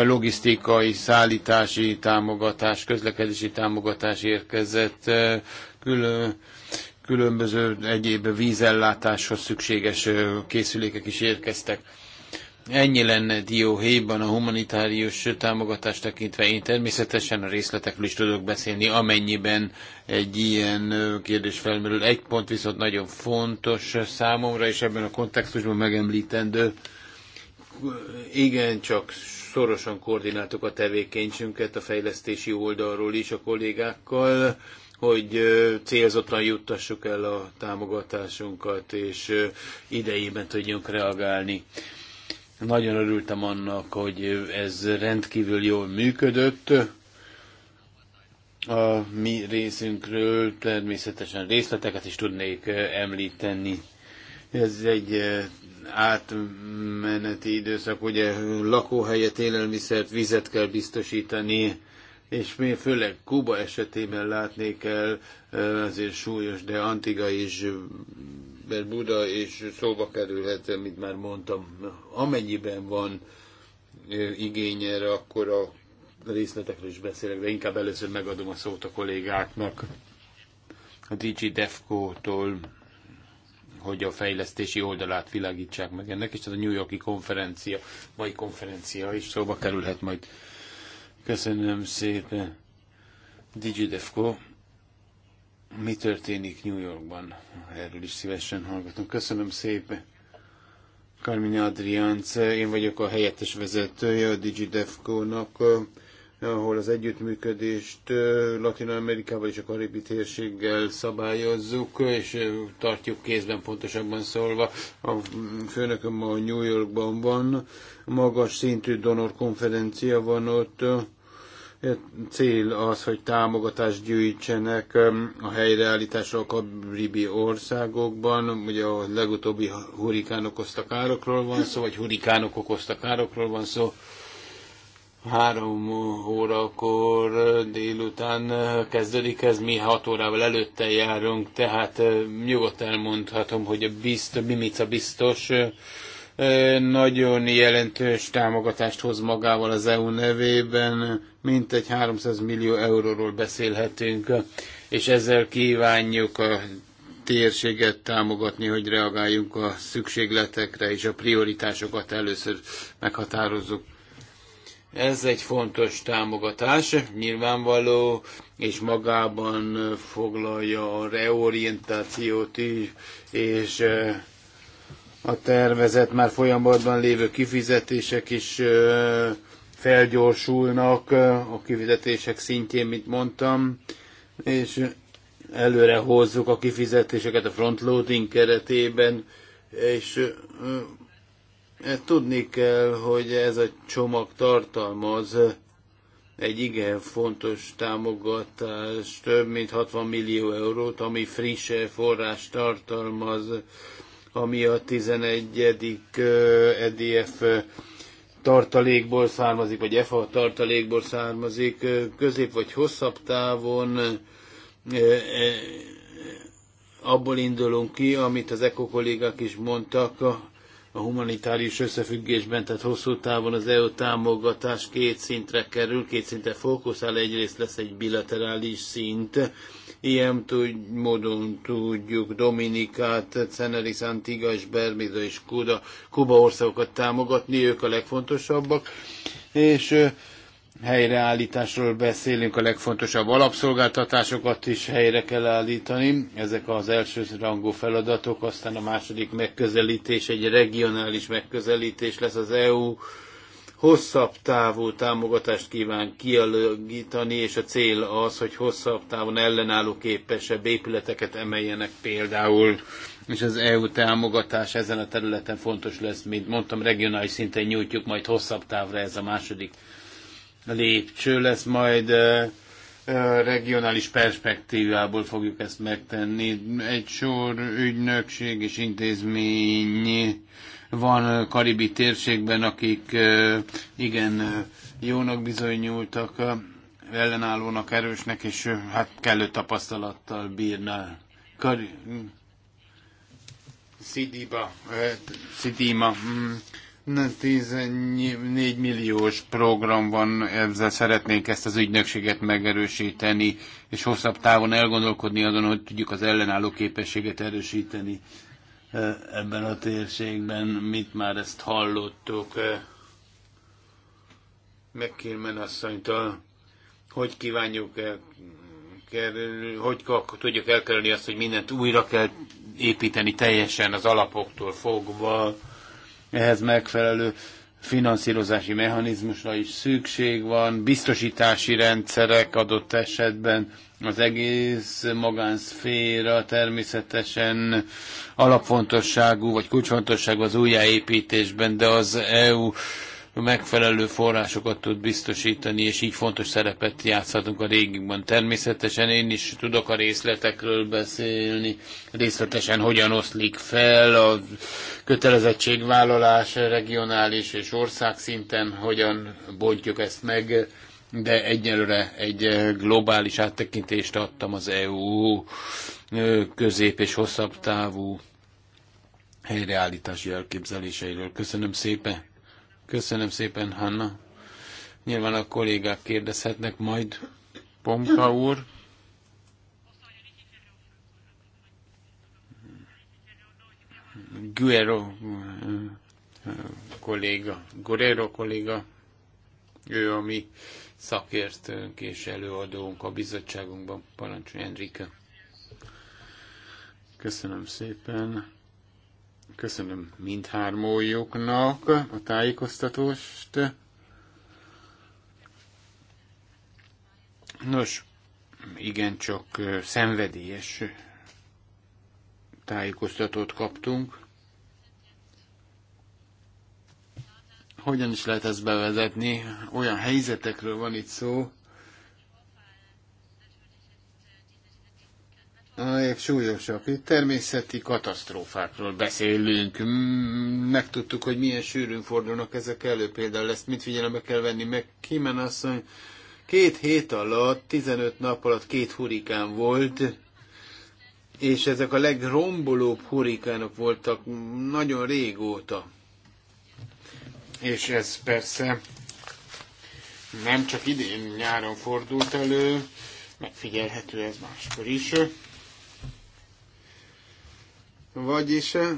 logisztikai, szállítási támogatás, közlekedési támogatás érkezett, eh, külön, különböző egyéb vízellátáshoz szükséges eh, készülékek is érkeztek. Ennyi lenne dióhéjban a humanitárius támogatást tekintve. Én természetesen a részletekről is tudok beszélni, amennyiben egy ilyen eh, kérdés felmerül. Egy pont viszont nagyon fontos számomra, és ebben a kontextusban megemlítendő. Igen, csak szorosan koordináltuk a tevékenységünket a fejlesztési oldalról is a kollégákkal, hogy célzottan juttassuk el a támogatásunkat, és idejében tudjunk reagálni. Nagyon örültem annak, hogy ez rendkívül jól működött. A mi részünkről természetesen részleteket is tudnék említeni, ez egy átmeneti időszak, ugye lakóhelyet, élelmiszert, vizet kell biztosítani, és mi főleg Kuba esetében látni kell, azért súlyos, de Antiga is, mert Buda is szóba kerülhet, mint már mondtam, amennyiben van igény erre, akkor a részletekről is beszélek, de inkább először megadom a szót a kollégáknak. A DG Defco-tól hogy a fejlesztési oldalát világítsák meg ennek, és ez a New Yorki konferencia, mai konferencia is szóba kerülhet majd. Köszönöm szépen. Digidefco, mi történik New Yorkban? Erről is szívesen hallgatom. Köszönöm szépen. Carmine Adriánc, én vagyok a helyettes vezetője a digidevco nak ahol az együttműködést Latin Amerikával és a Karibi térséggel szabályozzuk, és tartjuk kézben pontosabban szólva. A főnököm a New Yorkban van, magas szintű donor konferencia van ott, e, cél az, hogy támogatást gyűjtsenek a helyreállításra a karibi országokban. Ugye a legutóbbi hurikánok okozta károkról van szó, vagy hurikánok okozta károkról van szó. Három órakor délután kezdődik ez, mi hat órával előtte járunk, tehát nyugodt elmondhatom, hogy a biztos, Mimica biztos nagyon jelentős támogatást hoz magával az EU nevében, mint egy 300 millió euróról beszélhetünk, és ezzel kívánjuk a térséget támogatni, hogy reagáljunk a szükségletekre és a prioritásokat először meghatározzuk. Ez egy fontos támogatás, nyilvánvaló, és magában foglalja a reorientációt is, és a tervezet már folyamatban lévő kifizetések is felgyorsulnak a kifizetések szintjén, mint mondtam, és előre hozzuk a kifizetéseket a frontloading keretében, és Tudni kell, hogy ez a csomag tartalmaz egy igen fontos támogatás, több mint 60 millió eurót, ami friss forrás tartalmaz, ami a 11. EDF tartalékból származik, vagy EFA tartalékból származik, közép vagy hosszabb távon abból indulunk ki, amit az eko kollégák is mondtak, a humanitárius összefüggésben, tehát hosszú távon az EU támogatás két szintre kerül, két szintre fókuszál, egyrészt lesz egy bilaterális szint, ilyen tud, módon tudjuk Dominikát, Ceneris, Antigua és Bermuda és Kuba, Kuba országokat támogatni, ők a legfontosabbak, és helyreállításról beszélünk, a legfontosabb alapszolgáltatásokat is helyre kell állítani. Ezek az első rangú feladatok, aztán a második megközelítés egy regionális megközelítés lesz az EU hosszabb távú támogatást kíván kialakítani, és a cél az, hogy hosszabb távon ellenálló képesebb épületeket emeljenek például, és az EU támogatás ezen a területen fontos lesz, mint mondtam, regionális szinten nyújtjuk, majd hosszabb távra ez a második lépcső lesz, majd regionális perspektívából fogjuk ezt megtenni. Egy sor ügynökség és intézmény van karibi térségben, akik igen jónak bizonyultak, ellenállónak, erősnek, és hát kellő tapasztalattal bírnál. Kar- Szidíba, Szidíma mm, 14 milliós program van, ezzel szeretnénk ezt az ügynökséget megerősíteni, és hosszabb távon elgondolkodni azon, hogy tudjuk az ellenálló képességet erősíteni e, ebben a térségben. Mit már ezt hallottuk e, Megkérmen asszonytól, hogy kívánjuk el, kerül, hogy tudjuk elkerülni azt, hogy mindent újra kell építeni teljesen az alapoktól fogva, ehhez megfelelő finanszírozási mechanizmusra is szükség van, biztosítási rendszerek adott esetben, az egész magánszféra természetesen alapfontosságú vagy kulcsfontosságú az újjáépítésben, de az EU megfelelő forrásokat tud biztosítani, és így fontos szerepet játszhatunk a régióban. Természetesen én is tudok a részletekről beszélni, részletesen hogyan oszlik fel a kötelezettségvállalás regionális és országszinten, hogyan bontjuk ezt meg, de egyelőre egy globális áttekintést adtam az EU közép és hosszabb távú helyreállítási elképzeléseiről. Köszönöm szépen! Köszönöm szépen, Hanna. Nyilván a kollégák kérdezhetnek majd. Pompa úr. Guerrero eh, kolléga, Guerrero kolléga, ő a mi szakértőnk és előadónk a bizottságunkban, parancsolj Enrique. Köszönöm szépen. Köszönöm mindhármójuknak a tájékoztatóst. Nos, igencsak szenvedélyes tájékoztatót kaptunk. Hogyan is lehet ezt bevezetni? Olyan helyzetekről van itt szó, Amelyek súlyosak. Itt természeti katasztrófákról beszélünk. Mm, megtudtuk, hogy milyen sűrűn fordulnak ezek elő. Például ezt mit figyelembe kell venni, meg Kimen asszony két hét alatt, 15 nap alatt két hurikán volt, és ezek a legrombolóbb hurikánok voltak nagyon régóta. És ez persze nem csak idén nyáron fordult elő, megfigyelhető ez máskor is. Vagyis eh,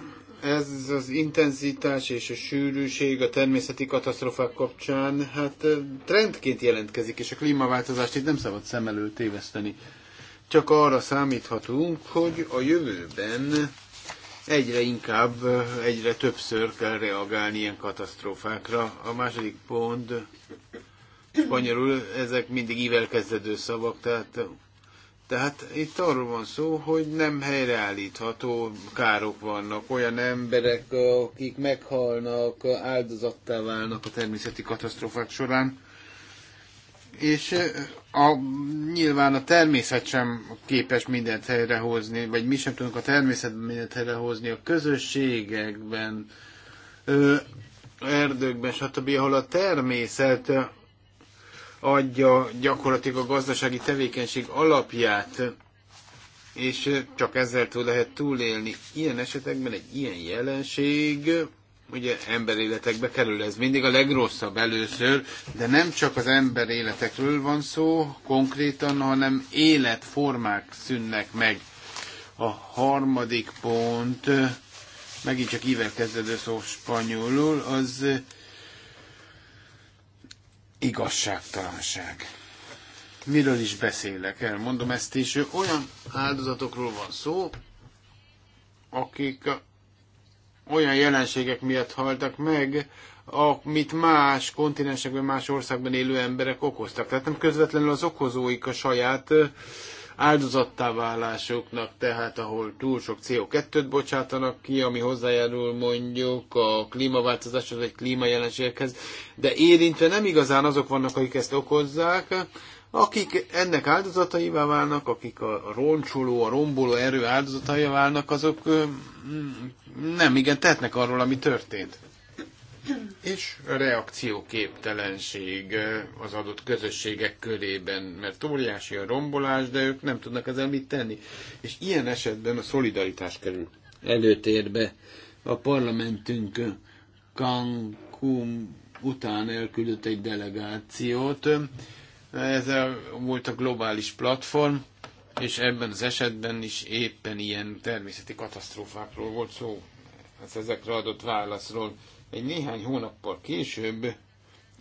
ez az intenzitás és a sűrűség a természeti katasztrofák kapcsán hát eh, trendként jelentkezik, és a klímaváltozást itt nem szabad szem előtt téveszteni. Csak arra számíthatunk, hogy a jövőben egyre inkább, eh, egyre többször kell reagálni ilyen katasztrófákra. A második pont, spanyolul ezek mindig ível kezdődő szavak, tehát tehát itt arról van szó, hogy nem helyreállítható károk vannak, olyan emberek, akik meghalnak, áldozattá válnak a természeti katasztrófák során. És eh, a, nyilván a természet sem képes mindent helyrehozni, vagy mi sem tudunk a természetben mindent helyrehozni, a közösségekben, erdőkben, stb., ahol a természet adja gyakorlatilag a gazdasági tevékenység alapját, és csak ezzel túl lehet túlélni. Ilyen esetekben egy ilyen jelenség ugye emberéletekbe kerül. Ez mindig a legrosszabb először, de nem csak az emberéletekről van szó konkrétan, hanem életformák szűnnek meg. A harmadik pont, megint csak ível kezdődő szó spanyolul, az igazságtalanság. Miről is beszélek? Elmondom ezt is. hogy Olyan áldozatokról van szó, akik olyan jelenségek miatt haltak meg, amit más kontinensekben, más országban élő emberek okoztak. Tehát nem közvetlenül az okozóik a saját áldozattá válásoknak, tehát ahol túl sok CO2-t bocsátanak ki, ami hozzájárul mondjuk a klímaváltozáshoz vagy klímajelenségekhez, de érintve nem igazán azok vannak, akik ezt okozzák, akik ennek áldozataivá válnak, akik a roncsoló, a romboló erő áldozataivá válnak, azok mm, nem igen tehetnek arról, ami történt és reakcióképtelenség eh, az adott közösségek körében, mert óriási a rombolás, de ők nem tudnak ezzel mit tenni. És ilyen esetben a szolidaritás kerül előtérbe. A parlamentünk Cancún után elküldött egy delegációt. Ez volt a globális platform, és ebben az esetben is éppen ilyen természeti katasztrófákról volt szó. Ez hát ezekre adott válaszról egy néhány hónappal később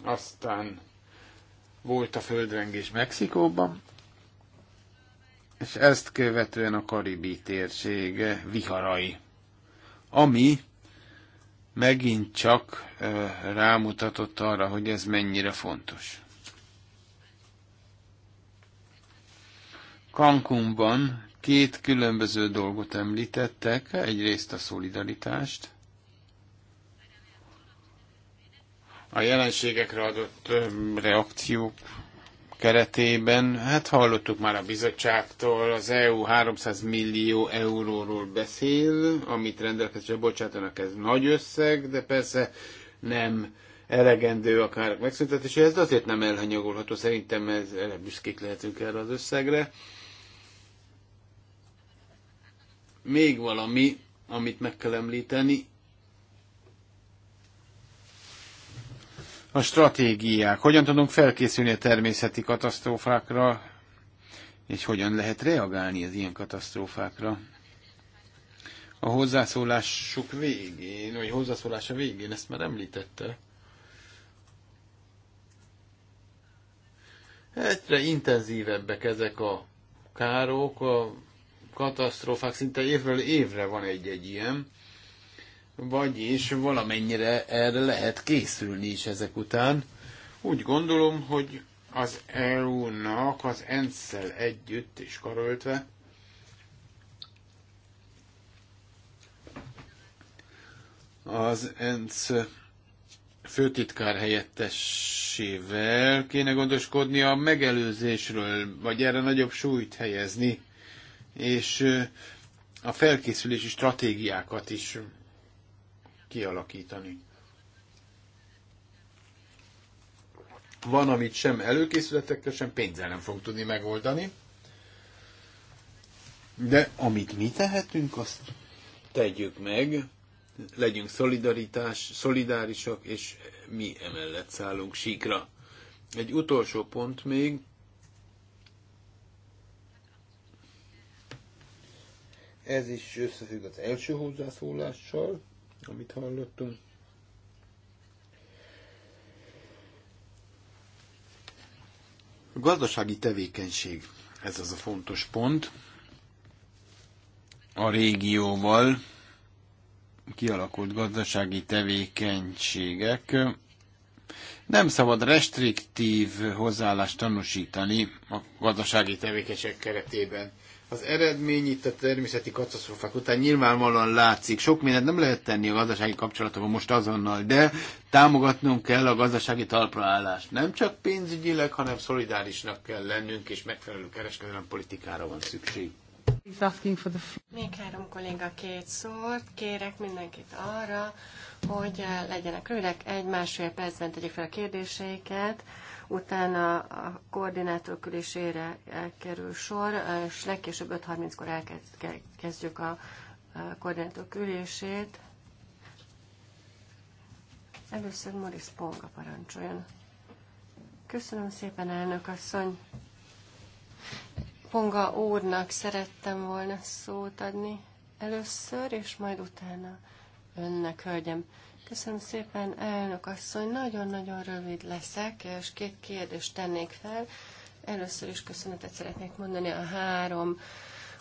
aztán volt a földrengés Mexikóban, és ezt követően a karibi térség viharai, ami megint csak rámutatott arra, hogy ez mennyire fontos. Cancúnban két különböző dolgot említettek, egyrészt a szolidaritást, a jelenségekre adott reakció keretében, hát hallottuk már a bizottságtól, az EU 300 millió euróról beszél, amit rendelkezésre bocsátanak, ez nagy összeg, de persze nem elegendő a károk megszüntetése, ez azért nem elhanyagolható, szerintem ez, erre büszkék lehetünk erre az összegre. Még valami, amit meg kell említeni, a stratégiák, hogyan tudunk felkészülni a természeti katasztrófákra, és hogyan lehet reagálni az ilyen katasztrófákra. A hozzászólásuk végén, vagy hozzászólása végén, ezt már említette, egyre intenzívebbek ezek a károk, a katasztrófák, szinte évről évre van egy-egy ilyen, vagyis valamennyire erre lehet készülni is ezek után. Úgy gondolom, hogy az EU-nak az ensz együtt és karöltve az ENSZ főtitkár helyettesével kéne gondoskodni a megelőzésről, vagy erre nagyobb súlyt helyezni, és a felkészülési stratégiákat is kialakítani. Van, amit sem előkészületekkel, sem pénzzel nem fogunk tudni megoldani. De amit mi tehetünk, azt tegyük meg, legyünk szolidaritás, szolidárisak, és mi emellett szállunk síkra. Egy utolsó pont még. Ez is összefügg az első hozzászólással amit hallottunk. A gazdasági tevékenység, ez az a fontos pont. A régióval kialakult gazdasági tevékenységek nem szabad restriktív hozzáállást tanúsítani a gazdasági tevékenység keretében. Az eredmény itt a természeti katasztrófák után nyilvánvalóan látszik. Sok mindent nem lehet tenni a gazdasági kapcsolatokon most azonnal, de támogatnunk kell a gazdasági talpraállást. Nem csak pénzügyileg, hanem szolidárisnak kell lennünk, és megfelelő kereskedelmi politikára van szükség. Még három kolléga két szót. Kérek mindenkit arra, hogy eh, legyenek rövidek, egy másfél percben tegyék fel a kérdéseiket utána a koordinátorok ülésére kerül sor, és legkésőbb 5.30-kor elkezdjük a koordinátorok ülését. Először Moris Ponga parancsoljon. Köszönöm szépen, elnök asszony. Ponga úrnak szerettem volna szót adni először, és majd utána önnek, hölgyem. Köszönöm szépen, elnök asszony. Nagyon-nagyon rövid leszek, és két kérdést tennék fel. Először is köszönetet szeretnék mondani a három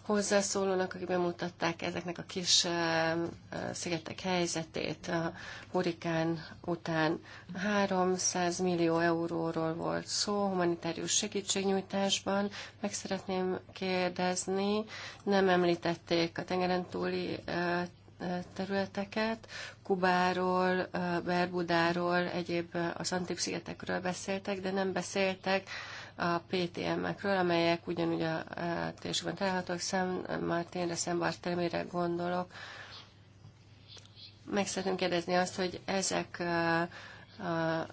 hozzászólónak, akik bemutatták ezeknek a kis szigetek helyzetét a hurikán után. 300 millió euróról volt szó humanitárius segítségnyújtásban. Meg szeretném kérdezni, nem említették a tengeren túli területeket. Kubáról, Berbudáról, egyéb az Antip-szigetekről beszéltek, de nem beszéltek a PTM-ekről, amelyek ugyanúgy a térségben találhatók, Szent Martinre, Szent Bartelmére gondolok. Meg szeretném kérdezni azt, hogy ezek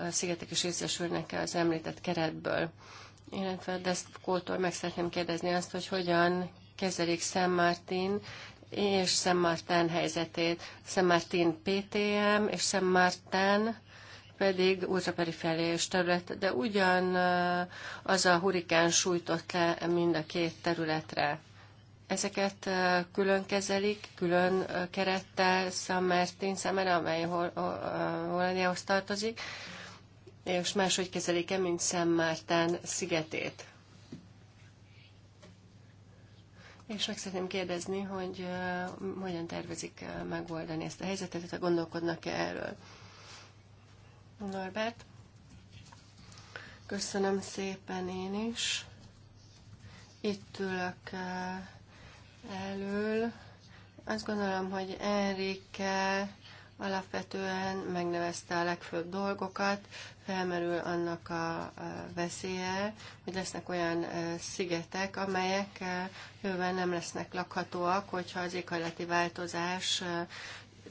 a szigetek is részesülnek-e az említett keretből. Illetve Deszkótól meg szeretném kérdezni azt, hogy hogyan kezelik Szent Martin és Szent Martin helyzetét. Szent Martin PTM és Szent Martin pedig ultraperifériás terület, de ugyan uh, az a hurikán sújtott le mind a két területre. Ezeket uh, külön kezelik, külön uh, kerettel San Martin számára, amely Hol- Hollandiához tartozik, és máshogy kezelik-e, mint San Martin szigetét. És meg szeretném kérdezni, hogy hogyan tervezik megoldani ezt a helyzetet, tehát gondolkodnak-e erről. Norbert, köszönöm szépen én is. Itt ülök elől. Azt gondolom, hogy Enrique alapvetően megnevezte a legfőbb dolgokat, felmerül annak a veszélye, hogy lesznek olyan szigetek, amelyek jövőben nem lesznek lakhatóak, hogyha az éghajlati változás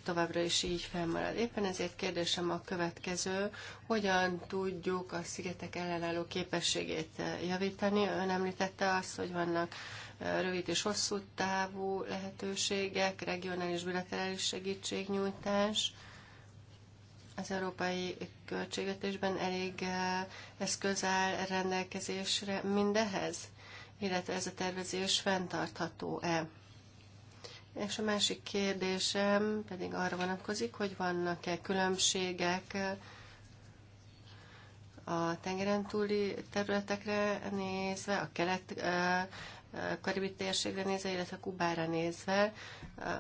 továbbra is így felmarad. Éppen ezért kérdésem a következő, hogyan tudjuk a szigetek ellenálló képességét eh, javítani. Ön említette azt, hogy vannak eh, rövid és hosszú távú lehetőségek, regionális bilaterális segítségnyújtás. Az európai költségvetésben elég eh, eszköz áll rendelkezésre mindehez, illetve ez a tervezés fenntartható-e? És a másik kérdésem pedig arra vonatkozik, hogy vannak-e különbségek a tengeren túli területekre nézve, a kelet karibi térségre nézve, illetve Kubára nézve,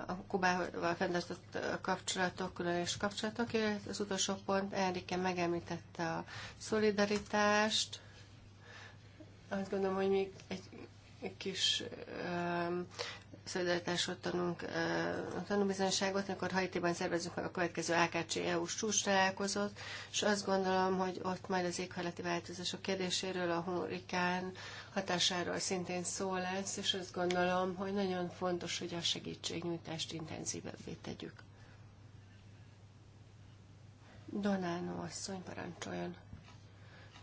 a Kubával fenntartott kapcsolatok, különös kapcsolatok, illetve az utolsó pont, Enrique megemlítette a szolidaritást. Azt gondolom, hogy még egy kis szolidaritásról tanunk, tanúbizonyságot, amikor Haitiban szervezünk meg a következő AKC EU-s csúcs találkozót, és azt gondolom, hogy ott majd az éghajlati változások kérdéséről, a hurrikán hatásáról szintén szó lesz, és azt gondolom, hogy nagyon fontos, hogy a segítségnyújtást intenzívebbé tegyük. Donánó asszony parancsoljon.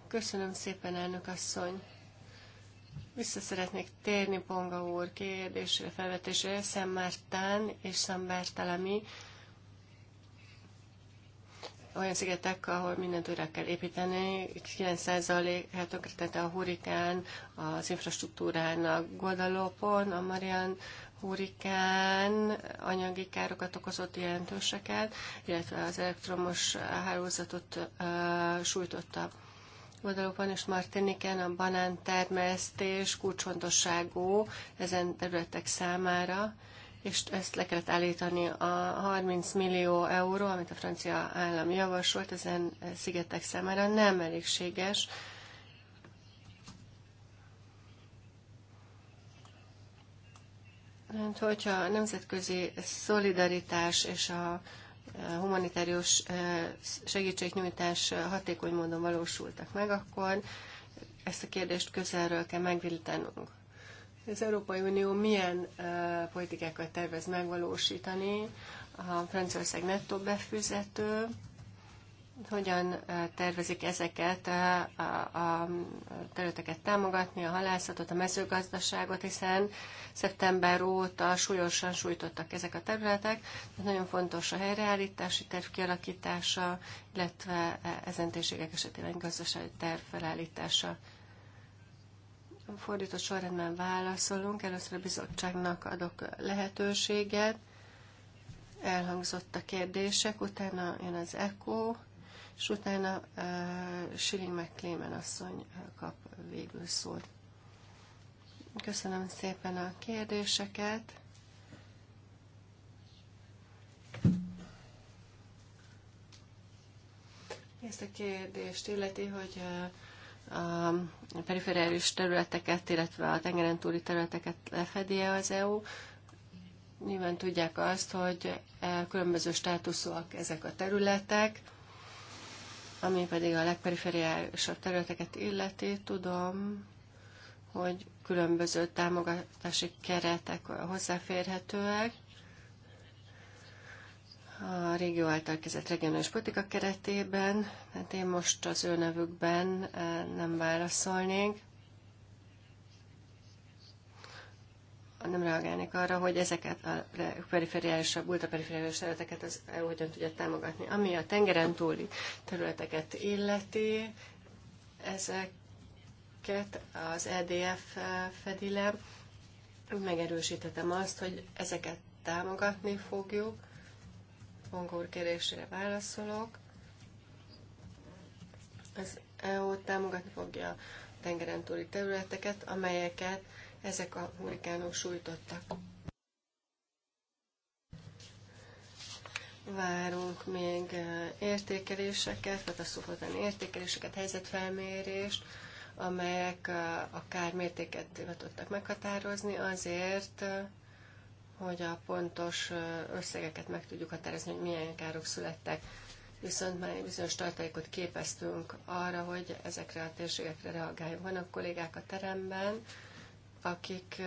Köszönöm szépen, elnök asszony. Vissza szeretnék térni Ponga úr kérdésére, felvetésére, Mártán és Bertelemi. olyan szigetek, ahol mindent újra kell építeni, 9%-át tönkretette a hurikán az infrastruktúrának Guadalopon, a Marian hurikán anyagi károkat okozott jelentőseket, illetve az elektromos hálózatot uh, sújtotta oldalokon és Martiniken a banántermesztés kulcsfontosságú ezen területek számára, és ezt le kellett állítani a 30 millió euró, amit a francia állam javasolt ezen szigetek számára, nem elégséges. Mert hát, hogyha a nemzetközi szolidaritás és a humanitárius segítségnyújtás hatékony módon valósultak meg, akkor ezt a kérdést közelről kell megvilítanunk. Az Európai Unió milyen politikákat tervez megvalósítani? A Franciaország nettó befűzető, hogyan tervezik ezeket a, területeket támogatni, a halászatot, a mezőgazdaságot, hiszen szeptember óta súlyosan sújtottak ezek a területek, nagyon fontos a helyreállítási terv kialakítása, illetve ezen térségek esetében gazdasági terv felállítása. A fordított sorrendben válaszolunk. Először a bizottságnak adok lehetőséget. Elhangzott a kérdések, utána jön az ECO, és utána uh, Schilling McClémen asszony kap végül szót. Köszönöm szépen a kérdéseket. Ezt a kérdést illeti, hogy a periferális területeket, illetve a tengeren túli területeket lefedi -e az EU. Nyilván tudják azt, hogy különböző státuszúak ezek a területek. Ami pedig a legperifériásabb területeket illeti, tudom, hogy különböző támogatási keretek hozzáférhetőek. A régió által kezett regionális politika keretében, mert hát én most az ő nevükben eh, nem válaszolnék. nem reagálnék arra, hogy ezeket a perifériálisabb, ultraperifériális területeket az EU hogyan tudja támogatni. Ami a tengeren túli területeket illeti, ezeket az EDF eh, fedi le. megerősíthetem azt, hogy ezeket támogatni fogjuk. Fongor kérésére válaszolok. Az EU támogatni fogja a tengeren túli területeket, amelyeket ezek a hurikánok sújtottak. Várunk még eh, értékeléseket, a szokatlan értékeléseket, helyzetfelmérést, amelyek eh, a kár mértéket tudtak meghatározni azért, eh, hogy a pontos összegeket meg tudjuk határozni, hogy milyen károk születtek. Viszont már bizonyos tartalékot képeztünk arra, hogy ezekre a térségekre reagáljunk. Vannak kollégák a teremben, akik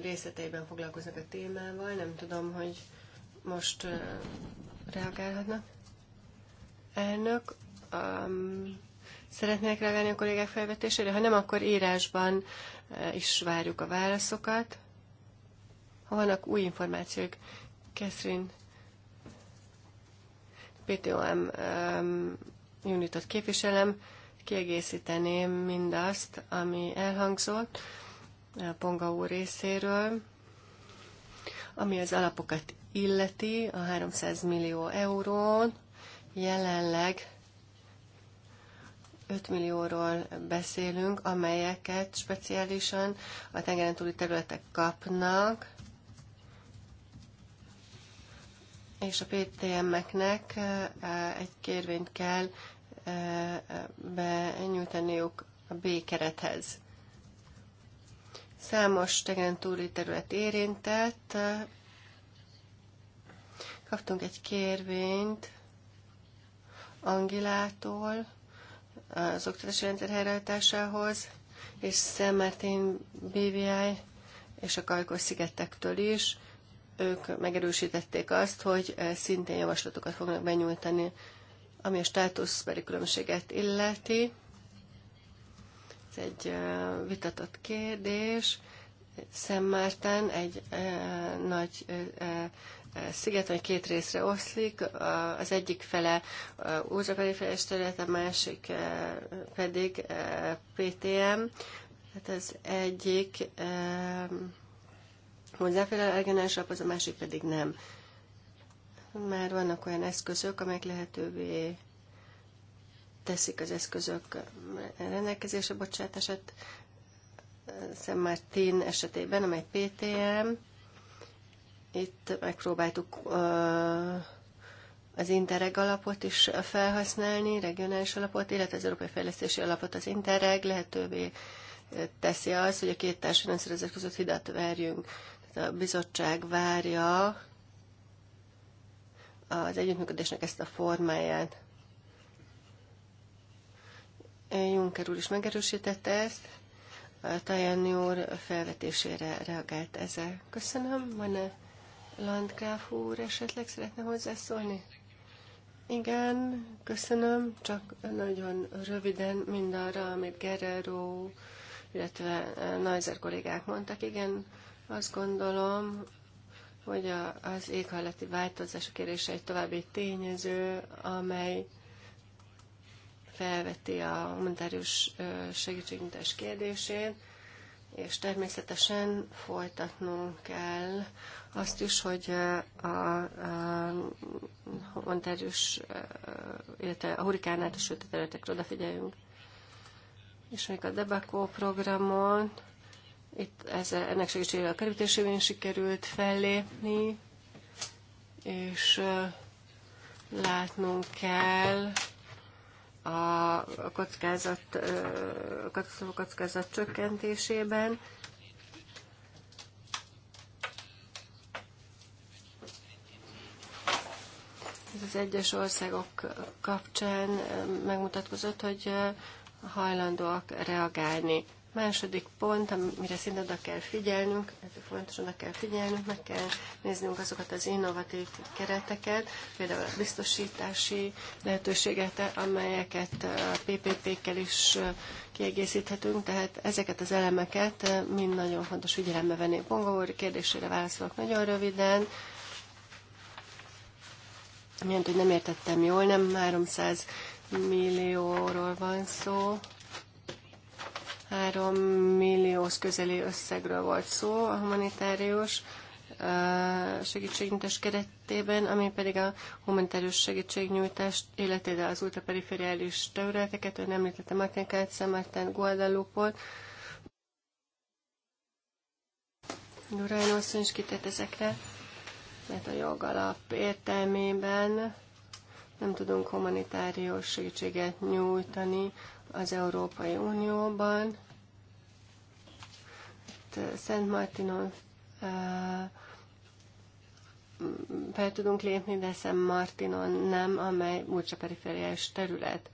részleteiben foglalkoznak a témával. Nem tudom, hogy most reagálhatnak. Elnök, um, szeretnék reagálni a kollégák felvetésére? Ha nem, akkor írásban is várjuk a válaszokat. Ha vannak új információk, Keszrin PTOM um, unitot képviselem, kiegészíteném mindazt, ami elhangzott a Ponga úr részéről, ami az alapokat illeti, a 300 millió eurón jelenleg 5 millióról beszélünk, amelyeket speciálisan a tengeren túli területek kapnak, és a PTM-eknek eh, egy kérvényt kell benyújtaniuk a B kerethez. Számos tegen túli terület érintett. Kaptunk egy kérvényt Angilától az oktatási rendszer helyreállításához, és Szent Martin BVI és a Kajkos szigetektől is. Ők megerősítették azt, hogy szintén javaslatokat fognak benyújtani ami a státuszbeli különbséget illeti, ez egy vitatott kérdés. Szent Márten egy nagy sziget, ami két részre oszlik, az egyik fele ultraperifériás terület, a másik pedig PTM. Tehát az egyik hozzáfér a az a másik pedig nem. Már vannak olyan eszközök, amelyek lehetővé teszik az eszközök rendelkezésre bocsátását. Szem Martin esetében, amely PTM, itt megpróbáltuk az Interreg alapot is felhasználni, regionális alapot, illetve az Európai Fejlesztési Alapot az Interreg lehetővé teszi az, hogy a két társadalmi szervezet között hidat verjünk. Tehát a bizottság várja az együttműködésnek ezt a formáját. Juncker úr is megerősítette ezt, Tajani úr felvetésére reagált ezzel. Köszönöm. Van-e Landgraf úr esetleg szeretne hozzászólni? Igen, köszönöm, csak nagyon röviden mindarra, amit Guerrero, illetve Neuser kollégák mondtak. Igen, azt gondolom, hogy a, az éghajlati változás kérése egy további tényező, amely felveti a humanitárius segítségnyújtás kérdését, és természetesen folytatnunk kell azt is, hogy a, a humanitárius, illetve a hurikán át a sötét területekre odafigyeljünk. És még a Debaco programon ez, ennek segítségével a kerítésében sikerült fellépni, és látnunk kell a kockázat, a kockázat csökkentésében, ez az egyes országok kapcsán megmutatkozott, hogy hajlandóak reagálni. Második pont, amire szinte oda kell figyelnünk, fontos oda kell figyelnünk, meg kell néznünk azokat az innovatív kereteket, például a biztosítási lehetőséget, amelyeket a PPP-kkel is kiegészíthetünk, tehát ezeket az elemeket mind nagyon fontos figyelembe venni. Bongo úr kérdésére válaszolok nagyon röviden. Miért, hogy nem értettem jól, nem 300 millióról van szó, 3 milliós közeli összegről volt szó a humanitárius segítségnyújtás keretében, ami pedig a humanitárius segítségnyújtás illetve az ultraperiferiális területeket, ön említette Martinikát, Szemertán, Guadalupot, Durán asszony is kitett ezekre, mert a jogalap értelmében nem tudunk humanitárius segítséget nyújtani az Európai Unióban. Eh, Szent Martinon eh, fel tudunk lépni, de Szent Martinon nem, amely Burcsa perifériás terület.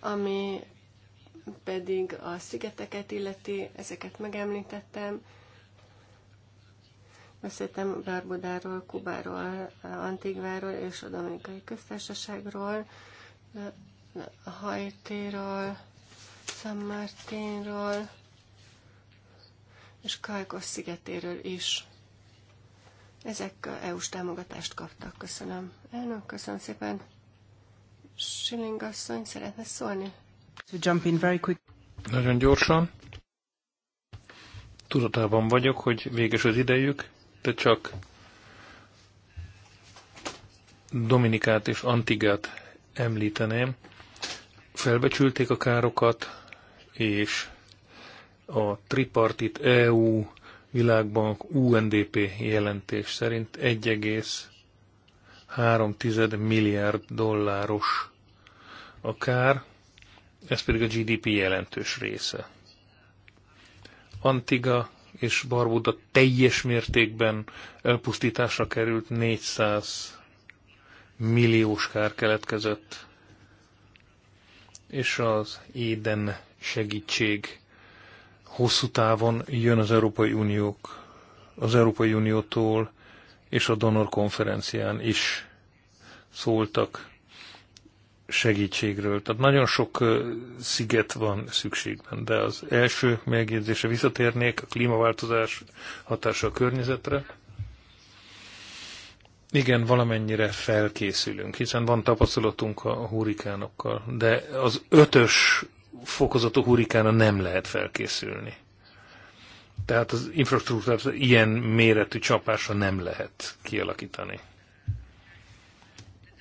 Ami pedig a szigeteket illeti, ezeket megemlítettem. Beszéltem Barbudáról, Kubáról, eh, Antigváról és a Dominikai Köztársaságról. Haitiról, San Martinról és Kajkos szigetéről is. Ezek EU-s támogatást kaptak. Köszönöm. Elnök, köszönöm szépen. Schilling asszony szeretne szólni? To jump in very quick. Nagyon gyorsan. Tudatában vagyok, hogy véges az idejük, de csak Dominikát és Antigát említeném, felbecsülték a károkat, és a tripartit EU világbank UNDP jelentés szerint 1,3 milliárd dolláros a kár, ez pedig a GDP jelentős része. Antiga és Barbuda teljes mértékben elpusztításra került, 400 milliós kár keletkezett és az éden segítség hosszú távon jön az Európai Uniók, az Európai Uniótól, és a donor konferencián is szóltak segítségről. Tehát nagyon sok sziget van szükségben, de az első megjegyzése visszatérnék a klímaváltozás hatása a környezetre. Igen, valamennyire felkészülünk, hiszen van tapasztalatunk a hurikánokkal, de az ötös fokozatú hurikána nem lehet felkészülni. Tehát az infrastruktúrát ilyen méretű csapásra nem lehet kialakítani.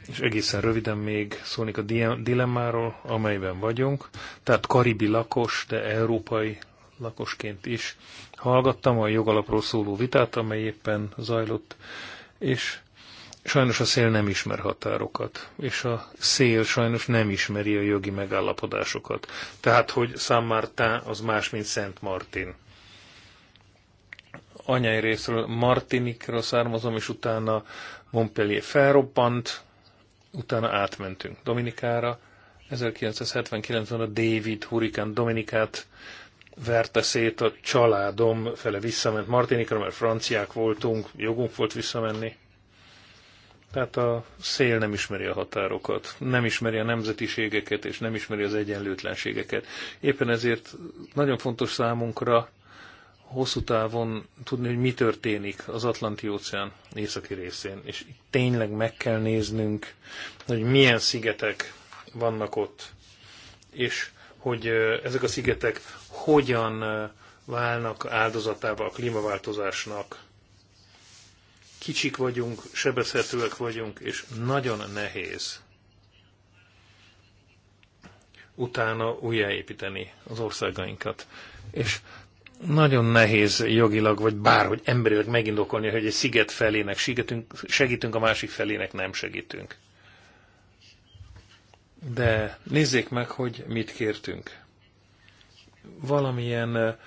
És egészen röviden még szólnik a dilemmáról, amelyben vagyunk. Tehát karibi lakos, de európai lakosként is hallgattam a jogalapról szóló vitát, amely éppen zajlott, és Sajnos a szél nem ismer határokat, és a szél sajnos nem ismeri a jogi megállapodásokat. Tehát, hogy San Martin az más, mint Szent Martin. Anyai részről Martinikra származom, és utána Montpellier felrobbant, utána átmentünk Dominikára. 1979-ben a David Hurrikán Dominikát verte szét a családom, fele visszament Martinikra, mert franciák voltunk, jogunk volt visszamenni. Tehát a szél nem ismeri a határokat, nem ismeri a nemzetiségeket, és nem ismeri az egyenlőtlenségeket. Éppen ezért nagyon fontos számunkra hosszú távon tudni, hogy mi történik az Atlanti-óceán északi részén. És tényleg meg kell néznünk, hogy milyen szigetek vannak ott, és hogy ezek a szigetek hogyan válnak áldozatába a klímaváltozásnak, Kicsik vagyunk, sebezhetőek vagyunk, és nagyon nehéz utána újjáépíteni az országainkat. És nagyon nehéz jogilag, vagy bárhogy emberileg megindokolni, hogy egy sziget felének segítünk, segítünk, a másik felének nem segítünk. De nézzék meg, hogy mit kértünk. Valamilyen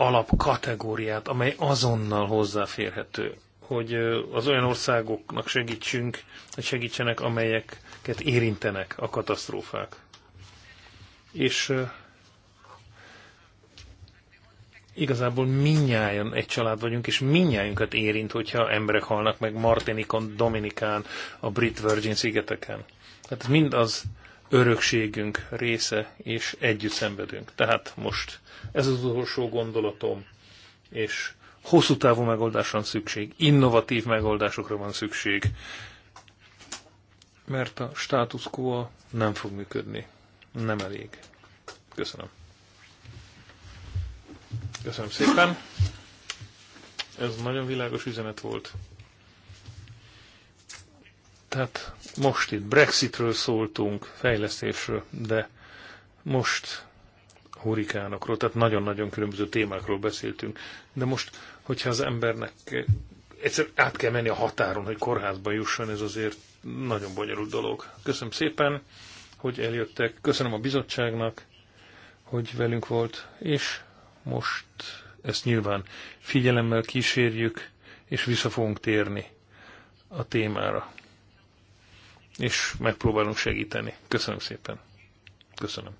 alapkategóriát, amely azonnal hozzáférhető, hogy az olyan országoknak segítsünk, hogy segítsenek, amelyeket érintenek a katasztrófák. És igazából minnyáján egy család vagyunk, és minnyájunkat érint, hogyha emberek halnak meg Martinikon, Dominikán, a Brit Virgin szigeteken. Tehát mind az örökségünk része, és együtt szenvedünk. Tehát most ez az utolsó gondolatom, és hosszú távú megoldásra van szükség, innovatív megoldásokra van szükség, mert a status quo nem fog működni. Nem elég. Köszönöm. Köszönöm szépen. Ez nagyon világos üzenet volt. Tehát most itt Brexitről szóltunk, fejlesztésről, de most hurikánokról, tehát nagyon-nagyon különböző témákról beszéltünk. De most, hogyha az embernek egyszer át kell menni a határon, hogy kórházba jusson, ez azért nagyon bonyolult dolog. Köszönöm szépen, hogy eljöttek. Köszönöm a bizottságnak, hogy velünk volt, és most ezt nyilván figyelemmel kísérjük, és vissza fogunk térni a témára és megpróbálunk segíteni. Köszönöm szépen. Köszönöm.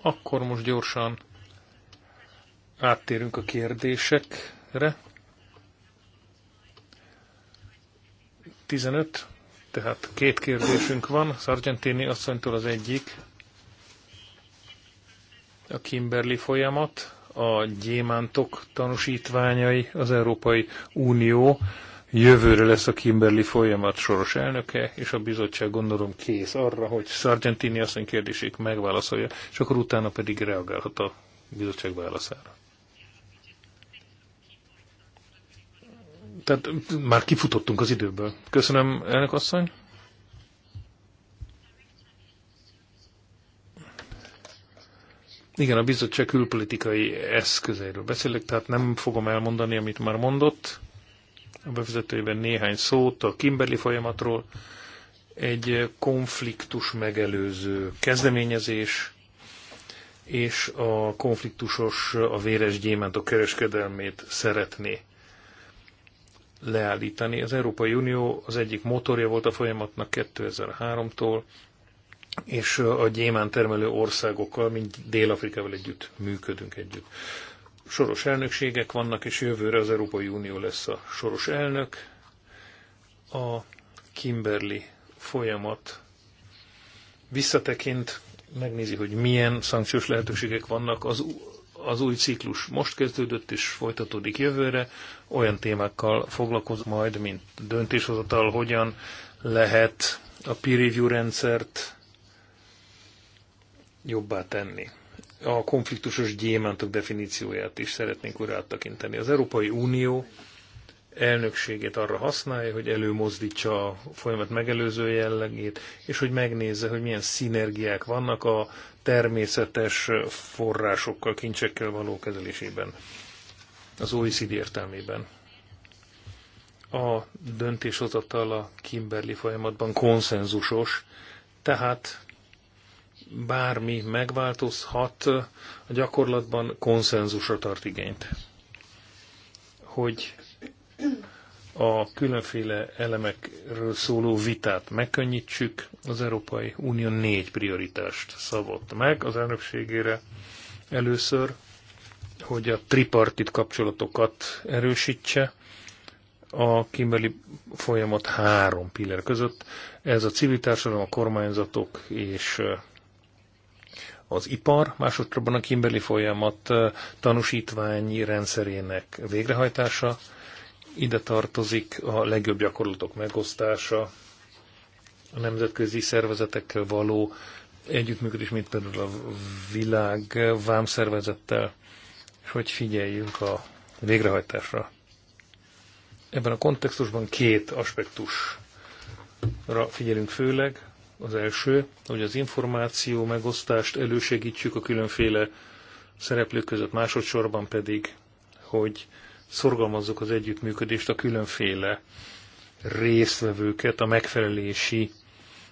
Akkor most gyorsan áttérünk a kérdésekre. 15, tehát két kérdésünk van. Sargentini asszonytól az egyik, a Kimberly folyamat, a gyémántok tanúsítványai, az Európai Unió jövőre lesz a Kimberley folyamat soros elnöke, és a bizottság gondolom kész arra, hogy Sargentini asszony kérdését megválaszolja, és akkor utána pedig reagálhat a bizottság válaszára. Tehát már kifutottunk az időből. Köszönöm, elnök asszony. Igen, a bizottság külpolitikai eszközeiről beszélek, tehát nem fogom elmondani, amit már mondott. A bevezetőjében néhány szót a Kimberli folyamatról. Egy konfliktus megelőző kezdeményezés, és a konfliktusos, a véres gyémántok kereskedelmét szeretné leállítani. Az Európai Unió az egyik motorja volt a folyamatnak 2003-tól, és a gyémán termelő országokkal, mint Dél-Afrikával együtt működünk együtt. Soros elnökségek vannak, és jövőre az Európai Unió lesz a soros elnök. A Kimberli folyamat visszatekint, megnézi, hogy milyen szankciós lehetőségek vannak. Az, az új ciklus most kezdődött, és folytatódik jövőre. Olyan témákkal foglalkoz majd, mint döntéshozatal, hogyan lehet a peer review rendszert jobbá tenni. A konfliktusos gyémántok definícióját is szeretnénk újra áttakinteni. Az Európai Unió elnökségét arra használja, hogy előmozdítsa a folyamat megelőző jellegét, és hogy megnézze, hogy milyen szinergiák vannak a természetes forrásokkal, kincsekkel való kezelésében, az OECD értelmében. A döntéshozatal a Kimberley folyamatban konszenzusos, tehát bármi megváltozhat, a gyakorlatban konszenzusra tart igényt. Hogy a különféle elemekről szóló vitát megkönnyítsük, az Európai Unió négy prioritást szavott meg az elnökségére. Először, hogy a tripartit kapcsolatokat erősítse, a kimbeli folyamat három pillér között. Ez a civil társadalom, a kormányzatok és az ipar, másodszorban a kimberli folyamat tanúsítványi rendszerének végrehajtása, ide tartozik a legjobb gyakorlatok megosztása, a nemzetközi szervezetekkel való együttműködés, mint például a világ vámszervezettel, és hogy figyeljünk a végrehajtásra. Ebben a kontextusban két aspektusra figyelünk főleg. Az első, hogy az információ megosztást elősegítjük a különféle szereplők között, másodszorban pedig, hogy szorgalmazzuk az együttműködést a különféle résztvevőket a megfelelési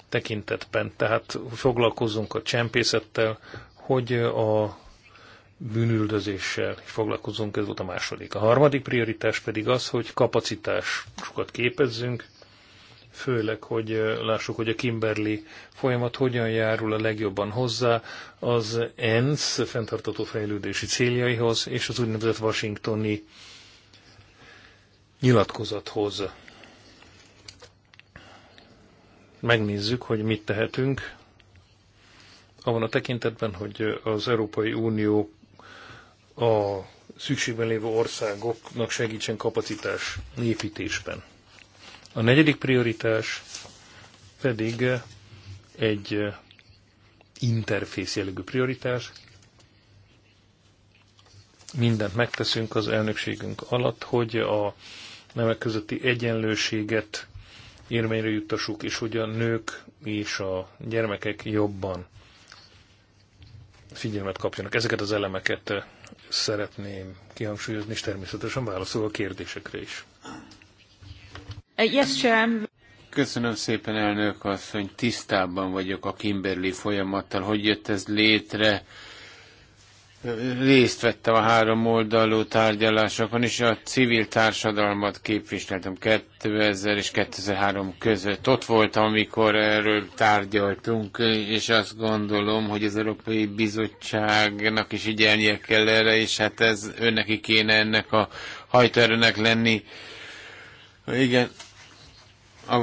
tekintetben. Tehát foglalkozunk a csempészettel, hogy a bűnüldözéssel is foglalkozunk, ez volt a második. A harmadik prioritás pedig az, hogy kapacitásokat képezzünk, főleg, hogy lássuk, hogy a Kimberly folyamat hogyan járul a legjobban hozzá az ENSZ fenntartató fejlődési céljaihoz és az úgynevezett washingtoni nyilatkozathoz. Megnézzük, hogy mit tehetünk abban a tekintetben, hogy az Európai Unió a szükségben lévő országoknak segítsen kapacitás építésben. A negyedik prioritás pedig egy interfész jellegű prioritás. Mindent megteszünk az elnökségünk alatt, hogy a nemek közötti egyenlőséget érményre juttassuk, és hogy a nők és a gyermekek jobban figyelmet kapjanak. Ezeket az elemeket szeretném kihangsúlyozni, és természetesen válaszol a kérdésekre is. Uh, Köszönöm szépen, elnök asszony. Tisztában vagyok a Kimberley folyamattal. Hogy jött ez létre? Részt vettem a három oldalú tárgyalásokon, és a civil társadalmat képviseltem 2000 és 2003 között. Ott voltam, amikor erről tárgyaltunk, és azt gondolom, hogy az Európai Bizottságnak is igyelnie kell erre, és hát ez önneki kéne ennek a hajtóerőnek lenni. Igen, a,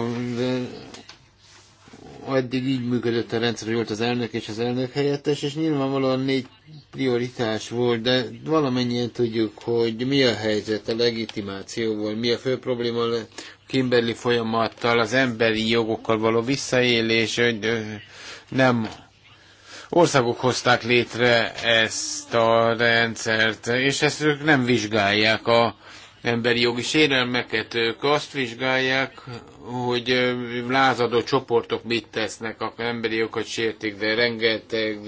addig így működött a rendszer, hogy volt az elnök és az elnök helyettes, és nyilvánvalóan négy prioritás volt, de valamennyien tudjuk, hogy mi a helyzet a legitimációval, mi a fő probléma a Kimberly folyamattal, az emberi jogokkal való visszaélés, hogy nem országok hozták létre ezt a rendszert, és ezt ők nem vizsgálják a emberi jogi sérelmeket, ők azt vizsgálják, hogy lázadó csoportok mit tesznek, akkor emberi jogokat sértik, de rengeteg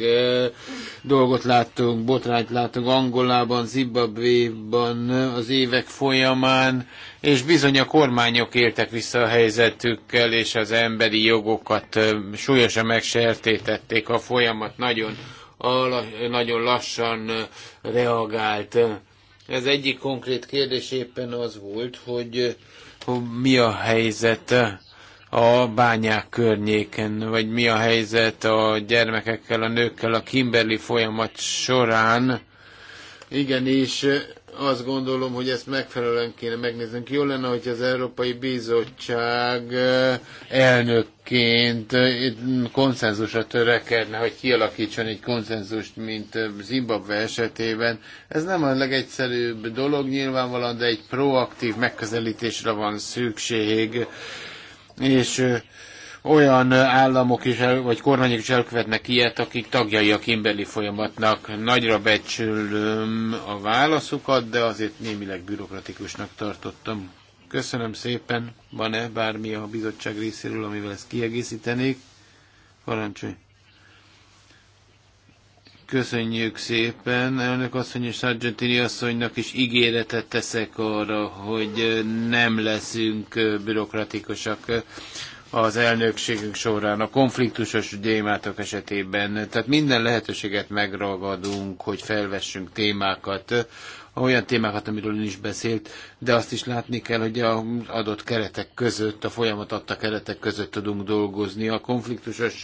dolgot láttunk, botrányt láttunk Angolában, Zimbabvéban az évek folyamán, és bizony a kormányok éltek vissza a helyzetükkel, és az emberi jogokat súlyosan megsértették, A folyamat nagyon, nagyon lassan reagált. Ez egyik konkrét kérdés éppen az volt, hogy mi a helyzet a bányák környéken, vagy mi a helyzet a gyermekekkel, a nőkkel a Kimberly folyamat során. igen és azt gondolom, hogy ezt megfelelően kéne megnézni. Jó lenne, hogy az Európai Bizottság elnökként konszenzusra törekedne, hogy kialakítson egy konszenzust, mint Zimbabwe esetében. Ez nem a legegyszerűbb dolog nyilvánvalóan, de egy proaktív megközelítésre van szükség. És olyan államok is, el, vagy kormányok is elkövetnek ilyet, akik tagjai a Kimberley folyamatnak. Nagyra becsülöm a válaszukat, de azért némileg bürokratikusnak tartottam. Köszönöm szépen. Van-e bármi a bizottság részéről, amivel ezt kiegészítenék? Parancsolj! Köszönjük szépen. Elnök asszony és Sargentini asszonynak is ígéretet teszek arra, hogy nem leszünk bürokratikusak az elnökségünk során a konfliktusos gyémátok esetében. Tehát minden lehetőséget megragadunk, hogy felvessünk témákat, olyan témákat, amiről ön is beszélt, de azt is látni kell, hogy a adott keretek között, a folyamat adta keretek között tudunk dolgozni. A konfliktusos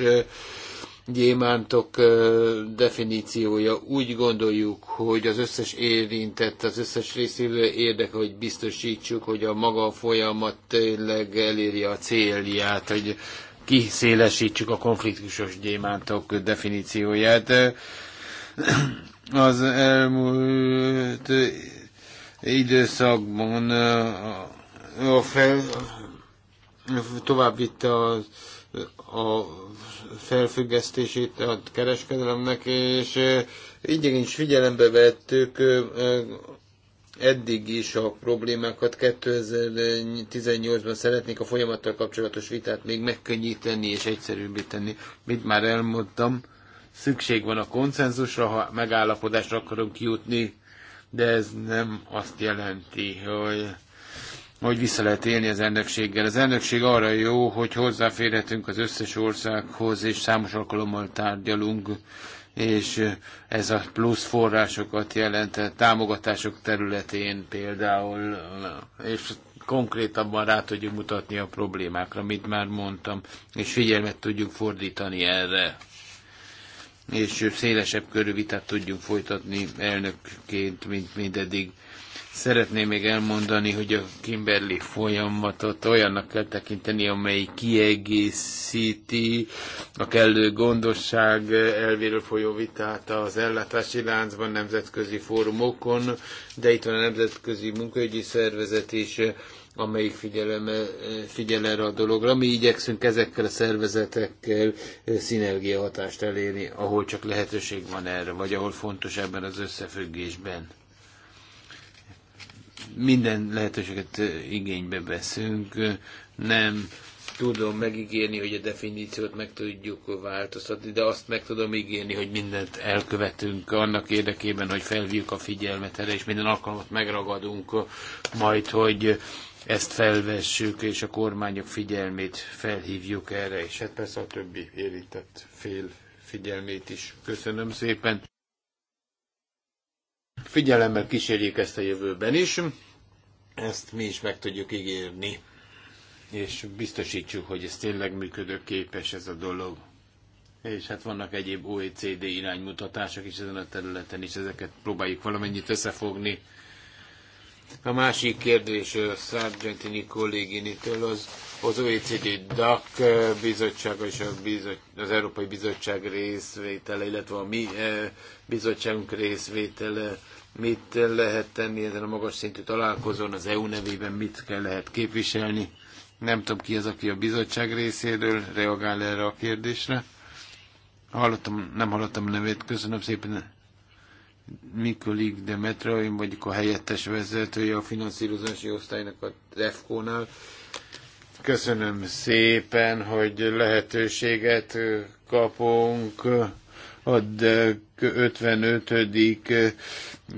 gyémántok definíciója. Úgy gondoljuk, hogy az összes érintett, az összes részvevő érdeke, hogy biztosítsuk, hogy a maga folyamat tényleg eléri a célját, hogy kiszélesítsük a konfliktusos gyémántok definícióját. Az elmúlt időszakban a fel, tovább vitte a, a felfüggesztését a kereskedelemnek, és így is figyelembe vettük eddig is a problémákat. 2018-ban szeretnék a folyamattal kapcsolatos vitát még megkönnyíteni és egyszerűbbé tenni, mint már elmondtam. Szükség van a konszenzusra, ha megállapodásra akarunk jutni, de ez nem azt jelenti, hogy hogy vissza lehet élni az elnökséggel. Az elnökség arra jó, hogy hozzáférhetünk az összes országhoz, és számos alkalommal tárgyalunk, és ez a plusz forrásokat jelent támogatások területén például, és konkrétabban rá tudjuk mutatni a problémákra, mint már mondtam, és figyelmet tudjuk fordítani erre és szélesebb körű vitát tudjunk folytatni elnökként, mint mindeddig. Szeretném még elmondani, hogy a Kimberly folyamatot olyannak kell tekinteni, amely kiegészíti a kellő gondosság elvéről folyó vitát az ellátási láncban, nemzetközi fórumokon, de itt van a Nemzetközi Munkaügyi Szervezet is, amelyik figyel erre a dologra. Mi igyekszünk ezekkel a szervezetekkel szinergia hatást elérni, ahol csak lehetőség van erre, vagy ahol fontos ebben az összefüggésben minden lehetőséget igénybe veszünk. Nem tudom megígérni, hogy a definíciót meg tudjuk változtatni, de azt meg tudom ígérni, hogy mindent elkövetünk annak érdekében, hogy felvívjuk a figyelmet erre, és minden alkalmat megragadunk majd, hogy ezt felvessük, és a kormányok figyelmét felhívjuk erre, és hát persze a többi érintett fél figyelmét is. Köszönöm szépen. Figyelemmel kísérjük ezt a jövőben is, ezt mi is meg tudjuk ígérni, és biztosítsuk, hogy ez tényleg működőképes ez a dolog. És hát vannak egyéb OECD iránymutatások is ezen a területen, és ezeket próbáljuk valamennyit összefogni. A másik kérdés Sargentini kolléginitől az, az OECD DAC bizottsága és a bizot, az Európai Bizottság részvétele, illetve a mi bizottságunk részvétele, mit lehet tenni ezen a magas szintű találkozón, az EU nevében mit kell lehet képviselni. Nem tudom ki az, aki a bizottság részéről reagál erre a kérdésre. Hallottam, nem hallottam a nevét, köszönöm szépen. Mikulik Demetra, én vagyok a helyettes vezetője a finanszírozási osztálynak a DEFCO-nál. Köszönöm szépen, hogy lehetőséget kapunk a 55.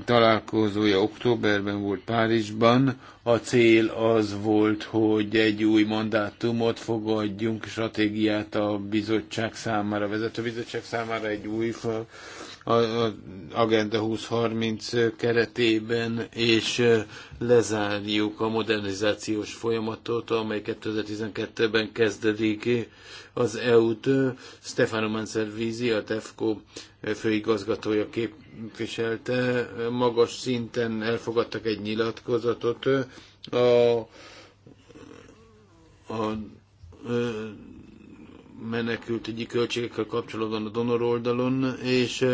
találkozója októberben volt Párizsban. A cél az volt, hogy egy új mandátumot fogadjunk, stratégiát a bizottság számára, a vezetőbizottság bizottság számára egy új az Agenda 2030 keretében, és lezárjuk a modernizációs folyamatot, amely 2012-ben kezdődik az EU-t. Stefano Manservizi, a TEFCO főigazgatója képviselte, magas szinten elfogadtak egy nyilatkozatot a, a, a menekültügyi költségekkel kapcsolatban a donor oldalon, és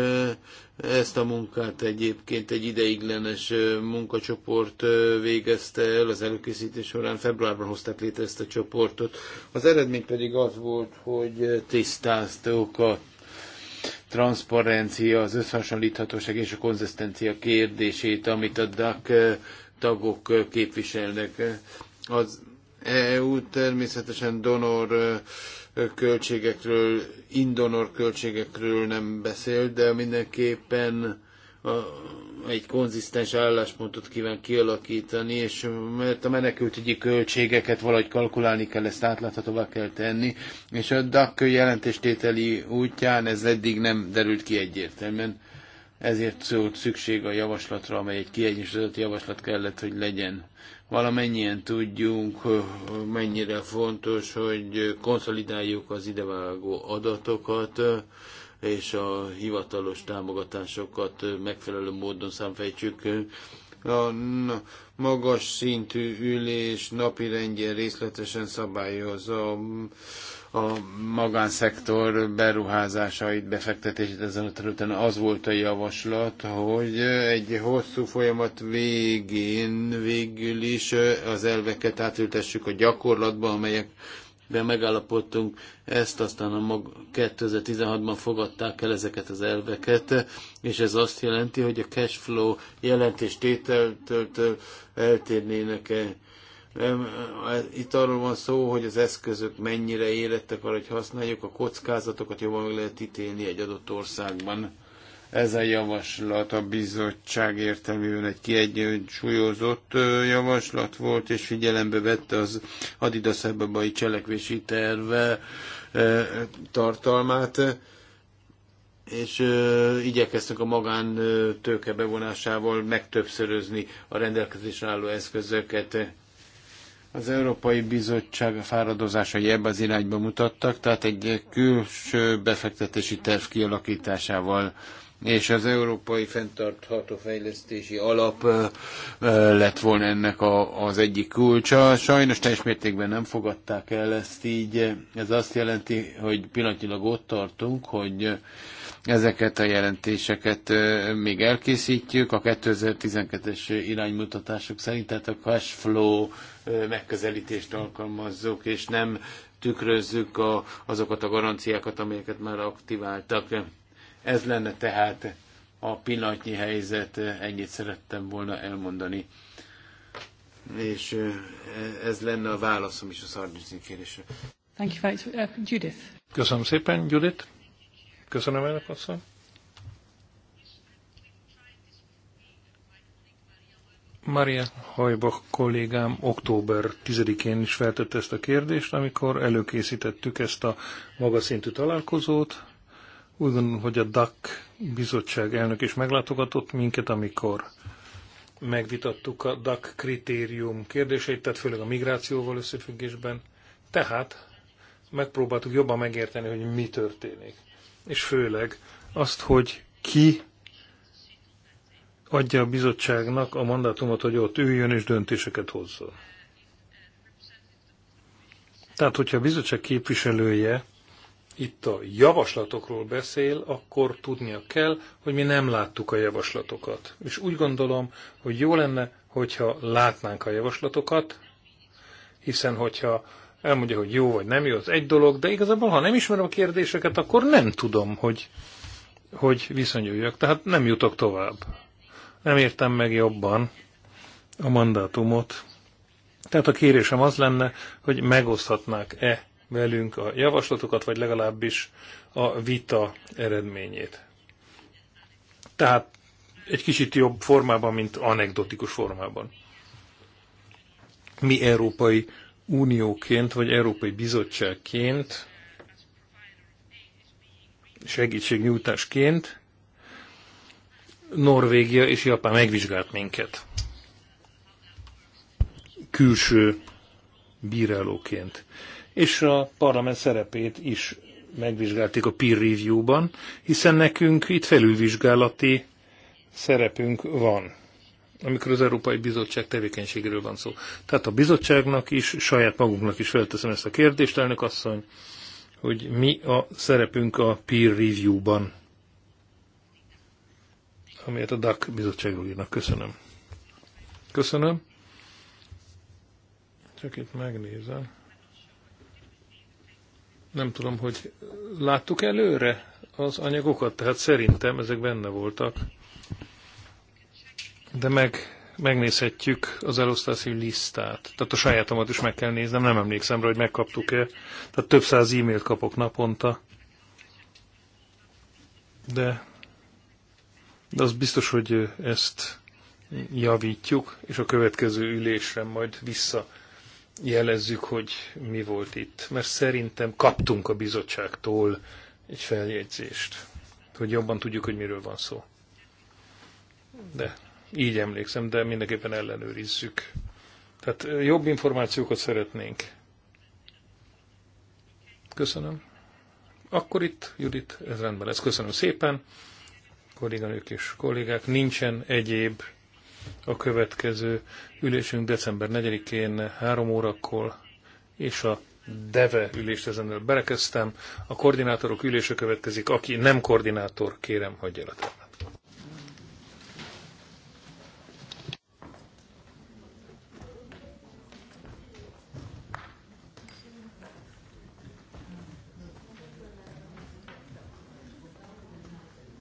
ezt a munkát egyébként egy ideiglenes munkacsoport végezte el az előkészítés során. Februárban hozták létre ezt a csoportot. Az eredmény pedig az volt, hogy tisztáztuk a transzparencia, az összehasonlíthatóság és a konzisztencia kérdését, amit a DAC tagok képviselnek. Az EU természetesen donor költségekről, indonor költségekről nem beszél, de mindenképpen a, egy konzisztens álláspontot kíván kialakítani, és mert a menekültügyi költségeket valahogy kalkulálni kell, ezt átláthatóvá kell tenni, és a DAC jelentéstételi útján ez eddig nem derült ki egyértelműen, ezért szólt szükség a javaslatra, amely egy kiegyensúlyozott javaslat kellett, hogy legyen valamennyien tudjunk, mennyire fontos, hogy konszolidáljuk az idevágó adatokat, és a hivatalos támogatásokat megfelelő módon számfejtsük. A magas szintű ülés rendje részletesen szabályozza a magánszektor beruházásait, befektetését ezen a területen az volt a javaslat, hogy egy hosszú folyamat végén végül is az elveket átültessük a gyakorlatba, amelyek de megállapodtunk ezt, aztán a mag 2016-ban fogadták el ezeket az elveket, és ez azt jelenti, hogy a cash flow jelentéstételtől eltérnének -e itt arról van szó, hogy az eszközök mennyire érettek arra, hogy használjuk, a kockázatokat jobban meg lehet ítélni egy adott országban. Ez a javaslat a bizottság értelmében egy kiegyensúlyozott javaslat volt, és figyelembe vette az Adidas Ebebai cselekvési terve tartalmát és igyekeztünk a magán tőke bevonásával megtöbbszörözni a rendelkezésre álló eszközöket. Az Európai Bizottság fáradozásai ebbe az irányba mutattak, tehát egy külső befektetési terv kialakításával és az Európai Fentartható Fejlesztési Alap lett volna ennek a, az egyik kulcsa. Sajnos teljes mértékben nem fogadták el ezt így. Ez azt jelenti, hogy pillanatilag ott tartunk, hogy Ezeket a jelentéseket még elkészítjük. A 2012-es iránymutatások szerint, tehát a cash flow megközelítést alkalmazzuk, és nem tükrözzük a, azokat a garanciákat, amelyeket már aktiváltak. Ez lenne tehát a pillanatnyi helyzet, ennyit szerettem volna elmondani. És ez lenne a válaszom is a szardizmi kérdésre. Thank you, uh, Judith. Köszönöm szépen, Judith. Köszönöm, elnök asszony. Maria Hajbach kollégám október 10-én is feltette ezt a kérdést, amikor előkészítettük ezt a magaszintű találkozót. Úgy gondolom, hogy a DAC bizottság elnök is meglátogatott minket, amikor megvitattuk a DAC kritérium kérdéseit, tehát főleg a migrációval összefüggésben. Tehát megpróbáltuk jobban megérteni, hogy mi történik és főleg azt, hogy ki adja a bizottságnak a mandátumot, hogy ott üljön és döntéseket hozzon. Tehát, hogyha a bizottság képviselője itt a javaslatokról beszél, akkor tudnia kell, hogy mi nem láttuk a javaslatokat. És úgy gondolom, hogy jó lenne, hogyha látnánk a javaslatokat, hiszen hogyha elmondja, hogy jó vagy nem jó, az egy dolog, de igazából, ha nem ismerem a kérdéseket, akkor nem tudom, hogy, hogy viszonyuljak. Tehát nem jutok tovább. Nem értem meg jobban a mandátumot. Tehát a kérésem az lenne, hogy megoszthatnák-e velünk a javaslatokat, vagy legalábbis a vita eredményét. Tehát egy kicsit jobb formában, mint anekdotikus formában. Mi európai unióként vagy Európai Bizottságként segítségnyújtásként Norvégia és Japán megvizsgált minket. Külső bírálóként. És a parlament szerepét is megvizsgálták a peer review-ban, hiszen nekünk itt felülvizsgálati szerepünk van amikor az Európai Bizottság tevékenységéről van szó. Tehát a bizottságnak is, saját magunknak is felteszem ezt a kérdést, elnök asszony, hogy mi a szerepünk a peer review-ban, amelyet a DAC bizottságról írnak. Köszönöm. Köszönöm. Csak itt megnézem. Nem tudom, hogy láttuk előre az anyagokat, tehát szerintem ezek benne voltak de meg megnézhetjük az elosztási listát. Tehát a sajátomat is meg kell néznem, nem emlékszem rá, hogy megkaptuk-e. Tehát több száz e-mailt kapok naponta. De, de az biztos, hogy ezt javítjuk, és a következő ülésre majd vissza jelezzük, hogy mi volt itt. Mert szerintem kaptunk a bizottságtól egy feljegyzést, hogy jobban tudjuk, hogy miről van szó. De így emlékszem, de mindenképpen ellenőrizzük. Tehát jobb információkat szeretnénk. Köszönöm. Akkor itt, Judit, ez rendben lesz. Köszönöm szépen, kolléganők és kollégák. Nincsen egyéb a következő ülésünk december 4-én 3 órakor, és a DEVE ülést ezennel berekeztem. A koordinátorok ülése következik. Aki nem koordinátor, kérem, hagyja el